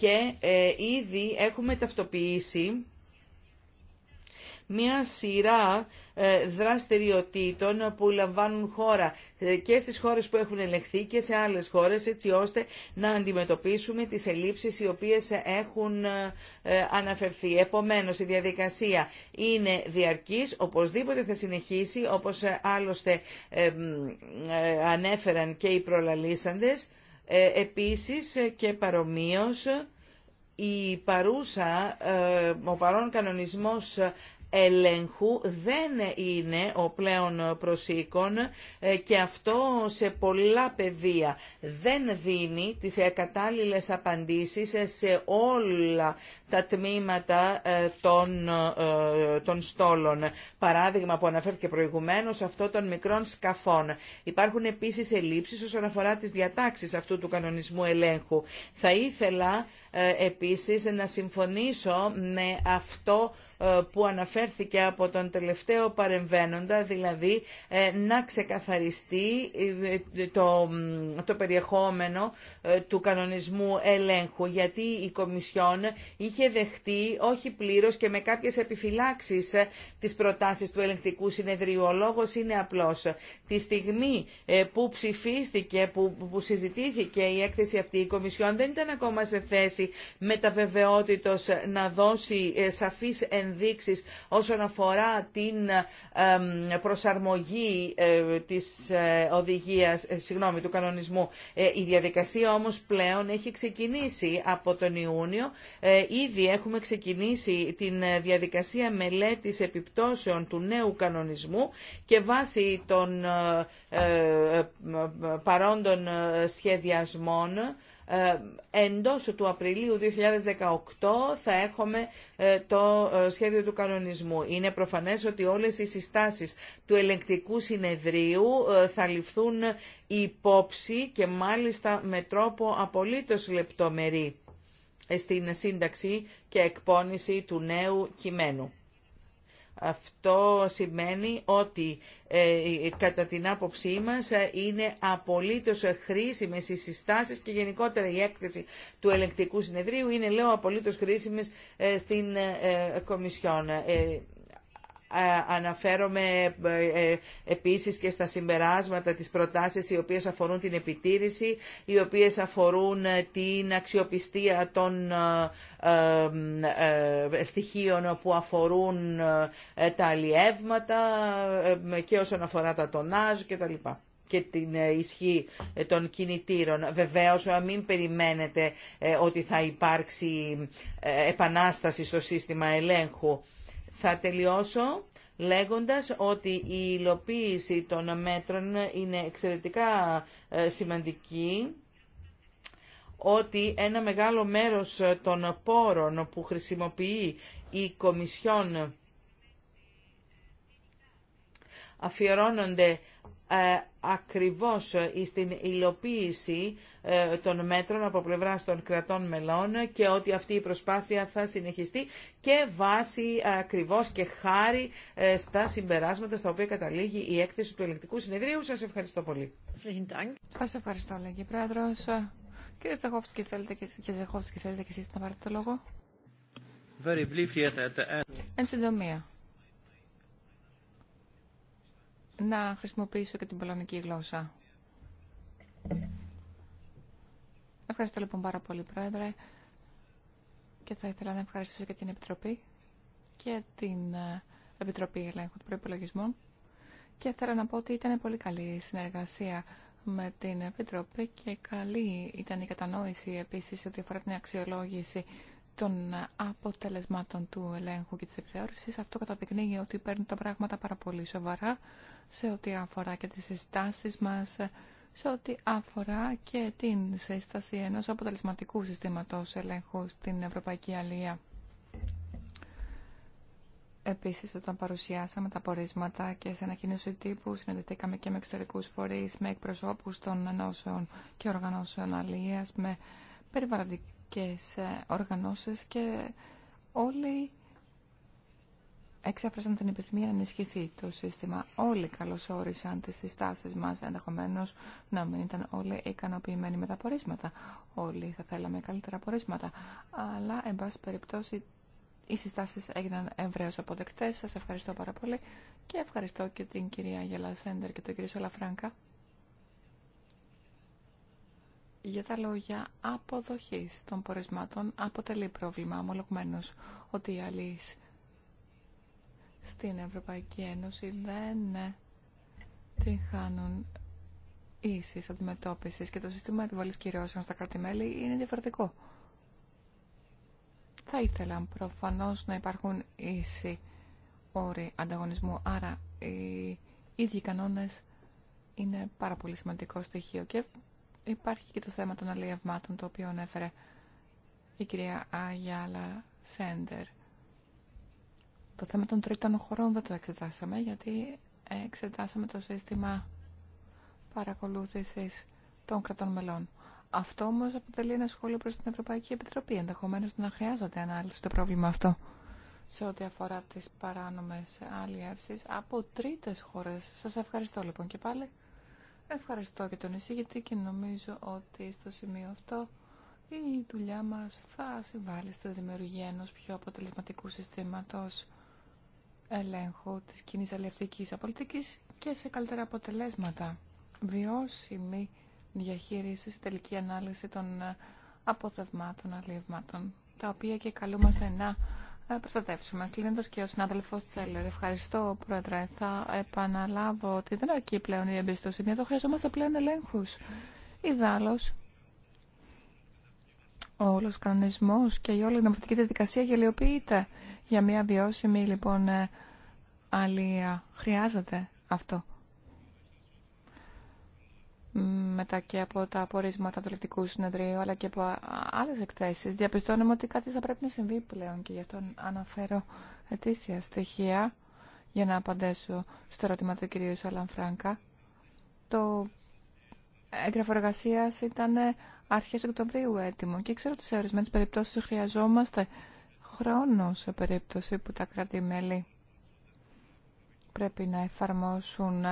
Speaker 3: και ε, ήδη έχουμε ταυτοποιήσει μια σειρά ε, δραστηριοτήτων που λαμβάνουν χώρα ε, και στις χώρες που έχουν ελεγχθεί και σε άλλες χώρες έτσι ώστε να αντιμετωπίσουμε τις ελλείψεις οι οποίες έχουν αναφερθεί. Επομένως η διαδικασία είναι διαρκής, οπωσδήποτε θα συνεχίσει όπως άλλωστε ανέφεραν και οι προλαλήσαντες. Επίσης και παρομοίως η παρούσα, ε, ο παρόν κανονισμός ελέγχου δεν είναι ο πλέον προσήκον ε, και αυτό σε πολλά πεδία δεν δίνει τις κατάλληλες απαντήσεις σε όλα τα τμήματα ε, των, των στόλων. Παράδειγμα που αναφέρθηκε προηγουμένως αυτό των μικρών σκαφών. Υπάρχουν επίσης ελλείψεις όσον αφορά τις διατάξεις αυτού του κανονισμού ελέγχου. Θα ήθελα ε, επίσης να συμφωνήσω με αυτό ε, που αναφέρθηκε από τον τελευταίο παρεμβαίνοντα, δηλαδή ε, να ξεκαθαριστεί το, το περιεχόμενο του κανονισμού ελέγχου, γιατί η Κομισιόν είχε δεχτεί όχι πλήρως και με κάποιες επιφυλάξεις τις προτάσεις του ελεγκτικού συνεδρίου. Ο λόγος είναι απλός. Τη στιγμή που ψηφίστηκε, που, που συζητήθηκε η έκθεση αυτή, η Κομισιόν δεν ήταν ακόμα σε θέση τα Μεταβεβαιότητος να δώσει ε, σαφείς ενδείξεις όσον αφορά την προσαρμογή ε, της ε, οδηγίας, συγγνώμη, του κανονισμού. Η διαδικασία όμως πλέον έχει ξεκινήσει από τον Ιούνιο. Ήδη έχουμε ξεκινήσει την διαδικασία μελέτης επιπτώσεων του νέου κανονισμού και βάσει των παρόντων σχεδιασμών ε, εντός του Απριλίου 2018 θα έχουμε ε, το ε, σχέδιο του κανονισμού. Είναι προφανές ότι όλες οι συστάσεις του ελεγκτικού συνεδρίου θα ληφθούν υπόψη και μάλιστα με τρόπο απολύτως λεπτομερή στην σύνταξη και εκπόνηση του νέου κειμένου. Αυτό σημαίνει ότι ε, κατά την άποψή μας ε, είναι απολύτως χρήσιμες οι συστάσεις και γενικότερα η έκθεση του ελεκτικού συνεδρίου είναι λέω απολύτως χρήσιμες ε, στην Κομισιόν. Ε, αναφέρομαι ε, ε, επίσης και στα συμπεράσματα, της προτάσεις οι οποίες αφορούν την επιτήρηση, οι οποίες αφορούν την αξιοπιστία των στοιχείων που αφορούν τα αλλιεύματα και όσον αφορά τα τονάζ λοιπά και την ισχύ των κινητήρων. Βεβαίως, μην περιμένετε ότι θα υπάρξει επανάσταση στο σύστημα ελέγχου. Θα τελειώσω λέγοντας ότι η υλοποίηση των μέτρων είναι εξαιρετικά ε, σημαντική ότι ένα μεγάλο μέρος των πόρων που χρησιμοποιεί η Κομισιόν αφιερώνονται ε, ακριβώς στην ε, υλοποίηση ε, των μέτρων από πλευρά των κρατών μελών και ότι αυτή η προσπάθεια θα συνεχιστεί και βάσει ακριβώς και χάρη στα συμπεράσματα στα οποία καταλήγει η έκθεση του Ελεκτικού Συνεδρίου. Σας ευχαριστώ πολύ.
Speaker 2: Σας ευχαριστώ, λέγει Πρόεδρος. Κύριε Ζεχόφσκι, θέλετε και, και, θέλετε και εσείς να πάρετε το λόγο. Εν συντομία να χρησιμοποιήσω και την πολωνική γλώσσα. Ευχαριστώ λοιπόν πάρα πολύ Πρόεδρε και θα ήθελα να ευχαριστήσω και την Επιτροπή και την ε, Επιτροπή Ελέγχου του και θέλω να πω ότι ήταν πολύ καλή η συνεργασία με την Επιτροπή και καλή ήταν η κατανόηση επίσης ότι αφορά την αξιολόγηση των αποτελεσμάτων του ελέγχου και της επιθεώρησης. Αυτό καταδεικνύει ότι παίρνουν τα πράγματα πάρα πολύ σοβαρά σε ό,τι αφορά και τις συστάσει μας, σε ό,τι αφορά και την σύσταση ενός αποτελεσματικού συστήματος ελέγχου στην Ευρωπαϊκή Αλία. Επίσης, όταν παρουσιάσαμε τα πορίσματα και σε ένα ανακοίνωση τύπου, συναντηθήκαμε και με εξωτερικούς φορείς, με εκπροσώπους των ενώσεων και οργανώσεων αλίας, με περιβαλλοντικού και σε οργανώσεις και όλοι εξέφρασαν την επιθυμία να ενισχυθεί το σύστημα. Όλοι καλωσόρισαν τις συστάσεις μας, ενδεχομένως να μην ήταν όλοι ικανοποιημένοι με τα πορίσματα. Όλοι θα θέλαμε καλύτερα πορίσματα, αλλά εν πάση περιπτώσει οι συστάσεις έγιναν ευρέως αποδεκτές. Σας ευχαριστώ πάρα πολύ και ευχαριστώ και την κυρία Γελασέντερ και τον κύριο Σαλαφράγκα για τα λόγια αποδοχής των πορεσμάτων αποτελεί πρόβλημα ομολογμένως ότι οι αλλοί στην Ευρωπαϊκή Ένωση δεν την χάνουν ίσης αντιμετώπισης και το σύστημα επιβολής κυρώσεων στα κρατημέλη είναι διαφορετικό. Θα ήθελαν προφανώς να υπάρχουν ίσοι όροι ανταγωνισμού, άρα οι ίδιοι κανόνες είναι πάρα πολύ σημαντικό στοιχείο και Υπάρχει και το θέμα των αλλιευμάτων το οποίο ανέφερε η κυρία Αγιάλα Σέντερ. Το θέμα των τρίτων χωρών δεν το εξετάσαμε γιατί εξετάσαμε το σύστημα παρακολούθησης των κρατών μελών. Αυτό όμω αποτελεί ένα σχόλιο προς την Ευρωπαϊκή Επιτροπή. Ενδεχομένως να χρειάζεται ανάλυση το πρόβλημα αυτό σε ό,τι αφορά τις παράνομες αλλιεύσεις από τρίτες χώρες. Σας ευχαριστώ λοιπόν και πάλι. Ευχαριστώ και τον εισηγητή και νομίζω ότι στο σημείο αυτό η δουλειά μας θα συμβάλλει στη δημιουργία ενός πιο αποτελεσματικού συστήματος ελέγχου της κοινής αλληλευτικής πολιτικής και σε καλύτερα αποτελέσματα. Βιώσιμη διαχείριση στη τελική ανάλυση των αποθευμάτων αλληλευμάτων, τα οποία και καλούμαστε να προστατεύσουμε. Κλείνοντα και ο συνάδελφο Τσέλερ, ευχαριστώ πρόεδρε. Θα επαναλάβω ότι δεν αρκεί πλέον η εμπιστοσύνη. Εδώ χρειαζόμαστε πλέον ελέγχου. Ιδάλω, ο όλο κανονισμό και η όλη νομοθετική διαδικασία γελιοποιείται. Για μια βιώσιμη λοιπόν ε, αλία χρειάζεται αυτό μετά και από τα απορίσματα του Ελεκτικού Συνεδρίου αλλά και από άλλες εκθέσεις διαπιστώνουμε ότι κάτι θα πρέπει να συμβεί πλέον και γι' αυτό αναφέρω ετήσια στοιχεία για να απαντήσω στο ερώτημα του κυρίου Σαλανφράγκα. Το έγγραφο εργασία ήταν αρχές Οκτωβρίου έτοιμο και ξέρω ότι σε ορισμένες περιπτώσεις χρειαζόμαστε χρόνο σε περίπτωση που τα κρατημέλη πρέπει να εφαρμόσουν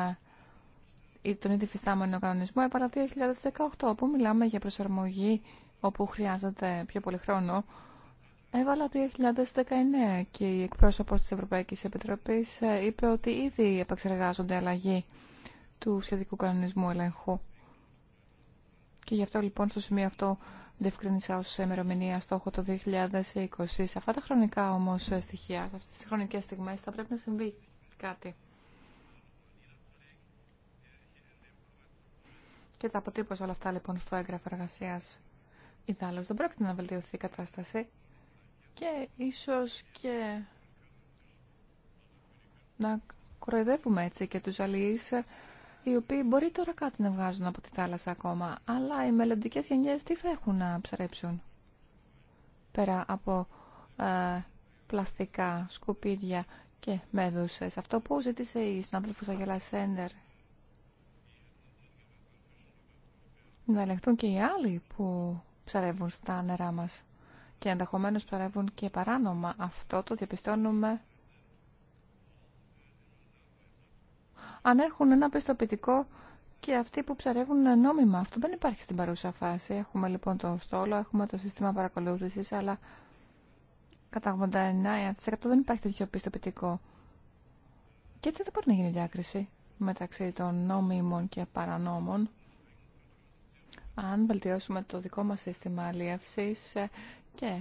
Speaker 2: τον ήδη φυστάμενο κανονισμό το ε, 2018, όπου μιλάμε για προσαρμογή όπου χρειάζεται πιο πολύ χρόνο. Έβαλα 2019 και η εκπρόσωπος της Ευρωπαϊκής Επιτροπής ε, είπε ότι ήδη επεξεργάζονται αλλαγή του σχετικού κανονισμού ελέγχου. Και γι' αυτό λοιπόν στο σημείο αυτό διευκρινίσα ως ημερομηνία στόχο το 2020. Σε αυτά τα χρονικά όμως ε, στοιχεία, σε αυτές τις χρονικές στιγμές θα πρέπει να συμβεί κάτι. Και τα αποτύπωσα όλα αυτά λοιπόν στο έγγραφο εργασία. Ιδάλω δεν πρόκειται να βελτιωθεί η κατάσταση. Και ίσω και να κοροϊδεύουμε έτσι και του αλληλεί, οι οποίοι μπορεί τώρα κάτι να βγάζουν από τη θάλασσα ακόμα. Αλλά οι μελλοντικέ γενιέ τι θα έχουν να ψαρέψουν πέρα από ε, πλαστικά σκουπίδια και μέδουσες. Αυτό που ζήτησε η συνάδελφος Αγελά Σέντερ να ελεγχθούν και οι άλλοι που ψαρεύουν στα νερά μας και ενδεχομένω ψαρεύουν και παράνομα. Αυτό το διαπιστώνουμε αν έχουν ένα πιστοποιητικό και αυτοί που ψαρεύουν νόμιμα. Αυτό δεν υπάρχει στην παρούσα φάση. Έχουμε λοιπόν το στόλο, έχουμε το σύστημα παρακολούθησης, αλλά κατά 89% δεν υπάρχει τέτοιο πιστοποιητικό. Και έτσι δεν μπορεί να γίνει διάκριση μεταξύ των νόμιμων και παρανόμων αν βελτιώσουμε το δικό μας σύστημα αλλιεύσης ε, και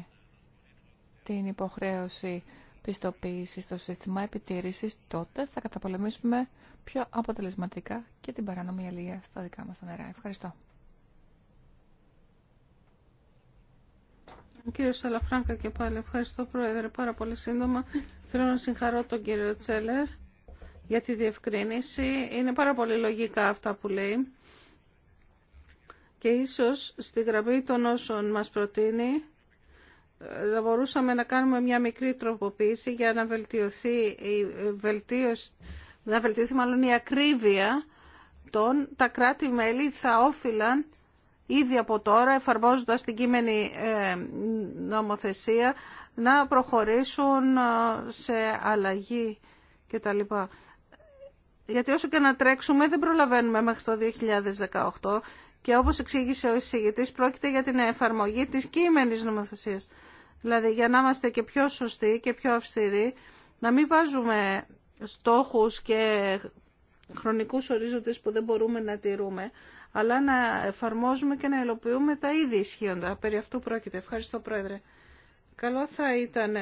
Speaker 2: την υποχρέωση πιστοποίησης στο σύστημα επιτήρησης, τότε θα καταπολεμήσουμε πιο αποτελεσματικά και την παράνομη αλληλεία στα δικά μας τα νερά. Ευχαριστώ.
Speaker 1: Κύριε Σαλαφράγκα και πάλι ευχαριστώ Πρόεδρε πάρα πολύ σύντομα. Θέλω να συγχαρώ τον κύριο Τσέλερ για τη διευκρίνηση. Είναι πάρα πολύ λογικά αυτά που λέει και ίσως στη γραμμή των όσων μας προτείνει ε, θα μπορούσαμε να κάνουμε μια μικρή τροποποίηση για να βελτιωθεί η βελτίωση, να βελτιωθεί μάλλον η ακρίβεια των τα κράτη-μέλη θα όφυλαν ήδη από τώρα εφαρμόζοντας την κείμενη ε, νομοθεσία να προχωρήσουν ε, σε αλλαγή κτλ. Γιατί όσο και να τρέξουμε δεν προλαβαίνουμε μέχρι το 2018 και όπως εξήγησε ο εισηγητής, πρόκειται για την εφαρμογή της κείμενης νομοθεσίας. Δηλαδή, για να είμαστε και πιο σωστοί και πιο αυστηροί, να μην βάζουμε στόχους και χρονικούς ορίζοντες που δεν μπορούμε να τηρούμε, αλλά να εφαρμόζουμε και να υλοποιούμε τα ήδη ισχύοντα. Περί αυτού πρόκειται. Ευχαριστώ, Πρόεδρε. Καλό θα ήταν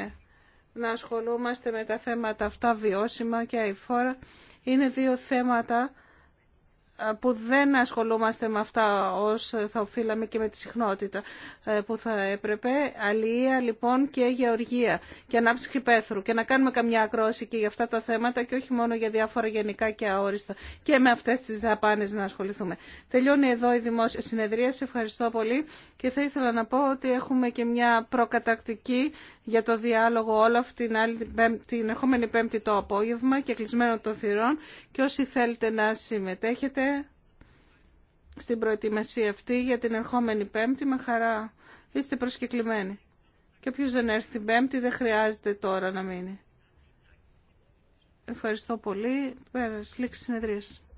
Speaker 1: να ασχολούμαστε με τα θέματα αυτά βιώσιμα και αηφόρα. Είναι δύο θέματα που δεν ασχολούμαστε με αυτά ως θα οφείλαμε και με τη συχνότητα ε, που θα έπρεπε. Αλληλεία λοιπόν και γεωργία και ανάψη χρυπέθρου και να κάνουμε καμιά ακρόση και για αυτά τα θέματα και όχι μόνο για διάφορα γενικά και αόριστα και με αυτές τις δαπάνες να ασχοληθούμε. Τελειώνει εδώ η δημόσια συνεδρία. Σε ευχαριστώ πολύ και θα ήθελα να πω ότι έχουμε και μια προκατακτική για το διάλογο όλα την, την ερχόμενη πέμπτη το απόγευμα και κλεισμένο το θυρών και όσοι θέλετε να συμμετέχετε στην προετοιμασία αυτή για την ερχόμενη πέμπτη με χαρά είστε προσκεκλημένοι. Και ποιος δεν έρθει την πέμπτη δεν χρειάζεται τώρα να μείνει. Ευχαριστώ πολύ. Πέρας. Λήξη συνεδρίαση.